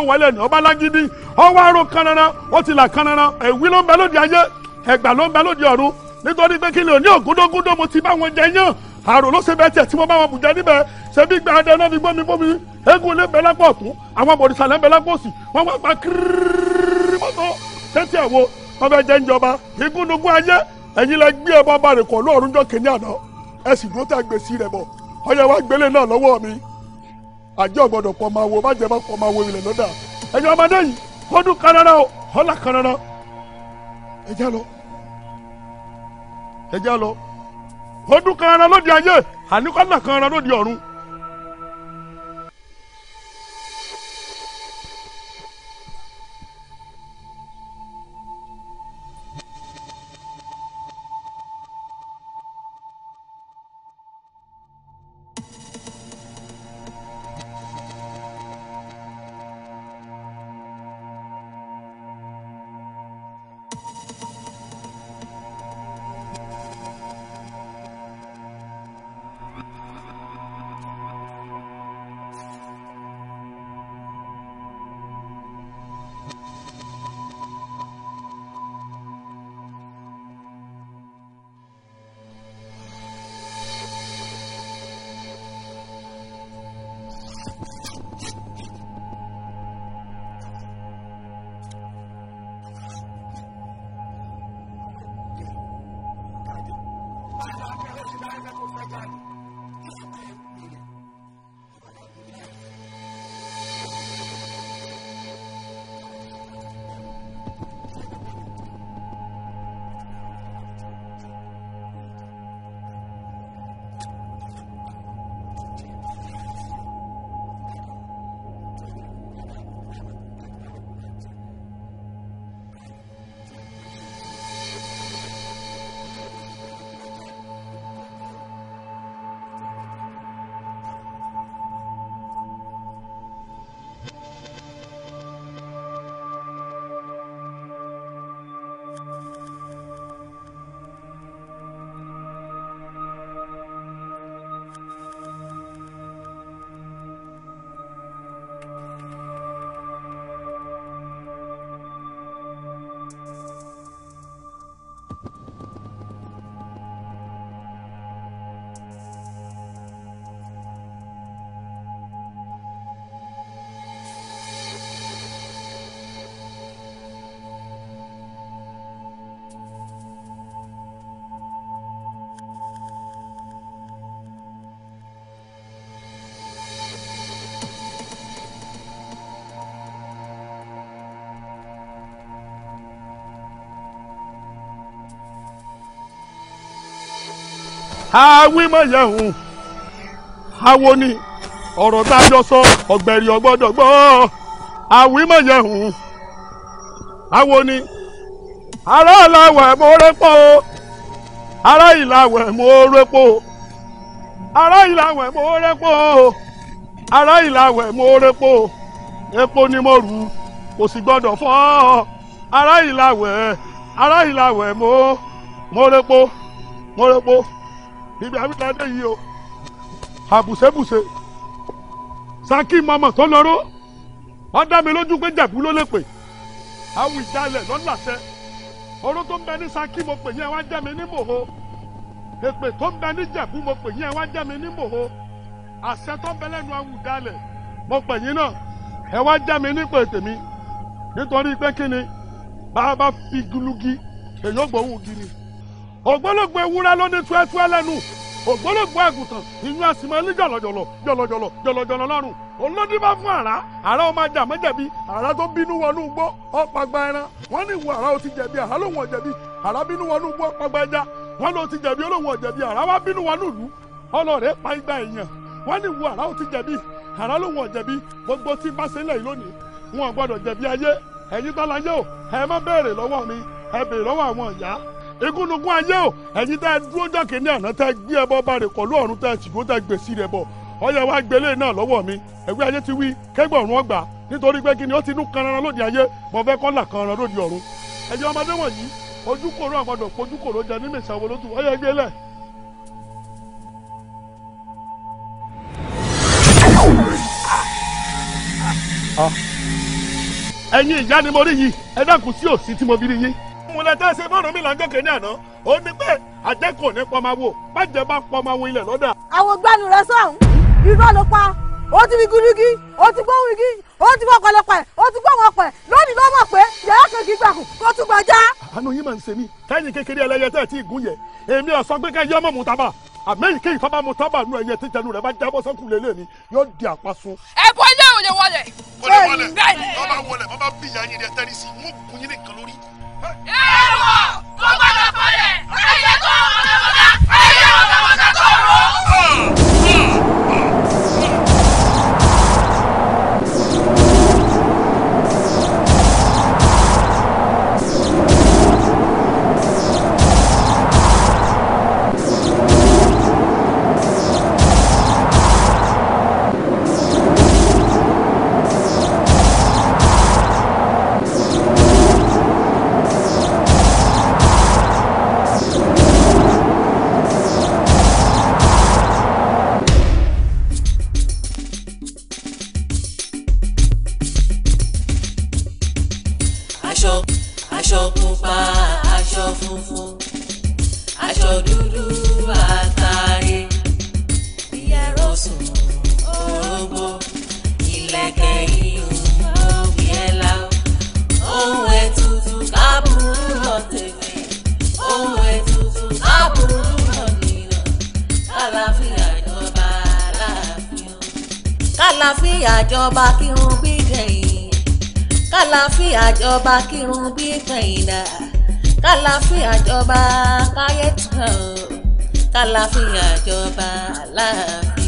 kó nítorí pé kí ni òní ògúndógúndó mo ti bá wọn jẹ yán àrò ló ṣe bẹ́tẹ̀ tí wọ́n bá wọn bùjẹ́ níbẹ̀ ṣe bí gba adé náà fi gbọ́mi bómi eégún lé bẹ́lápọ̀ ọ̀tún àwọn bòrìṣà lẹ́ bẹ́lápọ̀ òsì wọ́n wá gba kírírírí mọ́tò tẹ́tí ẹ̀ wo wọ́n fẹ́ jẹ́ ìjọba igúnnugún ayé ẹ̀yin lẹ gbé ẹbọ bá rè kọ́ lóòrùn jọ kìnìún àná ẹ sì dúró tá a gbèsè rẹ̀ bọ̀ ọyẹ wa gbélé náà lọ́wọ́ mi àjọ gbọdọ̀ ọdún kan ẹran lóde ayé àníkọ́nà kan ẹran lóde ọ̀run àwìn mọ̀ yẹ̀hùn àwo ni ọ̀rọ̀ tá a jọ sọ ọ̀gbẹ̀rì ọ̀gbọ́dọ̀ gbọ́ àwìn mọ̀ yẹ̀hùn àwo ni ará ìlàwẹ̀ mo rẹ́pọ̀ o ará ìlàwẹ̀ mo rẹ́pọ̀ o ará ìlàwẹ̀ mo rẹ́pọ̀ o ará ìlàwẹ̀ mo rẹ́pọ̀ o epo ni mo rù kò sì gbọ́dọ̀ fọ́ ará ìlàwẹ̀ ará ìlàwẹ̀ mo mo rẹ́pọ̀ mo rẹ́pọ̀ ibi àbíkadé yìí o àbùsẹ́bùsẹ́ saki mọ́mọ́ tó lọ́rọ́ wọ́n dá mi lójú pé jẹ̀bú ló lè pè àwọn ìjàlẹ̀ lọ́làṣẹ oró tó ń bẹ ní saki mo pè yín ẹ wá jẹ́ mi ní mòho èpè tó ń bẹ ní jẹ̀bú mo pè yín ẹ wá jẹ́ mi ní mòho àṣẹ tó ń bẹ lẹ́nu àwọn ìjàlẹ̀ mo pè yín náà ẹ wá jẹ́ mi ní pè tèmi nítorí pé kí ni bá a bá fi gulugi èyí ó gbóhùn gini ògbólógbòó ewúrẹ́ ló ní túẹ́túẹ́ lẹ́nu ògbólógbòó àgùntàn ìyún àsìmọ́lí jọ̀lọ̀jọ̀lọ̀ jọ̀lọ̀jọ̀lọ̀ jọ̀lọ̀jọ̀lọ̀ lọ́rùn olódìbá fún àrá àrá ọmọ ajá mọ́ jẹ̀bi àrá tó bínú wọnú gbó ọ̀pàgbà ẹran wọ́n ní ìwọ àrá o ti jẹ̀bi àrá lòun ọ̀jẹ̀bi àrá bínú wọnú gbó ọ̀pàgbà ẹja wọ́n ló ti jẹ̀bi olóhùn ọ̀jẹ̀bi àrá wá bínú wọnú ìlú ọlọ́ọ̀rẹ́ pa igba èèyàn wọ́n ní ìwọ àrá o ti jẹ̀bi àrá lòun ọ̀jẹ̀bi gbogbo tí bá ṣẹlẹ̀ yìí lónìí wọn gbọ́dọ̀ jẹ̀bi ayé ẹ̀yin tọ́lá yóò ẹ má béèrè lọ́wọ́ mi ẹ béèrè lọ́wọ́ àwọn ìyá egúnnugún ayé o ẹ̀yin tẹ́ ẹ dúró jákè ní àná tẹ́ ẹ gbé ẹbọ bá rè kọ̀lú ọ̀run tẹ́ ẹ ṣìgbó tẹ́ ẹ gbèsè rẹ̀ bọ̀ ọyẹ wa gbélé náà lọ́wọ́ mi ẹgbẹ́ ayé ti wí kẹ́gbọ̀rún ọgbà nítorí pé kí ni ó ti nú kanran lóde ayé mo fẹ́ kọ́ là kanran lóde ọ̀run ẹ̀yin ọmọdé wọ̀nyí ojú kòró àgbàdo ojú kòró jẹ ní mèsàwó lótú ọyẹ gbélé. Ah. ẹ̀yin ìyá ni mo rí yìí ẹ dákun sí òsì tí mo bí rí yín. mo lẹ tẹ́ ṣe márùn mi là ń gòkè ní àná ó ní pé àjẹkù ní pọmawo bàjẹ́ bá pọmawo ilẹ̀ lọ́dà. àwọn gbanu rẹ sọhùn irọ́ ló pa ó ti fi gúdúgí ó ti gbóhùn igi ó ti fọ ọ̀pọ̀lọpọ̀ ẹ̀ ó ti gbóhùn ọ̀pọ̀ ẹ̀ lónìí ló mọ̀ pé yàrá kan kì í gbàkùn kó tún gbàjá. àánú yín máa ń ṣe mí kẹ́yìn kékeré ẹlẹ́yẹ tẹ́ ẹ̀ tí ì gún yẹ èmi ọ̀sán pé kẹ́yìn ọmọ mu tábà àmẹ́yìn kéyìn fábà mu tábà nu ẹ̀yẹ tí jẹnu rẹ̀ bá jábọ́ sọ́kùn lélẹ̀ mi yóò di àpasun. ẹ bọ ilé òye wọlé. wọlé wọlé bọ́ọ̀ bá wọlé bọ́ọ̀ bá èrò tó gbọ́dọ̀ fọlẹ̀ ẹ̀jẹ̀ tó ọ̀dọ́mọdá. kàlàfíà jọba kírun bí gbẹ̀yìn kàlàfíà jọba kírun bí gbẹ̀yìn náà kàlàfíà jọba káyé tán kàlàfíà jọba láàfin.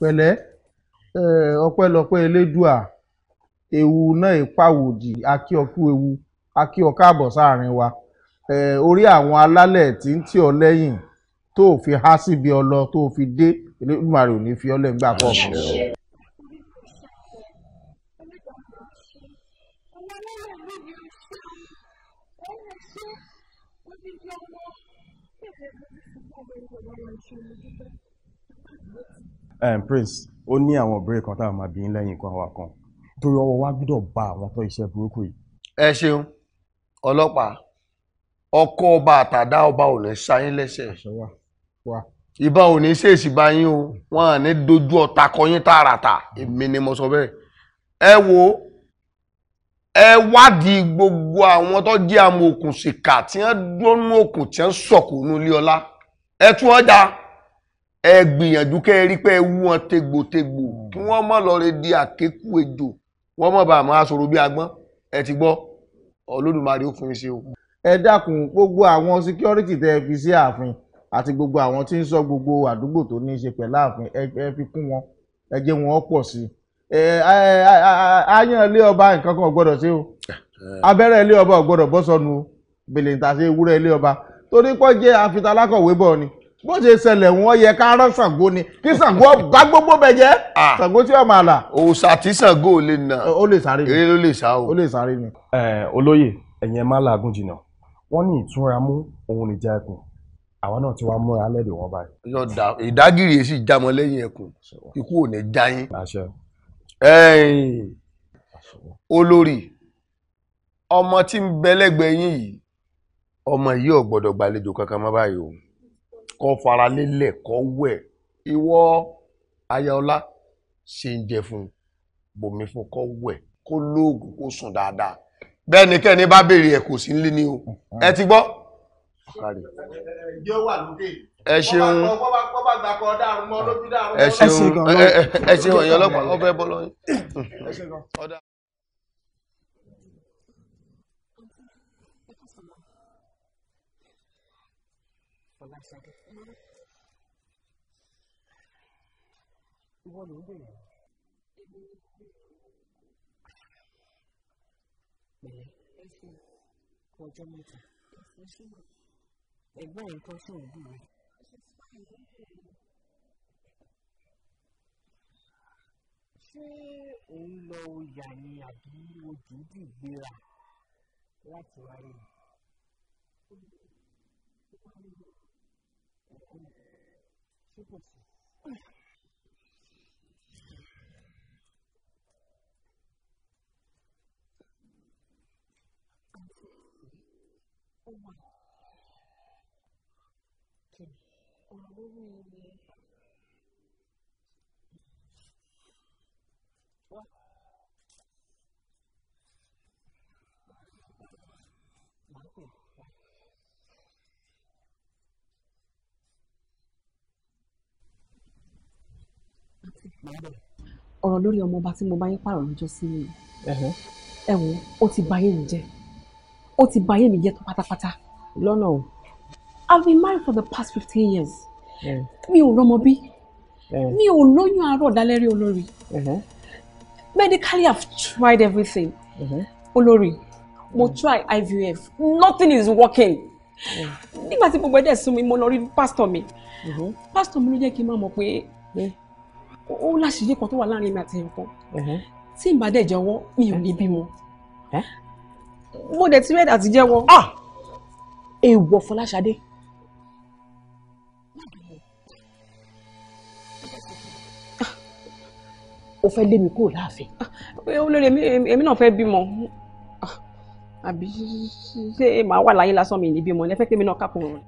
pẹ̀lẹ́ ọpẹ́lọpẹ́ elédùà ewu náà ìpàwòdì akíọkú ewu akíọ káàbọ̀ sáàrin wa orí àwọn alálẹ̀ tí ń tì ọ́ lẹ́yìn tó fi há síbi ọlọ tó fi dé Elédùmarè ò ní fi ọ́ lẹ́ǹgbà kọ̀ọ̀kan um, prince ó ní àwọn ọ̀bẹ̀rẹ̀ kan táwọn máa bí ń lẹ́yìn kan wa kan torí ọwọ́ wa gbọ́dọ̀ bá àwọn tó iṣẹ́ burúkú yìí. ẹ ṣeun ọlọ́pàá ọkọ ọba àtàdá ọba ò ní ṣayín lẹ́sẹ̀ ìbá ò ní ṣèèṣì bá yín o wọn à ní dojú ọ̀tá kọyín tààràtà èmi ni mo sọ bẹ́ẹ̀ ẹ wo ẹ wádìí gbogbo àwọn tó jẹ́ àmọ̀òkùnsìkà tí wọ́n dúró nú òkùn tí wọ́n sọ̀kù nulẹ̀ ẹ tún ọjà ẹ gbìyànjú kẹ́ ẹ rí pé ẹ wú wọn tegbòtegbò kí wọ́n mọ̀ lọ́ọ́ di àkékù ejò wọ́n mọ̀ bá a máa sọ̀rọ̀ bí agbọ́n ẹ ti gbọ́ Olódùmarè ó fún mi ṣe o. ẹ dákun gbogbo àwọn security tẹ ẹ fi sí ààfin àti gbogbo àwọn tí ń sọ gbogbo àdúgbò tó ní í ṣe pẹ̀lú ààfin ẹ fi kún wọn ẹ jẹ́ wọn pọ̀ sí i àyàn ilé ọba nǹkan kan gbọ́dọ̀ ṣe o abẹ́rẹ́ ilé ọba ò gbọ́dọ̀ bọ́ sọnù o bèlè ń ta ṣe ewúrẹ́ ilé ọba torí pọ́ jẹ́ àfitálákọ̀wé bọ̀ ni bó ṣe ṣẹlẹ̀ wọ́n yẹ ká rán Ṣàngó ni kí Ṣàngó bá gbogbo bẹ̀ jẹ́ Ṣàngó tí ó máa là. òòṣà tí Ṣàngó lè nà ó lè sáré ni eré lè sá o. ó lè sáré ni. olóyè ẹ̀yin ẹ̀ máa làágùn jìnnà wọ́n ní ìtúnra mú òun lè já ẹkùn àwa náà ti wá múra lẹ́dẹ̀ wọn báyìí. ìdágìrì yìí sì já mọ́ lẹ́yìn ẹkùn ikú ò ní já yín. olórí ọmọ tí ń bẹ lẹ́gbẹ̀ẹ́ yín yìí ọmọ yìí ò gbọ́dọ̀ gbàlejò kankan mọ́ báyìí kọ́ fara lélẹ̀ kọ́ wẹ̀ ìwọ ayọ̀ọ́lá ṣe ń jẹ fún un bòmí fún kọ́ wẹ̀ kó lóògùn kó sùn dáadáa bẹ́ẹ̀ ni kẹ́ni bá béèrè ẹ̀ kò sí nílé ni o ẹ ti gbọ́. ẹ ṣeun ẹ ṣeun ẹ ṣeun ọ̀yọ́ ọlọ́pàá ọbẹ̀ bọ́ lọ́yìn. Thank you. ìwọ òun lọ oyà ni àbí ojú dìgbéra láti wáyé ṣé kò sí. Ah! ó wà kìí ọ̀rọ̀ lórí ilé wa. Màápè wa. Màápè ọ̀rọ̀ lórí ọmọ ọba tí mo bá yín pààrọ̀ lọ́jọ́ sí mi. Ẹ ó ti bà yín jẹ́ ó ti bà mi jẹ́ tó pátápátá. lọ́nà o. I've been married for the past fifteen years. mi ò rọmọ bí mi ò lóyún àárọ̀ dálẹ́rí olórí medically I've tried everything olórí mo try IVF nothing is working nígbà tí gbogbo ẹ̀dẹ̀ sún mi mo lọ rí pásítọ̀ mi pásítọ̀ mi ló jẹ́ kí n máa mọ̀ pé ó láṣìírí kan tó wà láàrin mi àti ẹ̀kọ́ tí n bá dẹ̀ jẹ́wọ́ mi ò ní bímọ mo dẹ̀ ti rẹ́dà ti jẹ́wọ́. Ah! èèwọ̀ Fọláṣadé. o ah! fẹ́ lé mi kúrò láàfin. olórí ah! èmi náà fẹ́ bímọ àbí ṣé màá wà láyé lásán mi ní bímọ ẹ fẹ́ pé mi náà kápò rẹ̀.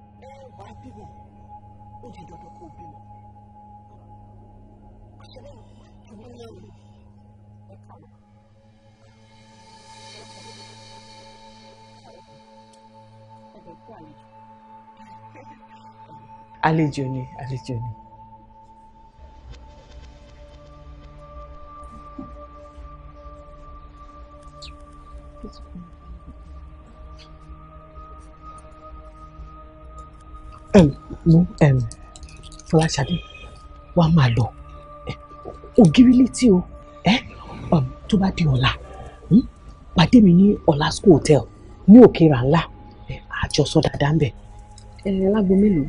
àlejò ni àlejò ni. mú fọláṣadé wàá máa lọ ògiri létí o tó bá di ọ̀la hm, pàdé mi ní ọ̀la school hotel ní òkèèrà ńlá àjọsọ dáadáa ń bẹ̀. ẹ lágbo mélòó.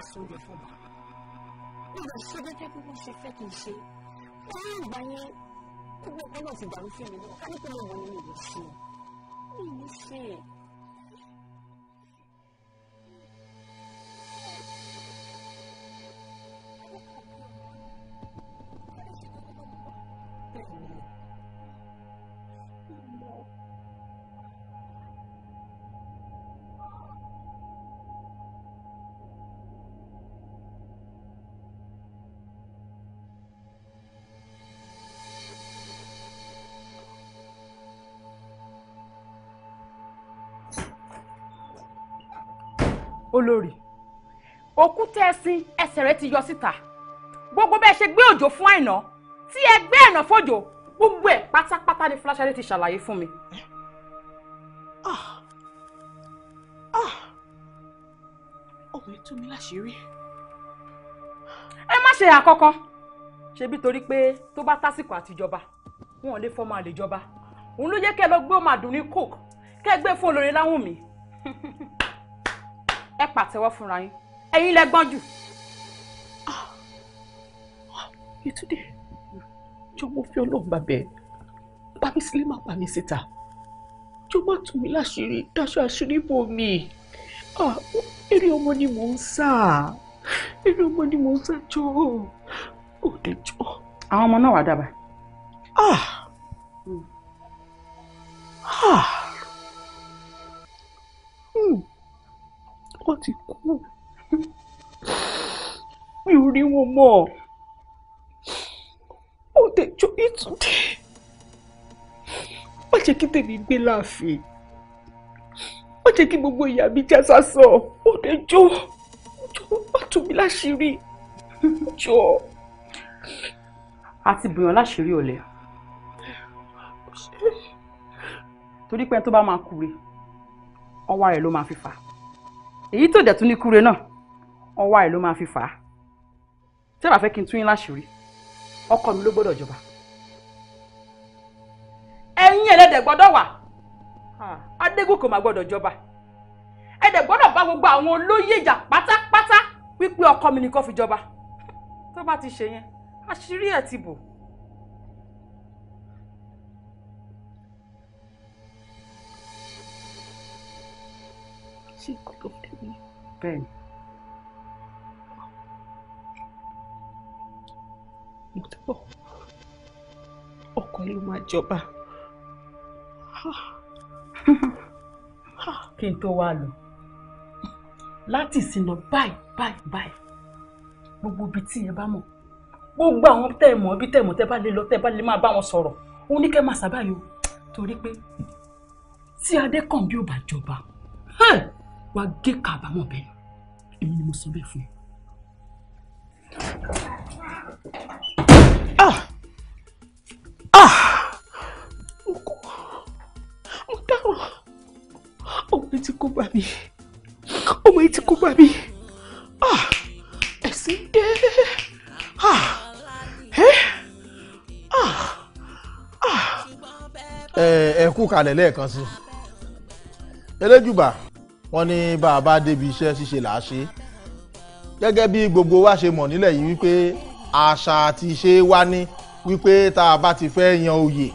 aṣọ oúnjẹ fún wa nígbà ṣé gẹ́gẹ́ bí wọ́n ṣe fẹ́ kí n ṣe wọ́n ní ìgbà yẹn le ọkọ náà ti dàrú fún mi náà ká ní pé mo mọ̀ nínú ìwé ṣe é mi olórí òkúta ẹṣin ẹsẹ̀ rẹ̀ ti yọ síta gbogbo bẹ́ẹ̀ ṣe gbé òjò fún àìná tí ẹ gbé ẹ̀nà fòjò gbogbo ẹ̀ pátápátá ni fúláṣadé ti ṣàlàyé fún mi. ọ̀rọ̀ ètò mi láṣìírí. ẹ má ṣe àkọ́kọ́ ṣebí torí pé tó bá tásìkò àtijọba wọn ò lè fọ́ máa lè jọba òun ló yẹ kẹ́ ẹ lọ gbé ọmọ àdùnní coke kẹ́ ẹ gbé fún olórin láwùn [LAUGHS] ẹ pàtẹ́wọ́ fúnra yín ẹ̀yin lẹ́gbọ́n jù. Ah. Ah, Yétúndé jọ mo fi Ọlọ́run bàbẹ bá mi sílé má pa mi síta jọ má tù mí láṣìírí dáṣọ àṣírí bò mí ah, eré ọmọ ni mò ń sá eré ọmọ ni mò ń sá jọ ò dé jọ. àwọn ọmọ náà wà dábàá. ah hmm. ah. ọkọ ti kú mi ò rí wọn mọ́ ó tẹjọ ìtúndé má jẹ́ kí tèmi gbé láàfin má jẹ́ kí gbogbo ìyá mi já sásọ ó tẹjọ jọ má tú mi láṣìírí jọ. a ti bùyàn láṣìírí ọ̀lẹ torí pé tó bá máa kú ọwọ́ rẹ̀ ló máa fi fà á èyí tó dẹ̀ tún ní kúre náà ọwọ́ àì ló máa fi fà á tẹ́ bá fẹ́ kí n tún yín láṣìírí ọkọ mi ló gbọ́dọ̀ jọba ẹ̀yin ẹlẹ́dẹ̀ gbọ́dọ̀ wà adégòkè mà gbọ́dọ̀ jọba ẹ̀dẹ̀ gbọ́dọ̀ bá gbogbo àwọn olóyè ìjà pátápátá wípé ọkọ mi nìkan fi jọba tó bá ti ṣe yẹn àṣírí ẹ̀ ti bò. secret of bẹ́ẹ̀ ni. mo ti bọ̀ ọkọ ló máa jọba. kí n tó wá lọ láti ìsìnà báyìí báyìí báyìí gbogbo ibi tí ẹ bá mọ̀ gbogbo àwọn tẹ́ ẹ mọ̀ ibi tẹ́ ẹ mọ̀ tẹ́ bá lè lọ tẹ́ bá lè máa bá wọn sọ̀rọ̀ òun ní kẹ́ máa sábà yọ torí pé tí adé kàn bí ó bá jọba. Hey! wá gé kábàámọ̀ bẹ́ẹ̀ ni èmi ni mo sọ bẹ́ẹ̀ fún ẹ. ah ah mo kú mo dáhùn ọmọ yìí ti kó bá mi ọmọ yìí ti kó bá mi ah ẹ̀sìn dé ah ẹ́ ah ah. ẹ ẹ kú kalẹ̀ lẹ́ẹ̀kan sí eléjùbà wọ́n ní bá a bá débi iṣẹ́ ṣíṣe là á ṣe gẹ́gẹ́ bí gbogbo wa ṣe mọ̀ nílẹ̀ yìí wípé àṣà àti ìṣe wa ní wípé tá a bá ti fẹ́ yan oyè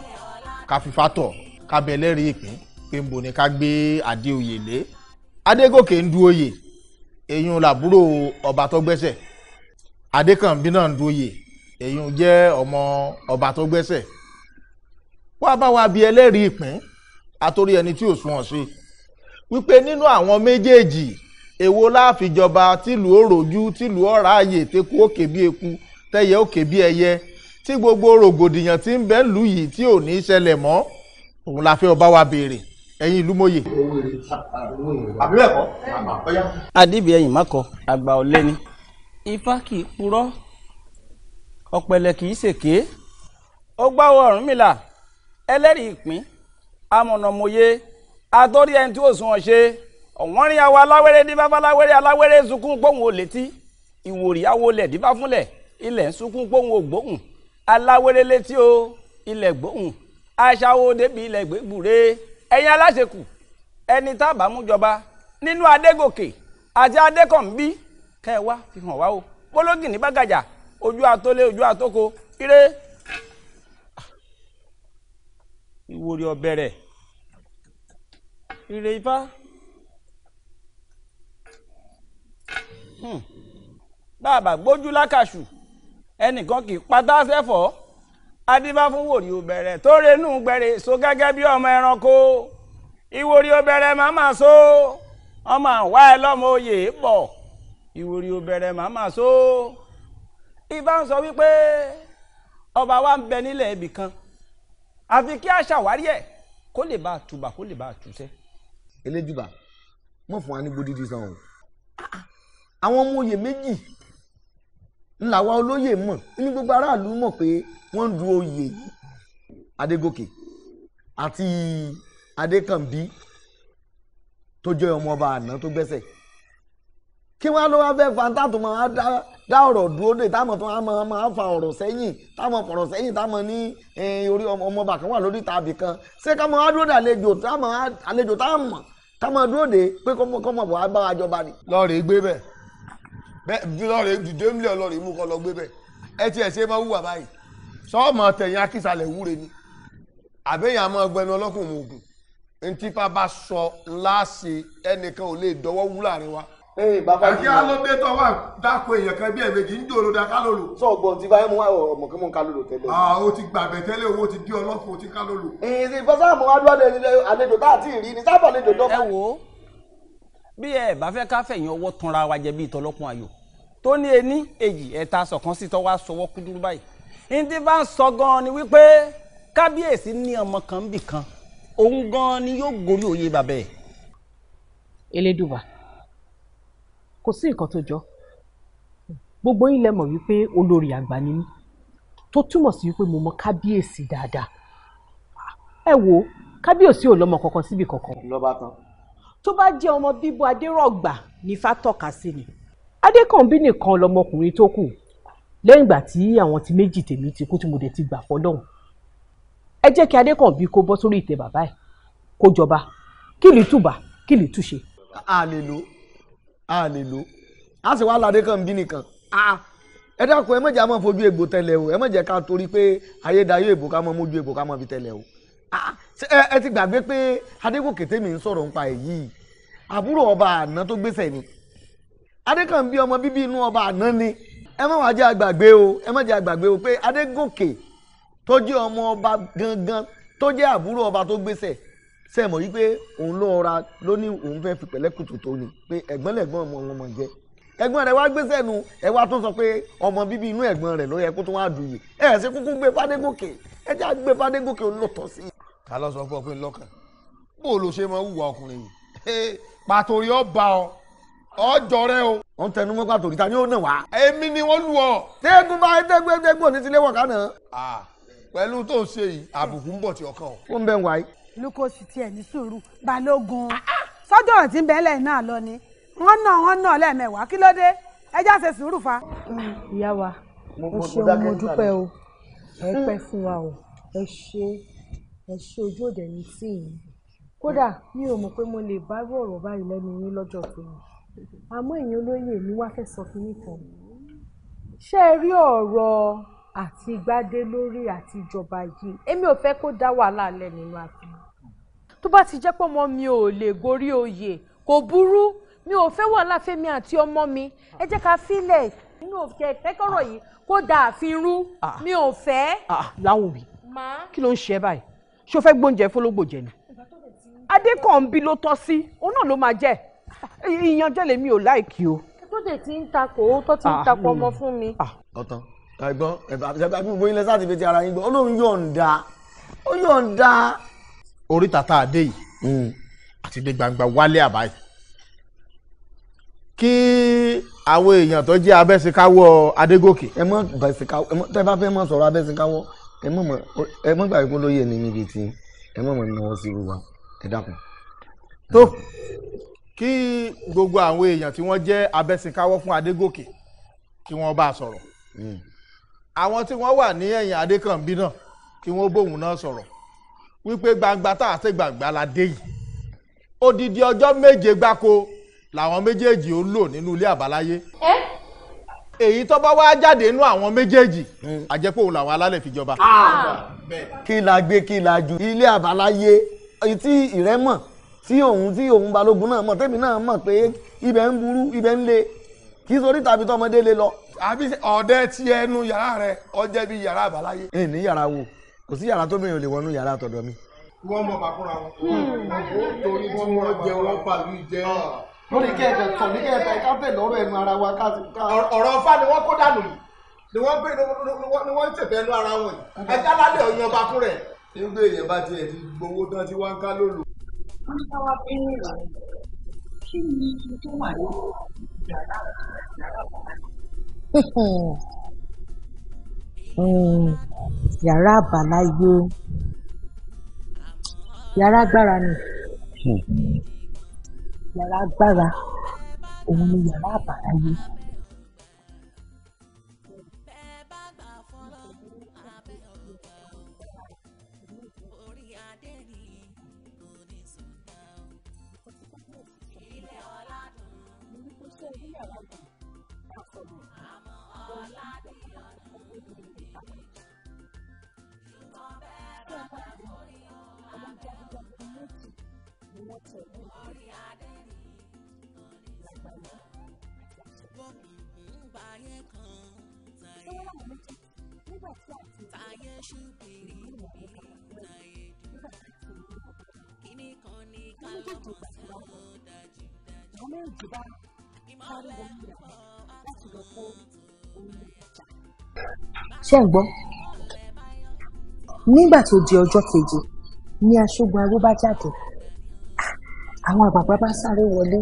ká fi fatọ̀ ká bẹ lẹ́rìí ìpín pé ń bo ni ká gbé adé oyè lé adégòkè ń du oyè èyún làbúrò ọba tó gbẹ́sẹ̀ adékànbí náà ń du oyè èyún jẹ́ ọmọ ọba tó gbẹ́sẹ̀ wá bá wa bí ẹlẹ́rìí ìpín àtòrí ẹni tí ò sunwọ̀n ṣe wípé nínú àwọn méjèèjì èwo láàfijọba tìlú òròjú tìlú ọ̀rá ààyè tẹ́kù òkè bí eku tẹ́yẹ òkè bí ẹyẹ tí gbogbo rògbòdìyàn ti ń bẹ ń lù yìí tí ò ní ṣẹlẹ̀ mọ́ òun la fẹ́ ọba wa béèrè ẹ̀yin ìlú mòye. àdìbì ẹ̀yìn mákọ àgbà ọ̀lẹ́ni ifá kì í purọ́ ọ̀pẹ̀lẹ̀ kì í ṣèké ó gbáwọ́ Ọ̀rúnmìlà ẹlẹ́rìí ìpín amọ̀nàmọ́yé àtọ́rí ẹni tí ó sùn ọ̀ṣẹ́ ọ̀wọ́n rí àwọn aláwẹ́rẹ́ dífá fáláwẹ́rẹ́ aláwẹ́rẹ́ sunkún gbóhùn olétí ìwòrì awolẹ̀ dífá fúnlẹ̀ ilẹ̀ sunkún gbóhùn ògbóhùn aláwẹ́rẹ́ létí o ilẹ̀ gbóhùn aṣáwó débi ilẹ̀ gbégbùrè ẹ̀yin aláṣekù ẹni tá a bá mú jọba nínú adégòkè àti adékọ̀ǹbí kẹ́ ẹ wá fi hàn wá o bólógì ní bàgàjà ojú àtólé ojú àtóko ire ah, ìwòrì ọ̀bẹ ire n'est pas. bàbá gbójú lákàṣù ẹnìkan kì adiba fun wori fún wòrí tó renú so gẹ́gẹ́ bí ọmọ ẹranko ìwòrí obẹ̀rẹ̀ mama so ọmọ àwa ẹ lọ́mọ oyè bọ̀ obere obẹ̀rẹ̀ so ibà ń sọ wípé ọba wa ń afi ki a ba eléjùbà mọ̀ fún wa ní gbódìdí san o àwọn ọmọ oyè méjì ńláwa olóyè mọ̀ ní gbogbo aráàlú mọ̀ pé wọ́n ń du oyè yìí adégòkè àti adékànbí tó jẹ́ ọmọ ọba àná tó gbẹ́sẹ̀ kí wọ́n á lọ wá fẹ́ fanta tó máa dá dá ọ̀rọ̀ dúró dè táwọn tó máa máa fa ọ̀rọ̀ sẹ́yìn táwọn fọ̀rọ̀ sẹ́yìn táwọn ní eh, orí ọmọ ọba kan wà lórí tàbí kan ṣé ká máa dúró dàlejò táwọn àlejò táwọn ká máa dúró de pé kọ́mọ̀ bọ̀ bá wa jọba ni. lọ́ọ̀rì gbé bẹ́ẹ̀ bẹ́ẹ̀ lọ́ọ̀rì dìde mílíọ̀nù lọ́ọ̀rì mú kọ́ lọ gbé bẹ́ẹ̀ ẹ tiẹ̀ ṣe máa wúwà báyìí sọ́ọ̀mọ̀ tẹ̀yìn akísàlẹ̀ wúre ni àbẹ́yìn àmọ́ ọgbẹ́ni ọlọ́kùnrin ògùn ntífà bá sọ ńlá ṣe ẹnìkan ò lè dọwọ́ wú láàrin àti alóde tó wà dáko èèyàn kan bí ẹ̀mejì ń dòrò da kálòlò. sọ ọgbọ́n tí báyọ̀ mú ọmọ kí mò ń kálòlò tẹ́lẹ̀. o ti gbàgbẹ́ tẹ́lẹ̀ owó ti di ọlọ́fọ̀ o ti kálòlò. ìsìn ìfọsọ́ àmọ́ adúlọ́dẹ àlejò tá a ti rí ni sábà àlejò tó. ẹ wo bí ẹ bá fẹ́ ká fẹ̀yìn ọwọ́ tanra wa jẹ bíi tọlọ́kùn ayò tó ní ení èyí ẹ̀ta sọ̀kan sí tọ́wọ́ sọwọ́ kúdúrú báyìí ìdí bá ń sọ gan ni wípé kábíyèsí elédùbà kò sí nǹkan tó jọ gbogbo yín lẹ mọ̀ wípé olórí àgbà ni mí tó túmọ̀ sí wípé mo mọ kábíyèsí dáadáa ẹ wo kábíyèsí ò lọ́mọ kankan síbi kankan. lọ́ba tán. tó bá jẹ́ ọmọ bíbọ adérọ̀gbà ní fátọ́ka sí ni adékànbí nìkan lọmọkùnrin tó kù lẹ́yìn ìgbà tí àwọn ti méjì tèmi ti kú tí mo dẹ̀ ti gbà fọlọ́hún ẹ jẹ́ kí adékànbí kó bọ́ sórí ìtẹ́ bàbá ẹ̀ kó jọba kí lè túbà kí lè túṣe. àlè ló a lè lò a sì wá ládé kan bí nìkan ẹ dákun ẹ má a máa fojú egbò tẹ̀lẹ̀ o ẹ má jẹ́ ká torí pé ayédayé egbò ká máa mójú egbò ká máa fi tẹ̀lẹ̀ o ẹ ti gbàgbé pé adégòkè tèmi ń sọ̀rọ̀ nípa èyí àbúrò ọba àná tó gbéṣẹ̀ ni adékànbí ọmọ bíbí inú ọba àná ni ẹ má wá jẹ́ àgbàgbé o ẹ má jẹ́ àgbàgbé o pé adégòkè tó jẹ́ ọmọ ọba gangan tó jẹ́ àbúrò ọba tó gbéṣẹ̀ ṣe é mọ̀ yí pé òun ló ra ló ní òun fẹ́ fi pẹ̀lẹ́kùtù tó ni pé ẹ̀gbọ́n lẹ̀gbọ́n ọmọ wọn mọ̀ jẹ́ ẹ̀gbọ́n rẹ̀ wá gbé sẹ́nu ẹ̀ wá tó sọ pé ọmọ bíbí inú ẹ̀gbọ́n rẹ̀ ló yẹ kó tó wá dùn yìí ẹ̀ ṣe kúkú gbé fadégòkè ẹ̀ já gbé fadégòkè olóòótọ́ sí i. ta ló sọ fún ọ pé lọ́kàn bó o lo ṣe máa hùwà ọkùnrin yìí pàtó rí ọ bá ọ ọjọ́ rẹ o. wọ́n tẹnu mọ́ pàtó ìta ni ó nà wá. èmi ni wọ́n lù ọ. tẹ́gùn bá tẹ́gbẹ́gbẹ́gbọ́n ní tilé wọ̀ká náà. pẹ̀lú tó ń ṣe yìí àbùkù ń bọ̀ tí ọkàn o. ó ń bẹ̀ ń wáyé lukosi tiẹ̀ ní sùúrù balógun sọ́jọ́ ọ̀rọ̀ tí ń bẹ́ẹ̀ lẹ́yìn náà lọ ni wọ́n náà wọ́n náà lẹ́ẹ̀mẹ̀wàá kí ló dé ẹjá ṣe sùúrù fa. ìyá wa ẹ ṣeun mo dúpẹ́ o ẹ pẹ́ fún wa o ẹ ṣe ẹ ṣe ojú òde ní tí kódà mi ò mọ̀ pé mo lè bá ọ̀rọ̀ báyìí lẹ́nu yín lọ́jọ́ tó àmọ́ èèyàn olóyè mi wá fẹ́ sọ fún mi kan ṣé ẹ rí ọ̀rọ̀ àti gbádé lórí àti ìjọba yìí èmi ò fẹ́ kó dá wàhálà lẹ̀ nínú ààfin tó bá ti jẹ́ pé ọmọ mi ò lè gorí oyè kò burú mi ò fẹ́ wàhálà fẹ́mi àti ọmọ mi ẹ jẹ́ ká fílẹ̀ nínú òkè kẹ́kọ̀rọ̀ yìí kó da ààfin rú ah. mi ò fẹ́. Ah, Láwùmí kí ló ń ṣe báyìí ṣó fẹ́ gbóúnjẹ fọlọ́gbò jẹ ni adékànbí ló tọ́ sí òun náà ló máa jẹ ìyànjẹ lèmi ò láìkí o. tó dé ti ń takò ó tó ti ń takò ah, ọmọ fún mi. ọ̀tán ẹ̀gbọ́n ẹ̀bà gbogbo ilẹ̀ sáà ti fi ti ara yín gbọ́ Ọlọ́run yọ̀ǹda ó yọ̀ǹda. oríta tá a dé yìí hmm. àti dé gbangba wálé àbáyé kí àwọn èèyàn tó jẹ́ abẹ́sìkáwọ́ Adégòkè. ẹ mọ bẹsìkáwọ ẹ mọ tẹ bá fẹ́ mọ sọ̀rọ̀ abẹ́sìkáwọ́ ẹ mọ mọ ẹ mọ gbàgbé kó lóye ní níbi tí ẹ mọ mọ náwó sí wa ẹ dákun. tó kí gbogbo àwọn èèyàn tí wọ́n jẹ́ abẹ́sìkáwọ́ fún Adégòkè kí wọ́n bá a sọ̀rọ̀. Hmm àwọn tí wọ́n wà ní ẹ̀yìn adékànbí náà kí wọ́n bóun náà sọ̀rọ̀ wípé gbangba tá a ṣe gbangba la dé yìí odidi ọjọ́ méje gbáko làwọn méjèèjì ó lò nínú ilé àbáláyé èyí tó bá wá jáde nínú àwọn méjèèjì àjẹpọ̀ òun làwọn alálẹ̀ fìjọba. Ah. kí la gbé kí la ju ilé àbáláyé tí ìrẹ́mọ̀ tí òun tí òun balógun náà mọ̀ tẹ́mi náà mọ̀ pé ibẹ̀ ń burú ibẹ̀ ń le kí sórí tàbí tọmọdé le lọ àbí ọ̀dẹ ti ẹnu yàrá rẹ ọjẹ́ bí yàrá àbáláyé. ẹ ní yàrá wo kò sí yàrá tó mi ò lè wọnú yàrá àtọ̀dọ̀ mi. wọ́n mọ̀ bàkúrà wọn. torí tí wọ́n jẹ wọ́n pàlú ìjẹ lórí kẹfẹ tọ ní kẹfẹ ká bẹ lọ́rọ̀ ẹnu ara wa ká. ọ̀rọ̀ ọfà ni wọ́n kó dànù yìí ni wọ́n gbé ni wọ́n tẹ̀fẹ́ ẹnu ara wọn yìí ẹja lálẹ́ ọ̀yàn bá kún rẹ̀. nígbà èèyàn bá tiẹ̀ um yàrá àbáláyé yàrá agbára ni hmm. yàrá agbára òun ni yàrá àbáláyé. ti bá kárí wọlé rà láti lọ kó oúnjẹ ọjà. ṣé ń gbọ́ nígbà tó di ọjọ́ keje ní aṣọ́gun aró bá jáde àwọn àgbààgbà bá sáré wọlé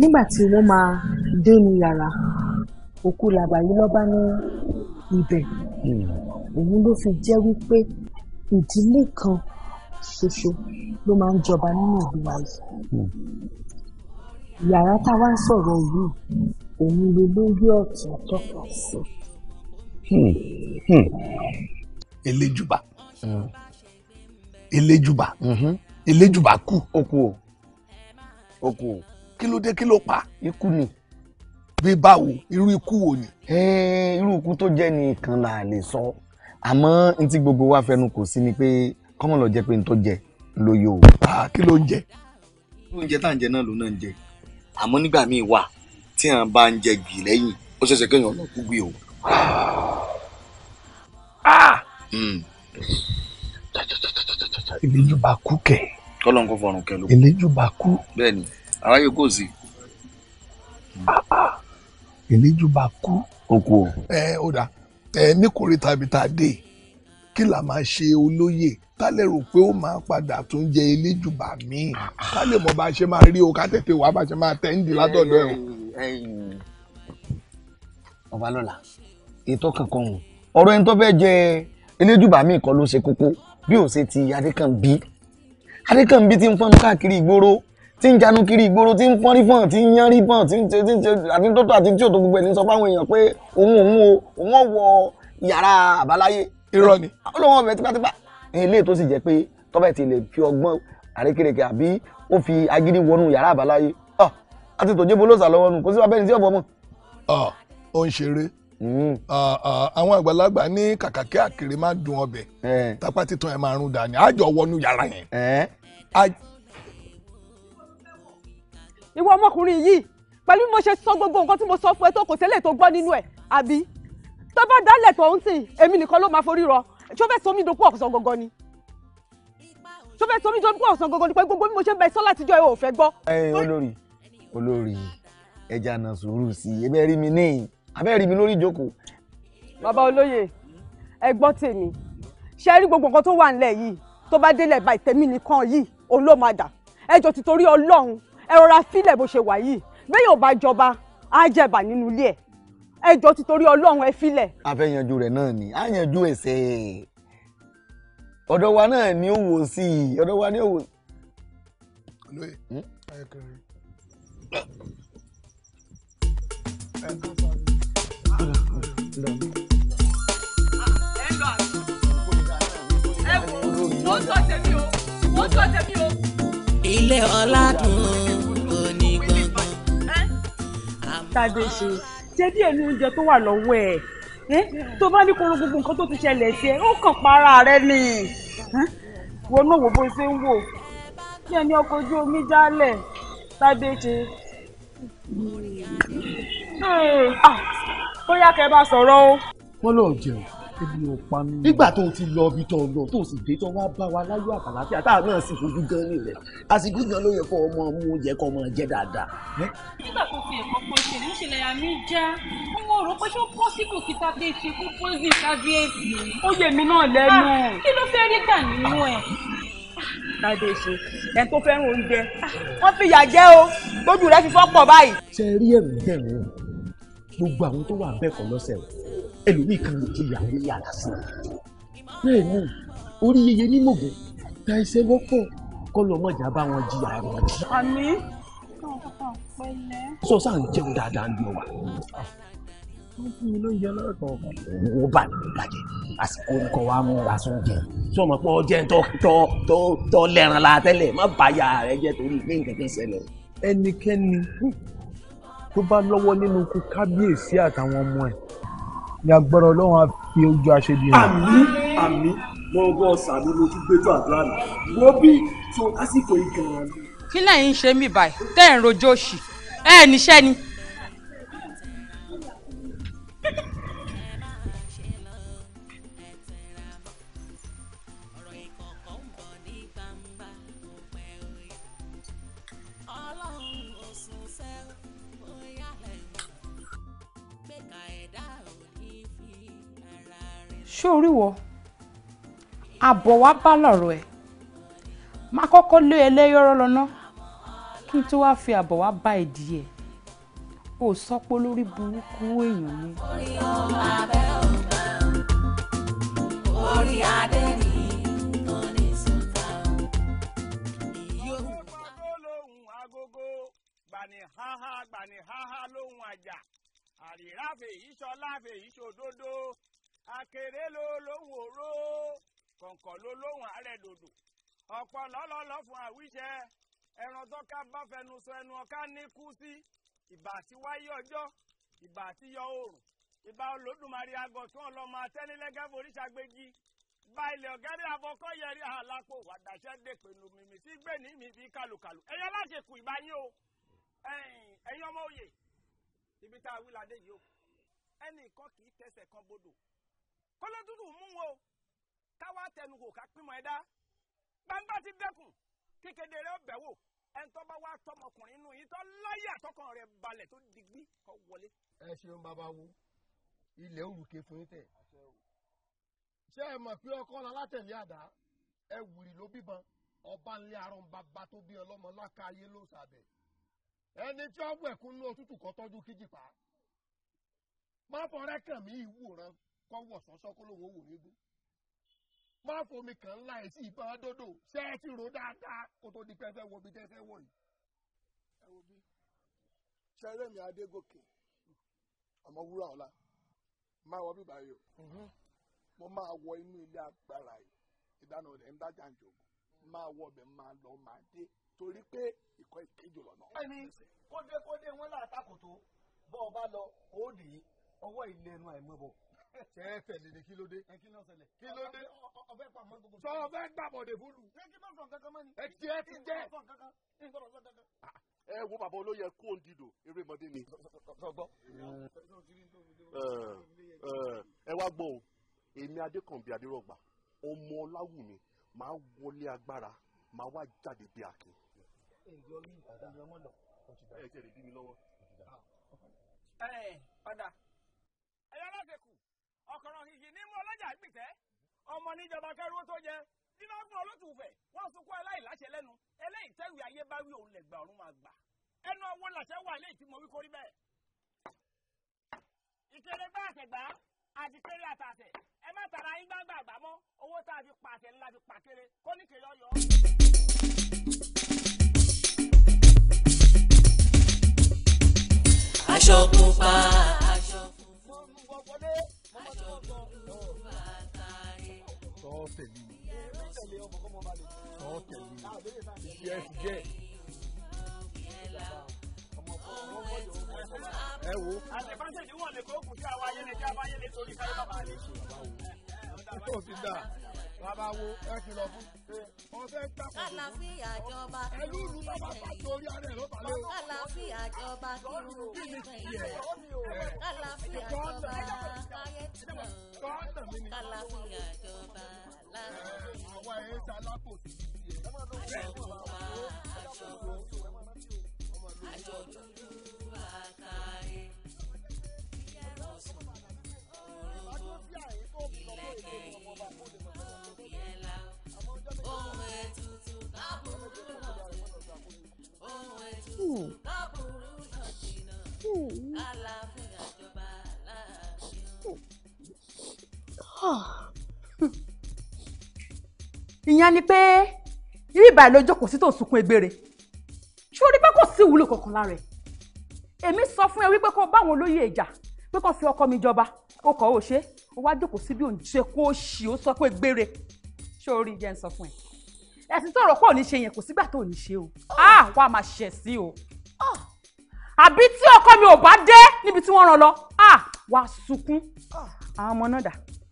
nígbà tí wọ́n máa dé ní yàrá òkú làbàyí lọ́ba ní ibẹ̀ òun ló fi jẹ́ wípé ìdílé kan ṣoṣo ló máa ń jọba nínú ìlú wa yìí yàrá tá a wá ń sọ̀rọ̀ yìí òun ló lórí ọ̀tún tọ́ka sí. Hmm, hmm. eléjùbà hmm. eléjùbà mm-hmm. eléjùbà kú. ó kú o ó kú o. kí ló dé kí ló pa. ikú ni. bí báwo irú ikú wo ni. irú ikú tó jẹ́ nìkan là lè sọ àmọ́ n tí gbogbo wa fẹnu kò sí ni pé kọ́mọ̀ lọ jẹ́ pé n tó jẹ lóye o. Ah, kí ló ń jẹ. oúnjẹ tá à ń jẹ náà ló náà ń jẹ àmọ́ nígbà míì wà tí àwọn bá ń jẹ gbì lẹ́yìn ó ṣẹ̀ṣẹ̀ kéèyàn lọ kú gbé o. Ah! Hmm. ìlẹ́jù bá kú kẹ̀. kọ́lọ́n kò fọrùn kẹ ló. ìlẹ́jù bá kú. bẹ́ẹ̀ni aráyé kò sí. Ah, ah. ìlẹ́jù bá kú. o kú o. ẹ ó dà ẹ ní kórìíta ibi tá a dé kí là máa ṣe olóyè ká lè rò pé ó máa padà tún jẹ eléjùbà míì ah, ah. ká lè mọ bá a ṣe máa rí o ká tètè wá bá a ṣe máa tẹ́ǹdì látọ̀dọ̀ ẹ̀ o. ọbalọla ètò kankan wù ọ̀rọ̀ ẹni tó fẹ́ jẹ eléjùbà míì kọ́ ló ṣe kókó bí ó ṣe ti adékànbí adékànbí ti ń fọ́nú káàkiri ìgboro tí ń janu kiri ìgboro tí ń fọ́nrí fọ́n tí ń yánrí fọ́n tí ń ṣe tí ń ṣe àti tó tó àti tí ò tó gbogbo ẹni sọ fáwọn èèyàn pé òun òun o òun wọ yàrá àbáláyé. irọ́ ni. olóhùn ọbẹ̀ tipátipá ní ilé tó sì jẹ́ pé tọ́bẹ̀ ti lè fi ọgbọ́n àrékèrèké àbí ó fi agídí wọnú yàrá àbáláyé ọ ah, àti tòjú bolóòsà lọ́wọ́ nù kó sí abẹ́ni sí ọ̀bọ̀ mọ́. Ah, ọ ò ń ṣeré hmm. ah, àwọn àgbàlagbà ní kàkà kí àkèrè máa dùn ọbẹ̀ eh. tápá títan ẹ̀ máa rún dání àjọ wọnú yàrá yẹn. Eh. ìwọ ọmọkùnrin yìí pẹ̀lú bí mo ṣe sọ gbogbo nǹkan tí mo sọ fún ẹ tó kò tẹ́lẹ̀ tó gbọ́ nínú ẹ̀ àbí tó bá dálẹ̀ tó ń tì èmi nìkan ló máa forí rọ ṣó fẹ́ sọ mí dokú ọ̀sán gangan ni ṣó fẹ́ sọ mí dokú ọ̀sán gangan ni pé gbogbo bí mo ṣe ń bẹ sọ́lá àtijọ́ ẹ ò fẹ́ gbọ́. ẹ olórí olórí ẹja náà sùúrù sí i ẹbẹ rí mi níyìn abẹ rí mi lórí ìjókòó. bàbá olóye ẹ gbọ́ tèmi ṣe rí gbogbo nǹkan tó wà nílẹ̀ yìí tó bá délẹ̀ bá ìtẹ̀mí nìkan yìí òun ẹjọ́ ti torí ọlọ́run ẹ rọra fílẹ̀ bó ṣe wà yìí bẹ́ẹ̀ yóò bá jọba á jẹ̀bà nínú ilé ẹ̀ ẹjọ́ ti torí ọlọ́run ẹ filẹ̀. a fẹ́ yanjú rẹ̀ náà ni a yanjú ẹsẹ̀ ọ̀dọ̀ wa náà ni ó wò sí i ọ̀dọ̀ wa ni ó wò. olóyè ayọkẹrin. Hmm? ẹ ká ilé ọlá dùn ún onígbọ̀ngàn. tádé ṣe jẹ díẹ̀ ní oúnjẹ tó wà lọ́wọ́ ẹ̀ ẹ́ tó bá ní koro gbogbo nǹkan tó ti ṣẹlẹ̀ sí ẹ ó kàn para rẹ ni wo náà wò bó ṣe ń wò kí ẹni ọkọ̀ ojú omi jálẹ̀ tábéje ah, bóyá kẹ bá sọ̀rọ̀ o. wọ́n lóun jẹun ebi ò pa mí. nígbà tó o ti lọ ibi tó lọ tó o sì dé tó wá bá wa láyọ̀ àbàlàfíà táà náà sì fojú gan nílẹ̀ àsìkò gan ló yẹ kó ọmọ mú oúnjẹ kó ọmọ jẹ dáadáa. nígbà tó fi ẹ̀kọ́ pọ̀ ṣe ní ìṣẹ̀lẹ̀ àmì já mo rò pé ṣó pọ́sibù kí tábí fi kú pósì kábíyèsí. ó yẹ mi náà lẹ́nu. Ah, kí ló fẹ́ rí gbà nínú ẹ̀. Kábíyèsí ẹ̀ tó fẹ́ràn oúnjẹ ah. wọ́n fìyà jẹ o tójú rẹ fi fọ́ báyìí. ṣe rí ẹ̀rù gbogbo àwọn tó wà bẹ́ẹ̀ kan lọ́sẹ̀ o ẹlòmíì kan lè jìyàwó níyà lásán bẹ́ẹ̀ ni orí yeye ní mògùn ta ẹsẹ̀ wọ́pọ̀ kọ́ lọ́mọjà bá wọn jìyà rẹ̀. àmì sọ sáà ń jẹun dáadáa ní ọwà wọ́n fún mi lóúnjẹ lọ́rọ̀ kan. owó bá mi bàjẹ́ àsìkò nǹkan wa mú wa sún jẹ. sọ pé ọjẹ tó tó tó tó lẹ́ran la tẹ́lẹ̀ má bàyà rẹ jẹ́ torí pé nǹkan kan ṣẹlẹ̀. ẹnikẹ́ni tó bá lọ́wọ́ nínú ikú kábíyèsí àtàwọn ọmọ ẹ̀ ní agbára ọlọ́run á fi ojú aṣebi hàn. àmín àmín lọ́wọ́ sàánú ló tún gbẹ́jọ́ àdúrà mi wo bí tó lásìkò ìkànnì. kí lẹ́yìn ń ṣe mí báyìí tẹ́ ẹ̀ ń rojọ́ òṣì ẹ̀ níṣẹ́ ni. ṣé orí wọ àbọ̀ wá bá lọ̀rọ̀ ẹ̀ máa kọ́kọ́ lé ẹlẹ́yọ́rọ́ lọ́nà kí n tó wá fi àbọ̀ wá bá ìdí ẹ̀ ò sọ́pọ̀ lórí burúkú èèyàn ni. orí ọmọ abẹ́ ọ̀gá orí adé ni. gbani háhá gbani háhá lóhun àjà àrírá àkèré ló lóhùn òró kọ̀ǹkọ̀ ló lóhùn àárẹ̀ dòdò ọ̀pọ̀ lọ́lọ́lọ́ fún àwíjẹ ẹran tọ́ka bá fẹnu sọ ẹnu ọ̀ká ní kú sí ìbà tí wáyé ọjọ́ ìbà tí yọ oòrùn ìbà olódùmarè agọ̀ tí wọ́n lọ máa tẹ́nilẹ́gẹ́ foríṣàgbégi ba ilẹ̀ ọ̀gẹ́rẹ́ àbọ̀kọ́ yẹrí àlápò wàdàṣẹ́ dèpè nù mímí tí gbé ní mi bí kálukàlù ẹ̀yọ́ láti kù ìbá yín o ẹ̀yin ọmọ òye ibi tá a wí ládé yìí o ẹnì kan kì í tẹsẹ̀ kan bodò kọ́lọ́dúdú mú wọn o káwá tẹnu kò ká pín mọ́ ẹ dá gbangba ti dẹ́kun kékeré rẹ bẹ̀ wò ẹ̀ńtọ́ bá wá tọmọkùnrin nù yìí tọ́ láyé àtọkàn rẹ balẹ̀ tó digbí kọ́ wọlé. ẹ ṣeun bàbá wo ilẹ̀ òrùké fún yín tẹ̀ ṣé ẹ mọ̀ pé ọkọ la látẹ̀lé àdá ẹ wùrì ló bíbọn ọba ńlẹ̀ àrùn bàbá tó bí ọlọ́mọ lákàáyé ló sàbẹ̀ ẹni tí ọwọ́ ẹ̀kún ní òtútù kọ́ tọ́jú kíjìpá má fọrẹ́ kàn mí ìwúran kọ́ wọ̀ sọ́sọ́ kó lóun wò nígún má fomi kàn ńlá ẹ̀ sí ìbọn ṣé ẹ ti rò dáadáa kó tó di pé fẹ́ wọ ibi tẹ́ wọ̀ yìí. ẹ wo bí adégòkè ọmọ wúrà wọ bíbá yìí o mhm. mo máa wọ inú ilé agbára yìí ìdáná rẹ̀ ń máa wọ ọbẹ̀ máa lọ máa dé torí pé ìkọ́ lọ́nà. ẹni lọ ọwọ́ tẹ ẹ tẹ̀lé ni kí ló dé. kí ló ṣẹlẹ̀. kí ló dé. ọbẹ̀ pa mọ́ gbogbo. sọ ọbẹ̀ gbàbọ̀dẹ̀ fúlù. ẹ kí ló sọ kankan mọ́ ni. ẹ ti ẹ ti jẹ́. Ah, ẹ wo bàbá olóyè kó ń dìdò erémọdé ni. sọgbọ́. ẹ wá gbọ́ o èmi adékànbí adérọ̀gbà ọmọ ọláwùmí máa wọlé agbára máa wá jáde bí akin. èdè orí ìtàdé ọmọ lọ. ẹ jẹ́ lè bí mi lọ́wọ́. ẹ padà ẹ lọ́dẹ̀kù ọ̀kọ̀rọ̀ hìhì ní mú ọlọ́jà gbìtẹ́ ọmọ níjọba kẹrù tó jẹ dídọ́gbọ̀n olótùfẹ̀ wọ́n sunkún aláìláṣẹ lẹ́nu eléyìí tẹ́wì ayé bá wí òun lẹ̀gbà ọ̀run máa gbà ẹnu ọwọ́ làṣẹ wà léyìí tí mo wí kórí bẹ́ẹ̀. ìkéré bá àtẹ̀gbá àti kéré àtàtẹ̀ ẹ má tara yín gbàgbà àgbà mọ́ owó tá a fi pàtẹ ńlá fi pàkéré kó ní kéré ọyọ. aṣọ pupa mú wọ wọlé mọ́mọ́ tó bọ̀ tọ́ tẹ̀lé mi tọ́ tẹ̀lé mi yes jẹ́ ẹ wo. àtẹ̀bátẹ̀dì wọ̀ ní kókù tí àwa ayẹlẹ tí àwa ayẹlẹ torí káyọ̀ bàbá rẹ̀. tó ti dà bàbá wo ẹ kìlọ̀ fún ọ̀fẹ́ ń pa pàtó. àlàáfíà jọba kí ló ń bí ìfẹ̀yìn. àlàáfíà jọba kí ló ń bí ìfẹ̀yìn. àlàáfíà jọba káyé tán. lápò sí ibi ẹ̀. àjọba àjọba. [LAUGHS] ìyẹn ni pé irú ìbàyìí ló jókòó sí tó ń sunkún egbére ṣé o rí pé kò sí ìwúlò kankan lára ẹ èmi sọ fún ẹ wípé kó báwọn olóyè ìjà pé kó fi ọkọ mi jọba ó kọ ó ṣe ó wá jókòó sí bí òun ṣe kó ṣì ó sọ pé gbére ṣé o rí jẹ́ ń sọ fún ẹ ẹ̀sìn tó rò pọ̀ ní ṣe yẹn kò sígbà tó ní ṣe o oh. ah, á wà máa ṣẹ̀ sí o oh. àbí tí ọkọ mi ò bá dé níbi tí wọ́n rán lọ ah, á wà sunkún oh. àwọn ọmọ náà dà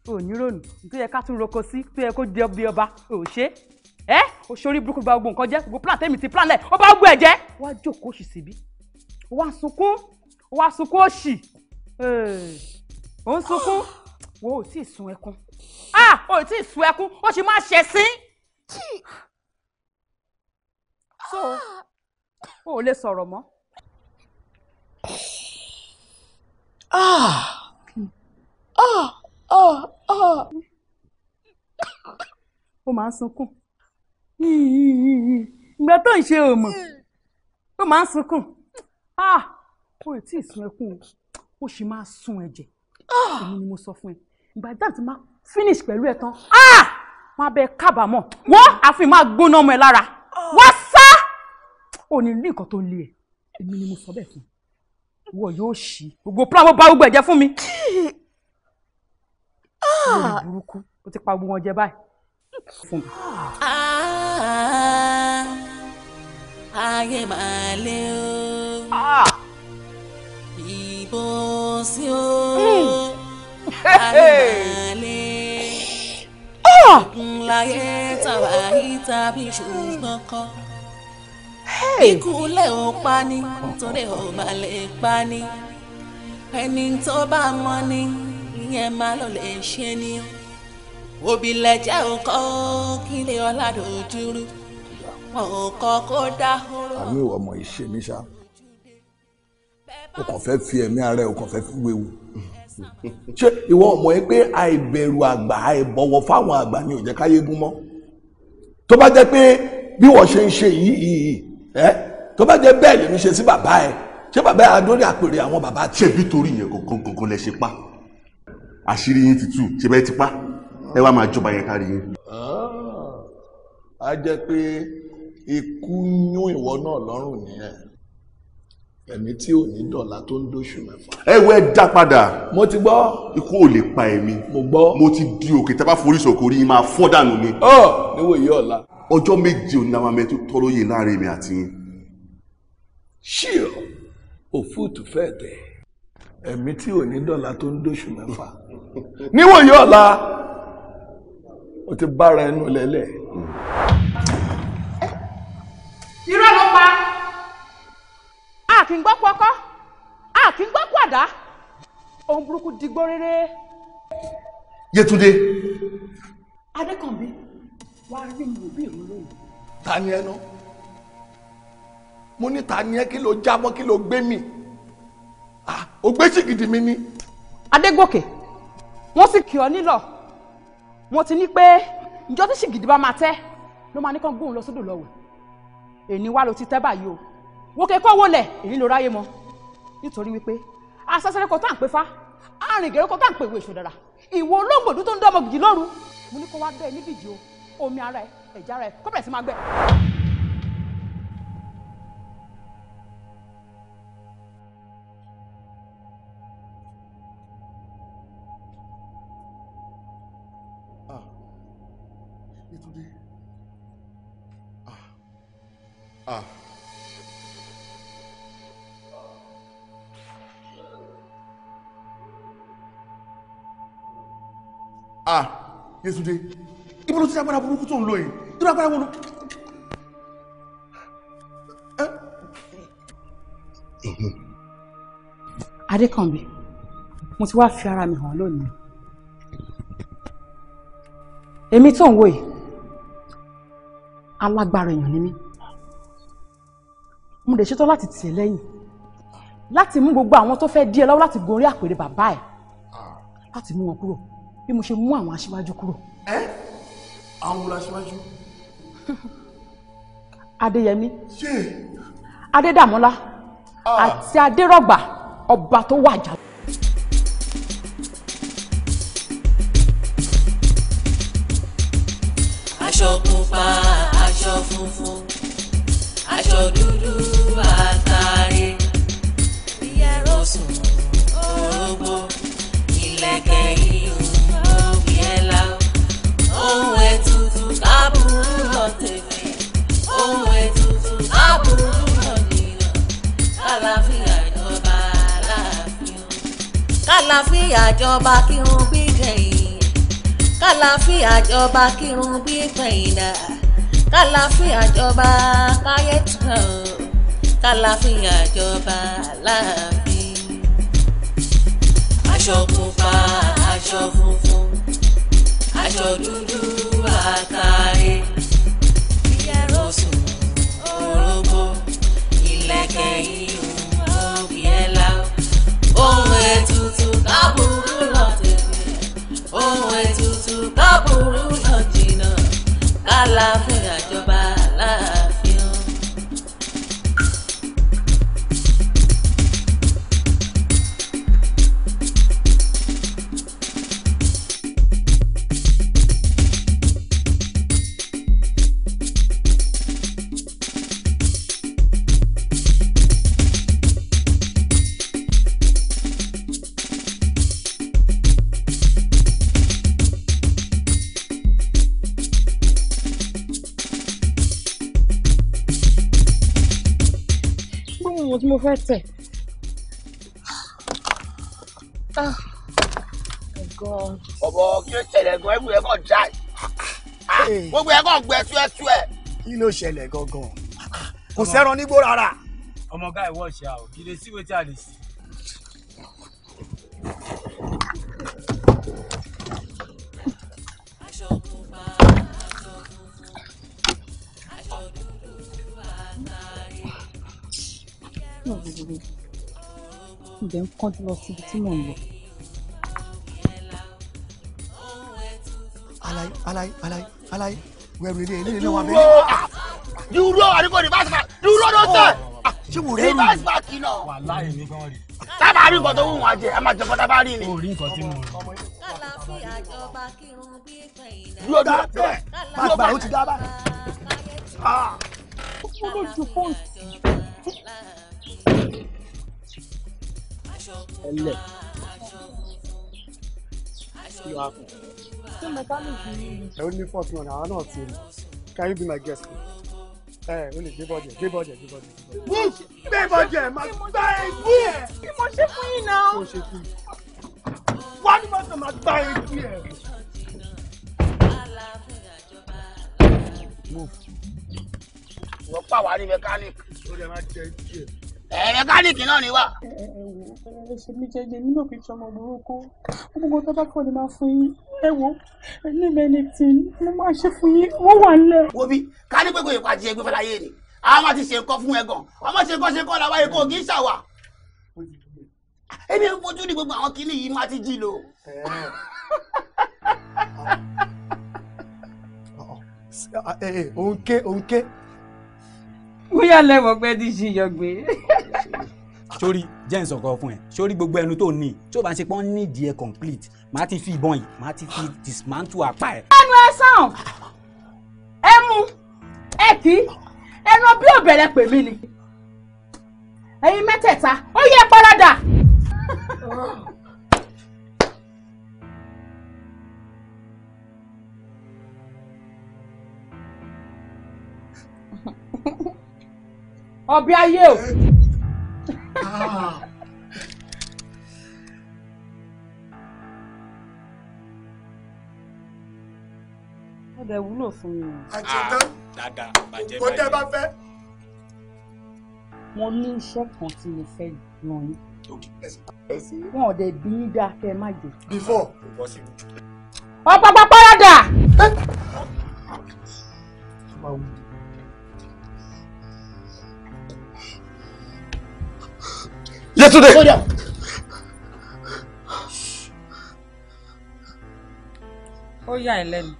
ò ní rònú tó yẹ ká tún roko sí tó yẹ kó jẹ bí ọba ò ṣe ẹ o ṣorí burúkú gba gbogbo nǹkan jẹ gbogbo plan tèmi ti plan lẹ ó bá gbọ ẹ jẹ wá jókòó sì síbí wá sunkún wá sunkún òṣì ò ń sunkún [GASPS] wo ò tí ì sun ẹkún ah ò tí ì sun ẹkún ó sì máa ṣẹ̀ sí so o ò lè sọ̀rọ̀ mọ́. ah ah ah ah ó máa ń sunkún ìgbà tó ń ṣe òmò ó máa ń sunkún ó ah! ì tí ì sun ẹkún ó sì máa sun ẹ̀jẹ̀ ah! èmi ni mo sọ fún ẹ ìgbà ìjà tí máa finish pẹ̀lú ẹ̀ tán máa ah! bẹ kábàámọ̀ wọ́n àfi máa gbóná ọmọ ẹ lára wá ò ní ní nǹkan tó ń lé ẹ èmi ni mo sọ bẹ́ẹ̀ fún ìwọ yóò ṣí gbogbo pílà mo bá gbogbo ẹ̀jẹ̀ fún mi. lórí ah! burúkú o ti pa gbogbo wọn jẹ báyìí fún mi. Ah! ayé máa lé o ah! ìbò sí o hmm. ayé máa lé ogun láyé tàbá tàbí ṣùgbọ́n kan ikú lẹ̀ ọ́ pani torí ọ̀ bá lè pani ẹni tó bá mọ́ ni ìyẹn má lọ lè ṣe ni òbí lẹ́jẹ̀ ọkọ kí lè ọlá dojúrú ọkọ kó dáhùrú. àmì ìwà ọmọ yìí ṣe mí ṣá o kàn fẹ́ fi ẹ̀mí ara ẹ̀ o kàn fẹ́ fi wéwu ṣé ìwọ ọmọ yẹn pé àìbẹ̀rù àgbà àìbọ̀wọ̀ fáwọn àgbà ni ò jẹ́ káyé gún mọ́ tó bá jẹ́ pé bí wọ́n ṣe ń ṣe yìí yìí ẹ tó bá jẹ bẹ́ẹ̀ lèmi ṣe sí bàbá ẹ ṣé bàbá ẹ adórí àpèrè àwọn bàbá tí. ṣebí torí yẹn kankan kankan lẹ ṣe pa àṣírí yín ti tú ṣe bẹ́ẹ̀ ti pa ẹ wá máa jọba yẹn kárí yín. Ah, a jẹ pé ikú yún ìwọ náà lọ́rùn nìyẹn ẹ̀mí tí ò ní dọ̀la tó ń dóṣù mẹ́fà. ẹ wẹ́ dá padà. mo ti gbọ́. ikú ò lè pa ẹ̀mí. mo gbọ́. mo ti di òkè tábà forí sòkò rí i máa fọ́ dànù mi. ọ oh, níwòye ọ̀la ọjọ́ méje òní làwọn amẹ́tò tọ́rọ yìí láàrin mi àti yín. ṣíọ òfúùtù fẹ́ tẹ̀ ẹ̀mí tí ò ní dọ̀la tó ń dóṣù mẹ́fà [LAUGHS] níwòye ọ̀la ó ti bára ẹnu lẹ́lẹ̀. irọ́ ló pa a kì í gbọ́ pọkọ́ a kì í gbọ́ pàdá ohun burúkú digbó rere. Yétúndé. Adékànbí wá rí mi òbí mi lónìí. ta ni ẹ mo ní ta ni ẹ kí ló jábọ́ kí ló gbé mi ò gbé sìgìdì mi ni. adégòkè wọ́n sì kì ọ nílọ wọ́n ti ní pé ìjọ tí sìgìdì bá máa tẹ́ ló máa ní kán gbóhùn lọ sódò lọ́wọ́ èyí wá ló ti tẹ́ báyìí o wòkè kọ́ wọlé èyí ló ráyé mọ́ nítorí wípé asásẹ́rẹ́ kan tá à ń pè fá àrùn ìgẹ̀rẹ́ kan tá à ń pè wé ìṣòdàrà ìwọ olóńgbòdú tó ń dá ọmọ gidi lóru mo ní kó wá dẹ́ níbìdí o omi ara ẹ ẹ̀jẹ̀ ara ẹ kó sí máa gbẹ. Yetunde ah, ah ah. Ah, Yetunde ibi ló ti dágbára burúkú tó ń lò yìí irú agbára wo ló. adékànbí mo ti wá fi ara mi hàn lónìí èmi tó ń wò yìí alágbára èèyàn ni mí mo lè ṣetán láti tì í lẹ́yìn láti mú gbogbo àwọn tó fẹ́ dí ẹ lọ́wọ́ láti gorí àpèrè bàbá ẹ̀ láti mú wọn kúrò bí mo ṣe mú àwọn aṣíwájú kúrò. ẹ àwọn olùsíwájú. [LAUGHS] adéyẹmí adédàmọ́lá ah. àti adérọ̀gbà ọba tó wàjà. aṣọ pupa aṣọ funfun aṣọ dúdú àti. kàlàfíà jọba kírun bí gbẹ̀yìn kàlàfíà jọba kírun bí gbẹ̀yìn náà kàlàfíà jọba káyé tán kàlàfíà jọba láàbí. aṣọ pupa aṣọ funfun aṣọ dúdú àtàrí ìyẹ́rọ̀ sùn orógbó ìlẹ̀kẹ̀ ìhùn òbí ẹ̀ láwọ̀ ohun ètò kábùrú lọ tẹ̀lé ohun ètùtù kábùrú lọ jìnnà kálá fún ìjọba láàrin. fẹ́ tẹ̀. ọ̀bọ̀ kí ló ṣẹlẹ̀ gan ẹ̀gbọ́n ẹ̀kọ́ kí ló ṣẹlẹ̀ gangan kò sẹ́ran nígbó rárá. ọmọ gáà ìwọ ṣe àwọn kì í lè sí wetin a lè sí. dẹ̀ ń kánjú lọ síbi tí mò ń lọ. alaye alaye alaye alaye wẹ̀rù ilé ilé ilé wa bẹ́ẹ̀. dúró àdúgbò ní bàtà dúró ló tẹ̀. Ah, ṣé wò rẹ́rù ní bàtà kì í náà. wà láyé mi fẹ́ wọ́n rí. sábà rí nǹkan tó wù wọ́n jẹ a máa jẹ kọ́tà bá rí ni. o rí nǹkan tí mo rí. dúró dá bàbá o ti dá bá. Ah. ó lójú fóònù. ẹlẹ̀ kí ló wá kù. ṣé mẹkáníìkì ẹ ó ní fọ́ọ̀tún ọ̀nà àwọn náà ti rí can you be my guest ẹ ẹ o lè gbé bọ́jẹ̀ gbé bọ́jẹ̀ gbé bọ́jẹ̀. wúf gbé bọ́jẹ̀ máa gbá ẹgbẹ́ ẹ̀. kí mo ṣe fún yín náà. kí mo ṣe fún yín. wá ní bọ́sẹ̀ máa gbá ẹgbẹ́ ẹ̀. wúf. wọ́n pàwárí mẹkáníìkì. ó lè máa jẹ ẹgbẹ́ ẹ mẹkáníìkì náà ni wà. ẹ ṣe mí jẹjẹ nínú òbí tí ọmọ burúkú gbogbo tó bá kọ ni máa fún yín ẹ wo ní mẹni tí mo máa ṣe fún yín wọn wà nílẹ̀. wo bí ká ní gbogbo ìpa ti ẹgbẹ́ fẹ́láyé ni àwọn ti ṣe nǹkan fún ẹ gan ọmọ ṣe nǹkan ṣe kọ́ làwọn èkó kì í ṣàwà. èmi fojú ni gbogbo àwọn kìnnì yìí máa ti jí lò. òun ké òun ké bóyá lẹ́wọ̀n pẹ́ tí ṣe yọgbé. sórí jẹ́ǹsì ọkọ fún ẹ sórí gbogbo ẹnu tó ní tí o bá ṣe pọ́n nídìí ẹ complete màá ti fi ìbọn yìí màá ti fi dismantle apá ẹ. ẹnu ẹ sàn ẹ mú ẹ kí ẹnu bí òbẹ̀rẹ̀ pè mí ni ẹ̀yin mẹ́tẹ̀ẹ̀ta ó yẹ parada. ọbẹ ayé o. [LAUGHS] ọdẹ wúlò fún mi. àjẹtán ah, dáadáa bàjẹ́ bàjẹ́. kò tẹ́ bá fẹ́. mo ní iṣẹ́ kan tí mo fẹ́ ràn yín. wọn ò dẹ̀ bí yín dáa kẹ́ ẹ má jẹ. before. ọ̀pọ̀ pápá pọ́nrọ́ today. Go down. Ó yà ẹ́ lẹ́nu.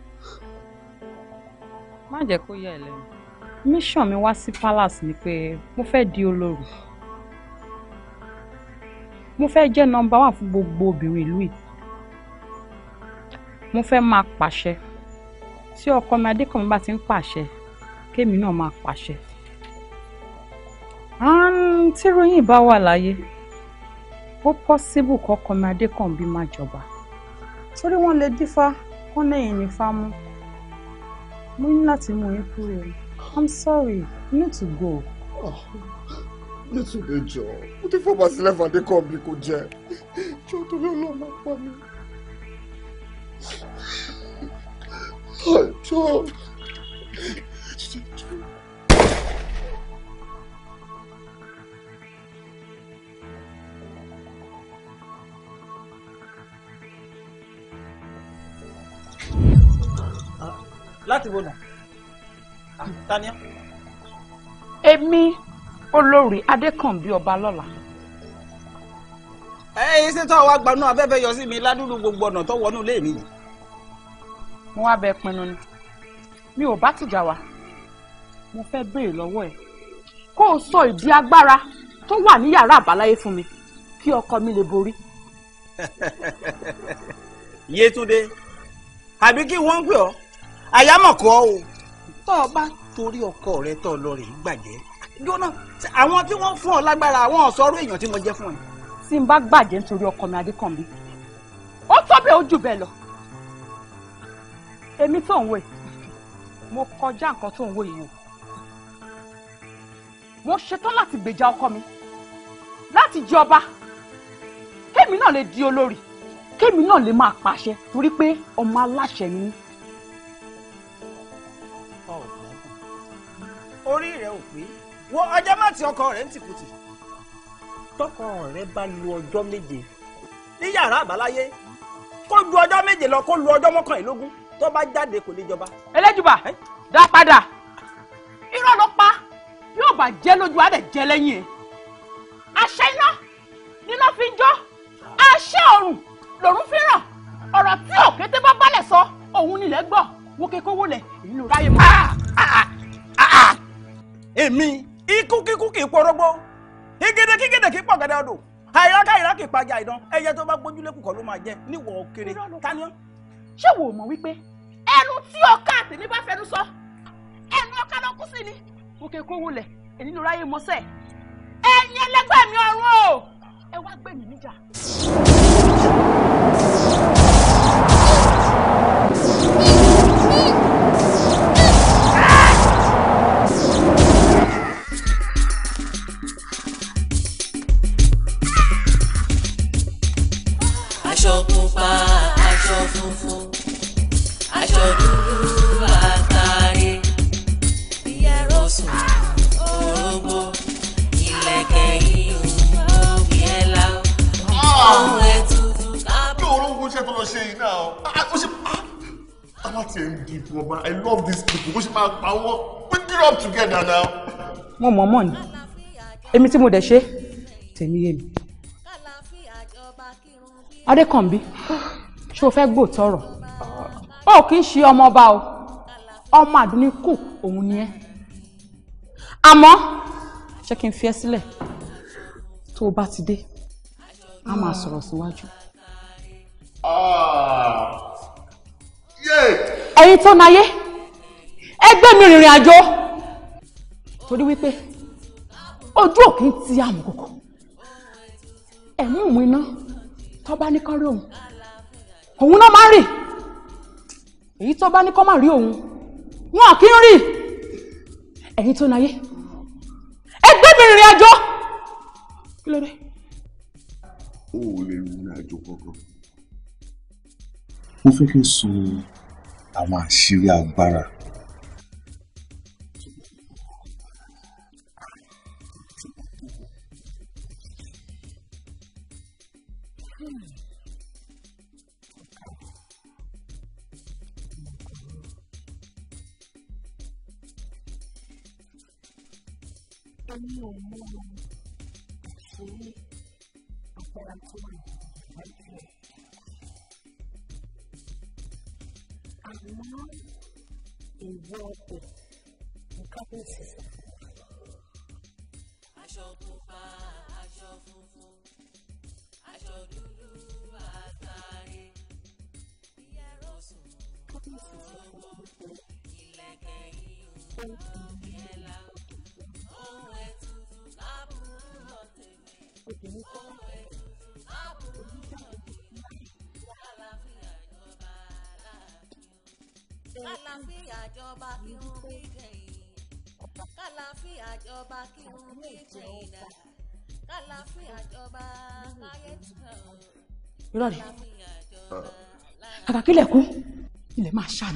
Má jẹ́ kó yà ẹ́ lẹ́nu. Mission mi wá sí palace ni pé mo fẹ́ di olórí. Mo fẹ́ jẹ́ nọmba wà fún gbogbo obìnrin ìlú yìí. Mo fẹ́ máa pàṣẹ. Tí ọkọ mi Adékànmí bá ti ń pàṣẹ, kémi náà máa pàṣẹ. À ń tíròyìn bá wà láyé ó pọ́síbù kọ́kànmí adékànbí má jọba torí wọ́n lè dífá wọ́n lẹ́yìn ní fámú mo ní láti mú yín kúrò i'm sorry you need to go. Ah, nítorí ìjọ mo ti fọba sílẹ̀ fàdékànbí kò jẹ́ ìjọ torí ọlọ́mọ pa mi. ìjọ. láti wo nà ah, tania. èmi olórí adékànbí ọba lọ́la. ẹyin ṣé tó wàá gbanú afẹ́fẹ́ yọ sí mi ládùúgbò gbogbo ọ̀nà tó wọnú ilé mi yìí. mo wá bẹ pinnu ni mi ò bá tìjà wá mo fẹ́ béèrè lọ́wọ́ ẹ̀ kó o sọ ìdí agbára tó wà ní yàrá àbáláyé fún mi kí ọkọ mi lè borí. [LAUGHS] Yétúndé àbí kí wọ́n ń pè ọ́ àyámọ̀kọ́ o tọ́ ọ bá torí ọkọ rẹ tọ́ ọ lọ rè é gbàjẹ́ jóná àwọn tí wọ́n fún ọ lágbára àwọn ọ̀sọ́rọ̀ èèyàn tí mo jẹ́ fún ẹ. tí n bá gbàjẹ́ nítorí ọkọ mi adékànbí ó tó bẹ́ẹ̀ bẹ́ẹ̀ lọ èmi tó ń wò mo kọjá nǹkan tó ń wò yìí o mo ṣetán láti gbèjà ọkọ mi láti jẹ ọba kémi náà lè di olórí kémi náà lè máa pàṣẹ torí pé ọmọ aláṣẹ ni mí. orí rẹ ò pé wo ọjọ́ má ti ọkọ rẹ̀ ń tìkùtì. tọkọ rẹ bá lu ọjọ́ méje. ní yàrá àbáláyé kó lu ọjọ́ méje lọ kó lu ọjọ́ mọ́kànlélógún tó bá jáde kò lè jọba. ẹlẹ́jùbà dá padà irọ́ ló pa yóò bá jẹ́ lójú àdẹ̀ jẹ́ lẹ́yìn ẹ̀. àṣẹ iná níná fi ń jó àṣẹ ọ̀run lòrùn fi ràn ọ̀rọ̀ tí òkété bá balẹ̀ sọ òun nílẹ̀ gbọ́ wókè kówó lẹ̀ èyí ló mọ́. Ah, ah, ah, èmi ikú kíkú kì í pọrọgbọ igede kígede kì í pọ gẹdẹ ọdọ àìrákà àìrákì ìpàjà ìdán ẹyẹ tó bá gbójúlé kù kọ́ ló máa jẹ níwọ kéré tánìyàn. ṣé wo mọ̀ wípé ẹnu tí ọkà àtẹ̀mí bá fẹnu sọ ẹnu ọkà ló kú sí ni. òkè kówó lẹ̀ èyí ló ráyè mọ́sẹ̀ ẹ̀yin ẹlẹgbẹ́ mi ọ̀run o ẹ wá gbẹ̀mí níjà. aṣọ dúdú àtàrí ìyẹ̀rọ sùn orógbó ìlẹ̀kẹ̀ ìlú òbí ẹ̀la I love these people bó ṣe máa pa wọ́n we grew up together now. wọn mọ ọmọ ni èmi tí mo dẹ̀ ṣe tèmi yé mi adékànbí ṣé o fẹ́ gbòòtọ́ ọ̀rọ̀ ó kì í ṣe ọmọọba o ọmọ àdúníkù òun ni ẹ àmọ́ ṣé kí n fi ẹ sílẹ̀ tó o bá ti dé a máa sọ̀rọ̀ síwájú. ẹ̀yin tó náyé ẹgbẹ́ mi rìnrìn àjò torí wípé ojú òkè ti àmùkòkò ẹ̀mú ìmú iná tó bá ní kọ́rí òun òun náà máa rìn èyí tó bá ní kọ́ máa rí òun wọn kì í rí ẹ̀yin tó náyé ẹgbẹ́ mi rìnrìn àjò kí ló dé. ó ò lè rìnrìn àjò kankan mo fẹ́ kí n àwọn àṣírí agbára Hmm. nínú ọmọ àṣírí agbára tó wà láti rẹ̀. Àmọ́ ìwọ ọ̀pọ̀ nǹkan tó ṣe. Aṣọ pupa, aṣọ funfun, aṣọ dúdú àtàrí, ìyàrá òsùn, ọwọ́, ìlẹ̀kẹ̀ ìhùn. ṣe kìíní tó ń bẹ ojú tí a ti kàkà kílẹ̀ kú ilẹ̀ máa ṣá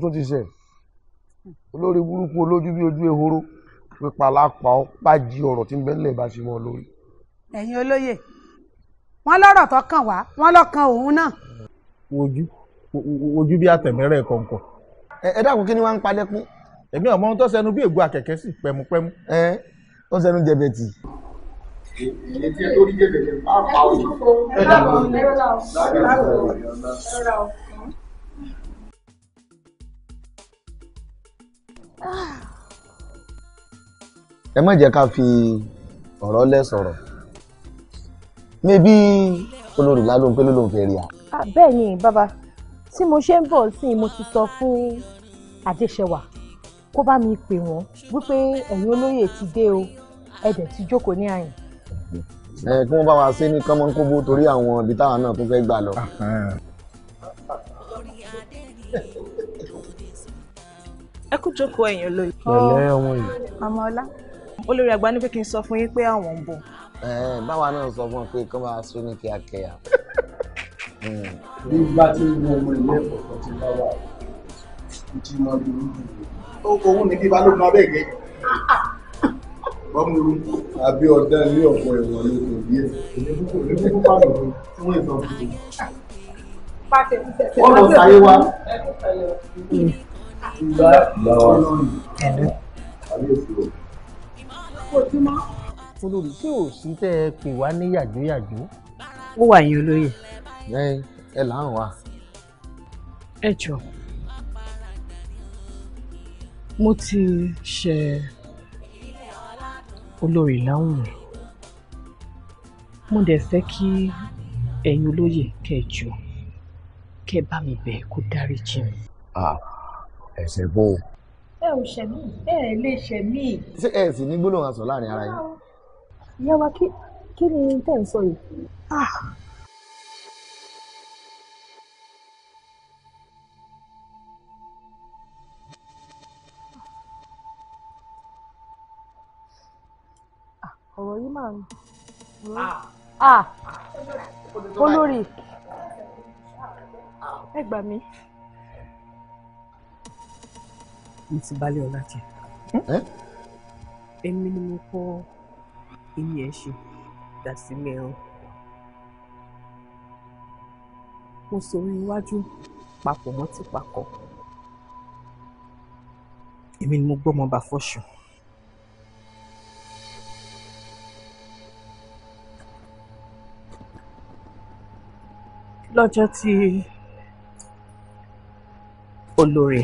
tún ti ṣe olórí burúkú olójú bí ojú ehoro pípa lápá ọ pàjì ọ̀rọ̀ tí ń bẹ nílẹ̀ bá ṣe mọ́ lórí. ẹ̀yin olóyè wọ́n lọ́rọ̀ tó kàn wá wọ́n lọ kan òun náà. ojú ojú bí àtẹ̀mẹ́rẹ̀ kọ̀ọ̀kan. ẹ dákun kí ni wàá ń palẹ́kún. èmi ọmọ ohun tó sẹnu bí ègbò àkẹ́kẹ́ sí pẹ́mupẹ́mu. ẹ ó sẹnu jẹbẹtì. èyí tí ẹ tó rí jẹbẹtì máa pa òun. ẹ má jẹ́ ká fi ọ̀rọ̀ lẹ̀ sọ̀rọ̀ mébí olórí lálóhùn pé lóhùn fẹ́ rí a. bẹ́ẹ̀ ni bàbá tí mo ṣe ń bọ̀ sí i mo ti sọ fún Adéṣẹwà kó bá mi pè wọ́n wípé ẹ̀yin olóyè ti dé o ẹ̀dẹ̀ ti jókòó ní àyìn. ẹ kí wọ́n bá wa ṣe ní kánmọ́nkóbó torí àwọn ibi táwọn náà tó fẹ́ gbà lọ. Ah, ah. ẹ kú jókòó ẹ̀yin olóyè. pẹ̀lẹ́ ọmọ yìí. màmá ọlá olórí àgbà ní pé kí n sọ fún yín pé àwọn ń bọ̀. báwa náà sọ fún ọ pé kí wọn bá sún ní kíákíá. bí bá ti ń wo ọmọ ilé ẹ̀kọ́ ti bá wà ìtì máa ń burú jù. òun ni bíbá ló máa bẹ̀gẹ́. bọ́mú àbí ọ̀dá ilé ọ̀pọ̀ ẹ̀wọ̀n ló kò bí ẹ̀. èmi kúkú pàmò tí wọ́n olórí tí ò sí tẹ́ ẹ pè wá ní yàjóyàjó. ó wà yín olóyè. ẹ ẹ là ń wá. ẹ jọ mo ti ṣe olórí láwùn mi mo dẹ̀ fẹ́ kí ẹ̀yin olóyè kẹjọ kẹ bá mi bẹ̀ kó dáríjì mi. Ah ẹ̀ṣẹ̀ bó o. ẹ ò ṣẹ̀mí ẹ ẹ lè ṣẹ̀mí. ṣé ẹ sì ní gbólóhùn aṣọ láàrin ara yín. ìyá wa kí kí ni tẹ́ ń sọ yìí. Ah! Ah, ọ̀rọ̀ yìí máa ń. Ah! olórí ẹ gbà mí mo ti balẹ̀ ọ̀la jẹ. èmi ni mo kọ́ ẹni ẹ̀ ṣe dàsílẹ̀ ẹran. mo sọ orí iwájú papọ̀ mọ́ ti pakọ̀. èmi ni mo gbọ́ ọmọ bá fọ́ṣù. lọ́jọ́ tí olórí.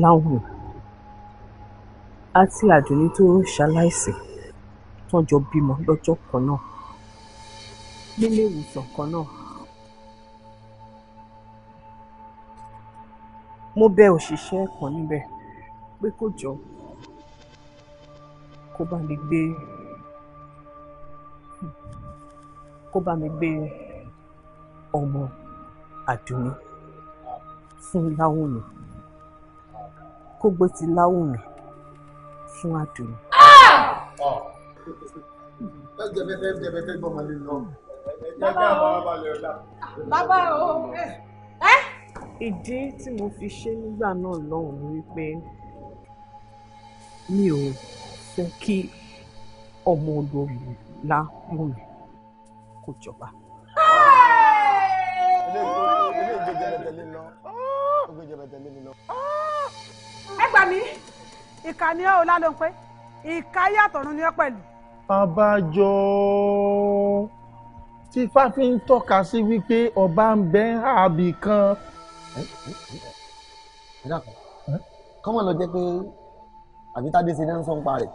láwọn àti àdùnní tó ṣaláìsí tán jọ bímọ lọ́jọ́ kan náà nílé ìwòsàn kan náà. mo bẹ òṣìṣẹ́ kan níbẹ̀ pé kó jọ kó bá mi gbé kó bá mi gbé ọmọ àdùnní fún láwọn mi kógbó ti láwùrán fún àdùnnú. bàbá o eh, eh. ìdí tí mo fi ṣe nígbà náà lọ́hùn ni wípé mi ò fẹ́ kí ọmọ olórí láwùrán kó jọba. ilé ìjọba tẹ̀lé lọ ẹ gbà mí ìkà ni ọ lálọ pé ìkà yàtọ̀run ni ọ pẹ̀lú. abájọ tí fáfi ń tọ́ka sí wípé ọba ń bẹ ń hàbì kan. ẹ dàpọ̀ kọ́mọ̀ lọ jẹ́ pé àbítádé ṣe ní ń sọ ń pa rẹ̀.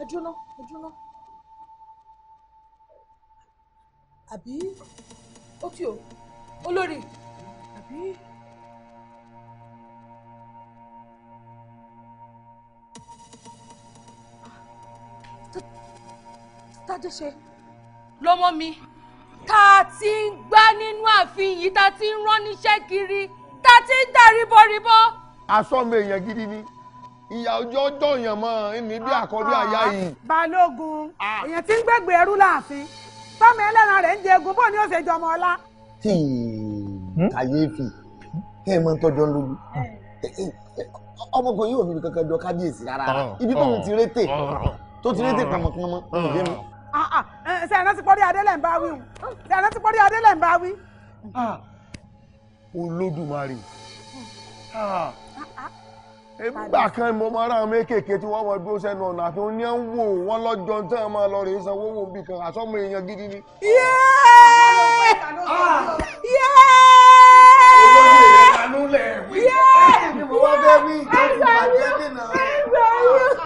ẹ dúró ẹ dúró àbí ó kì ó olórí àbí. tádé ṣe lọ́mọ mi tá a ti ń gbá nínú ààfin yìí tá a ti ń rán níṣẹ́ kiri tá a ti ń dà ríbọríbọ. èèyàn gidi ni ìyá ọjọ́ ọjọ́ èèyàn mọ́ ẹni bí àkọ́bí ah, àyá yìí. balógun ah. èèyàn ti ń gbẹ̀gbẹ̀ ẹrú láàfin tọ́mọ ẹlẹ́ran rẹ̀ ń jẹ egun bó ni ó ṣe jọmọ ọlá. Hmm? kàyéfì kẹ́ ẹ mọ ń tọ́jọ́ lójú hmm. eh, eh, eh, ọmọkùnrin yóò fi kankan jọ kábíyèsí rárá ah, ibi tóun ti rétè tó ti rétè pàmòpàmò Ah ah, ṣe ẹ̀rọ ti pọ́rí adé lẹ̀ ń bá wí o ṣe ẹ̀rọ ti pọ́rí adé lẹ̀ ń bá wí. Ah. olódùmarè nígbà ah. kan mo máa ra àwọn mékèèké tí wọ́n wọ dúró sẹ́nu ọ̀nà àfi ní ń wò wọ́n lọ́jọ́ tí wọ́n máa lọ rèé sanwó wò bí kan àsọ́mọ èèyàn gidi ni. yéé ah. yéé yéé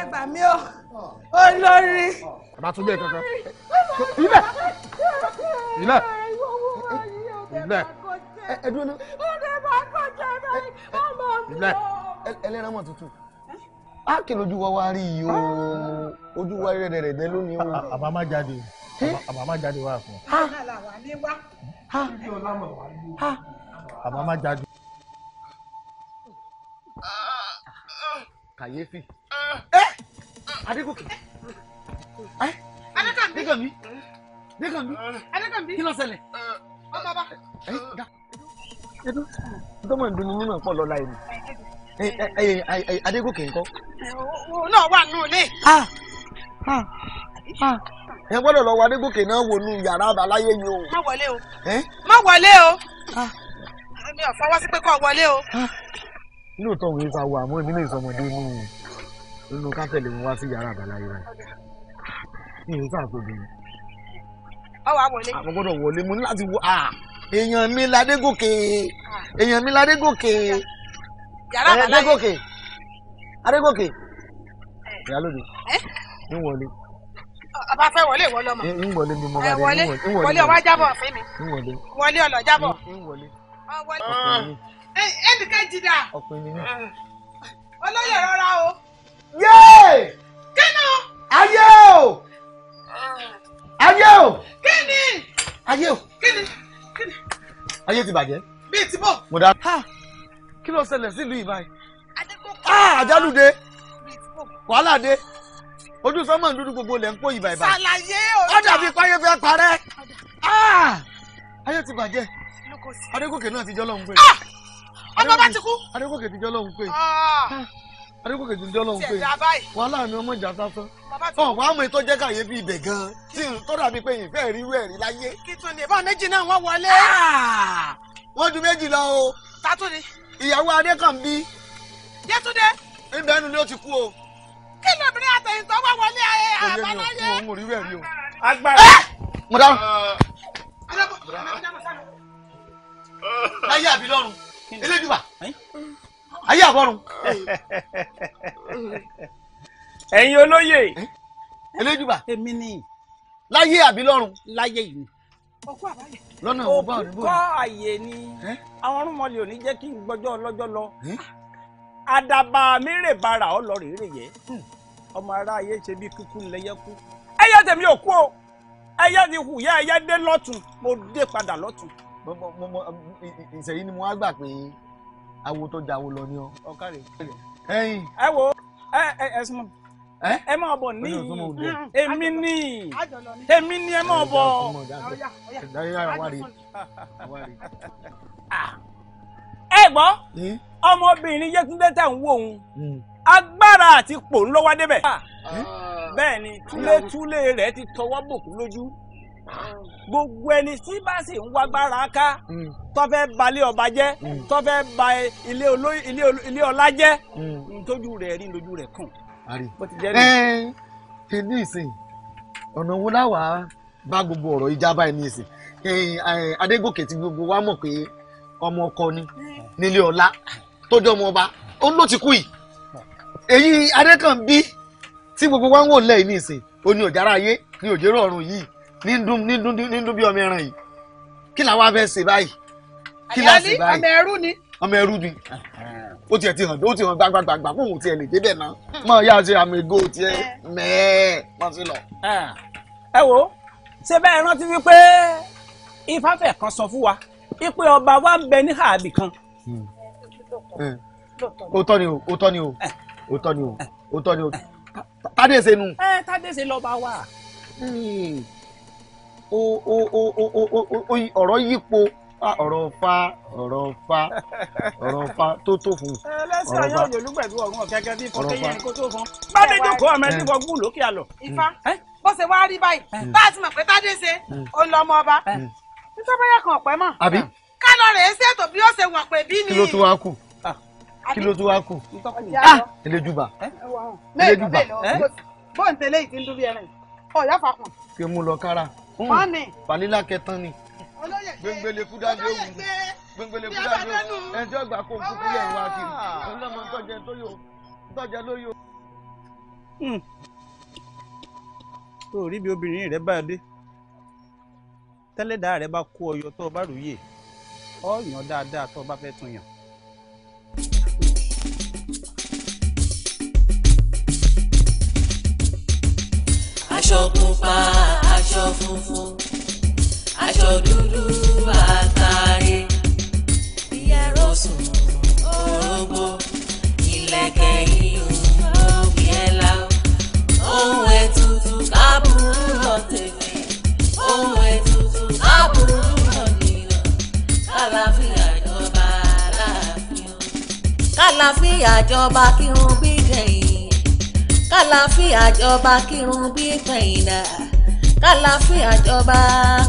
ẹ gbà mí o olórí. bàbá tún bẹ́ẹ̀ kankan ilẹ̀ ilẹ̀ ilẹ̀ ẹ dúró ní. ọdẹ bá kọjá báyìí ọmọ mi o. ẹlẹ́ran mọ̀ tuntun a kì lójú wa wá rí i o ojú wa rẹ̀ rẹ̀ dẹ́ lónìí o. àbá má jáde àbá má jáde wá fún ọ. àbá má jáde. Ah! kàyéfì. ẹ ah! eh! adégòkè ẹ eh? eh, adékànmí adékànmí adékànmí ah! kí ló ṣẹlẹ̀. Ah! ọmọ bá. ẹdú dọ́mọ̀ ìdùnnú nínú ọ̀pọ̀ lọ́la yìí adégòkè ńkọ́. òun náà wà nù ní. ẹ gbọ́dọ̀ lọ wọ adégòkè náà wò nù yàrá àbáláyé yìí o. má wọlé o má wọlé o mi ò fọwọ́ sí pé kó wọlé o lóòótọ́ òun yìí fa wo àmọ́ ìbílẹ̀ ìsọmọdé nù nínú káfẹ́lì wọn wá sí yàrá àbáláyé rẹ̀ ní ìlú sáàtò bìí. ọwọ àwọlé. àwọn gbọ́dọ̀ wọlé mo ní láti wọ èèyàn mi ládégòkè èèyàn mi ládégòkè yàrá àbáláyé ládégòkè adégòkè ìyálóde ń wọlé. ọba fẹ́ wọlé ìwọlé ọmọ. ń wọlé ni mo bá dé ń wọlé. wọlé ọba jábọ̀ fún mi. ń wọlé. wọlé ọlọ jábọ̀. ń wọlé ẹnì kejì dà. ọkùnrin ni mí. Ah. olóyè rọra o. yéè. kínú. ayé o. Ah. ayé o. kíni. ayé o. kíni. kíni. ayé ti bàjẹ́. bíi ti bò. mo dá. kí ló ṣẹlẹ̀ sílùú ìbáyìí. àjálù dé. wàhálà dé ojú sọmọ ń dúdú gbogbo lẹ ń kó ibà ibà. ṣàlàyé o. ọjà fi páyé fẹ́ parẹ́. Ah! ayé ti bàjẹ́ adégòkè náà ti jọ́ lọ́hún pé ọmọ bá ti kú. adégòkè ti jẹ́ ọlọ́run pé adégòkè ti jẹ́ ọlọ́run pé wọn láàánú ọmọ ìjà sásán ọ̀ wá mọ̀ ètò jẹ́ kàyéfì ibẹ̀ gan-an tí tó dàbí pé yìí fẹ́ẹ̀ rí wẹ̀rí láyé. kìtùnì ìbọn méjì náà wọ́n wọlé. wọ́n ju méjì lọ o. Tatu. tatúni. ìyàwó adékànbí. yétúndé. ibẹ̀ ẹnu ni ó ti kú o. kí lóbìnrin àtẹ̀yìntàn wá wọlé àbáláyé. òye mi ò mọ̀ rí wẹ̀rí o. agbára. mo dáhùn. ayé àbí lọ́rùn elédùbà ayé àbọ̀rùn. ẹ̀yin olóyè elédùbà èmi ni láyé àbí lọ́run láyé yìí ni lọ́nà òun bá òdúgbò kọ́ àyè ni àwọn ọ̀rùnmọ̀lẹ̀ ò ní jẹ́ kí n gbọ́jọ́ ọlọ́jọ́ lọ àdàbà mérèbàrà ọlọ́rìí rè yẹ hmm. ọmọ aráyé ṣe bí kúkú lẹ́yẹ kú ẹyẹ tèmi ò kú o ẹyẹ ti hù yá ẹyẹ dé lọ́tún mo dé padà lọ́tún Um, ìṣẹ̀yìn ni mo wá gbà pé awo tó jáwo lọ ni ọ ọkàrẹ. ẹyin. ẹ wo ẹ ẹ ẹ sùn ẹ máa bọ̀ ní èmi ní èmi ní ẹ máa bọ̀. Ah. ẹ gbọ́ ọmọbìnrin yékúndé tẹ̀ ń wò òun hmm. agbára àti pò ń lọ́wọ́ débẹ̀ bẹ́ẹ̀ ni túlétúlé rẹ̀ ti tọwọ́ bòkú lójú. gbogbo ẹni tí bá sì ń wágbára ká mm. tó ba balẹ̀ ọba jẹ́ mm. tó ba ilé ọlá jẹ́ mm. ntójú rẹ̀ rí lójú rẹ̀ kàn. ẹ ti ní ìsìn ọ̀nà wo láwàá bá gbogbo ọ̀rọ̀ ìjábá ẹni ìsìn adégòkè tí gbogbo wa mọ̀ pé ọmọ ọkọ ni nílé ọlá tó jẹ́ ọmọ ọba ó ló ti kú yìí èyí adékànbí tí gbogbo wa ń wò lẹ́yìn ní ìsìn ó ní ọ̀jára ayé ní òjèrò ọ̀run yìí nídùn nídùn nídùn bí ọmọ ẹran yìí kí làwọn abẹ́ ṣe báyìí kí làwọn ṣe báyìí ọmọ ẹrú ni ọmọ ẹrú ni ó tiẹ̀ ti hàn ó ti hàn gbàgbàgbà kó òun tiẹ̀ lè débẹ̀ náà mọ̀ yá ṣe àmì ìgò tiẹ̀ mẹ́ẹ̀ mọ̀ sí lọ. ẹ wo ṣé bẹ́ẹ̀ rántí wípé ifáfẹ́ kan sọ fún wa wípé ọba wa ń bẹ ní ààbì kan. òótọ́ ni o òótọ́ ni o òótọ́ ni o òótọ́ ni o tádé ṣe nu. ẹ tádé ṣe lọ́ba wa. Hmm ọ̀rọ̀ yípo ọ̀rọ̀ fa ọ̀rọ̀ fa ọ̀rọ̀ fa tó tó fún. ẹlẹ́sìn ayé òye olúgbẹ̀dù ọ̀run ọ̀kẹ́kẹ́ bí fọ́kẹ́ yẹn kó tó fún. bádé jókòó ọmọ ẹni eh. wọ gún lókè àlọ. ifá eh. Eh. bó ṣe wá rí báyìí bá a ti mọ̀ pé tádé ṣe ó lọ ọmọ ọba nítorí báyà kan ọ̀pẹ mọ̀. àbí. kálọ̀ rẹ̀ ṣètò bí ó ṣe wọ̀n pé bí ni. Ah. kí ló tún wá kù kí ló tún wá kù. eléjúbà eléjúbà. bó ń tẹ̀lé ìtìndú bí ẹran ọ̀yá fakùn. kí mú lọ kára. Hmm. fani. balila kẹtàn ni. gbẹngbẹlẹ kúdà dé òun gbẹngbẹlẹ kúdà dé òun ẹjọ gbà kó kúkú yẹn wá kiri òun lọmọ tọjẹ tó yò tọjẹ ló yò. tó hmm. o rí bí obìnrin rẹ bá dé tẹ́lẹ̀dá rẹ bá kó ọyọ tó o bá ròyè ọ yàn dáadáa tó o bá fẹ́ tún yàn. aṣọ pupa aṣọ funfun aṣọ dúdú bàtàrí ìyàrá sùn orógbó ìlẹ̀kẹ̀ ìhùn òbí ẹ̀la ohun ètùtù kábùrú lọ tèmi ohun ètùtù kábùrú lọ nìyàn kàlàfíà jọba aláàfin kàlàfíà jọba kírun bí gbẹ̀yìn kàlàfíà jọba kírun bí gbẹ̀yìn náà kàlàfíà jọba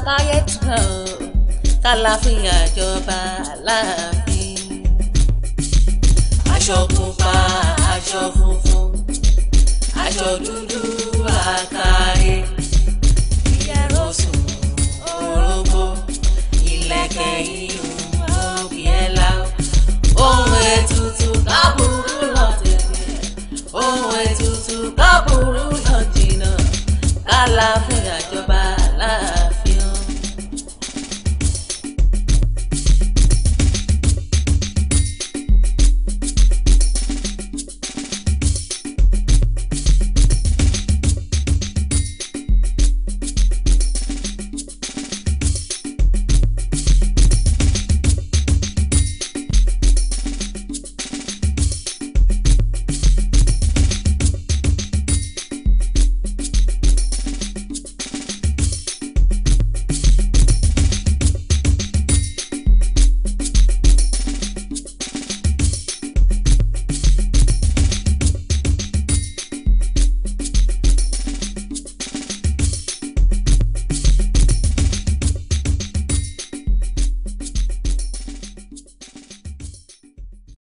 káyé tán kàlàfíà jọba láàfin. aṣọ pupa aṣọ funfun aṣọ dúdú àkàrẹ ìyẹ̀rọ sùn orógbó ìlẹ̀kẹ̀ ìhùn òbí ẹ̀ la ohun ètùtù kábùrú lọ tẹ̀lé ohun ètùtù kábùrú kálá fún ìjàjọba láàrin.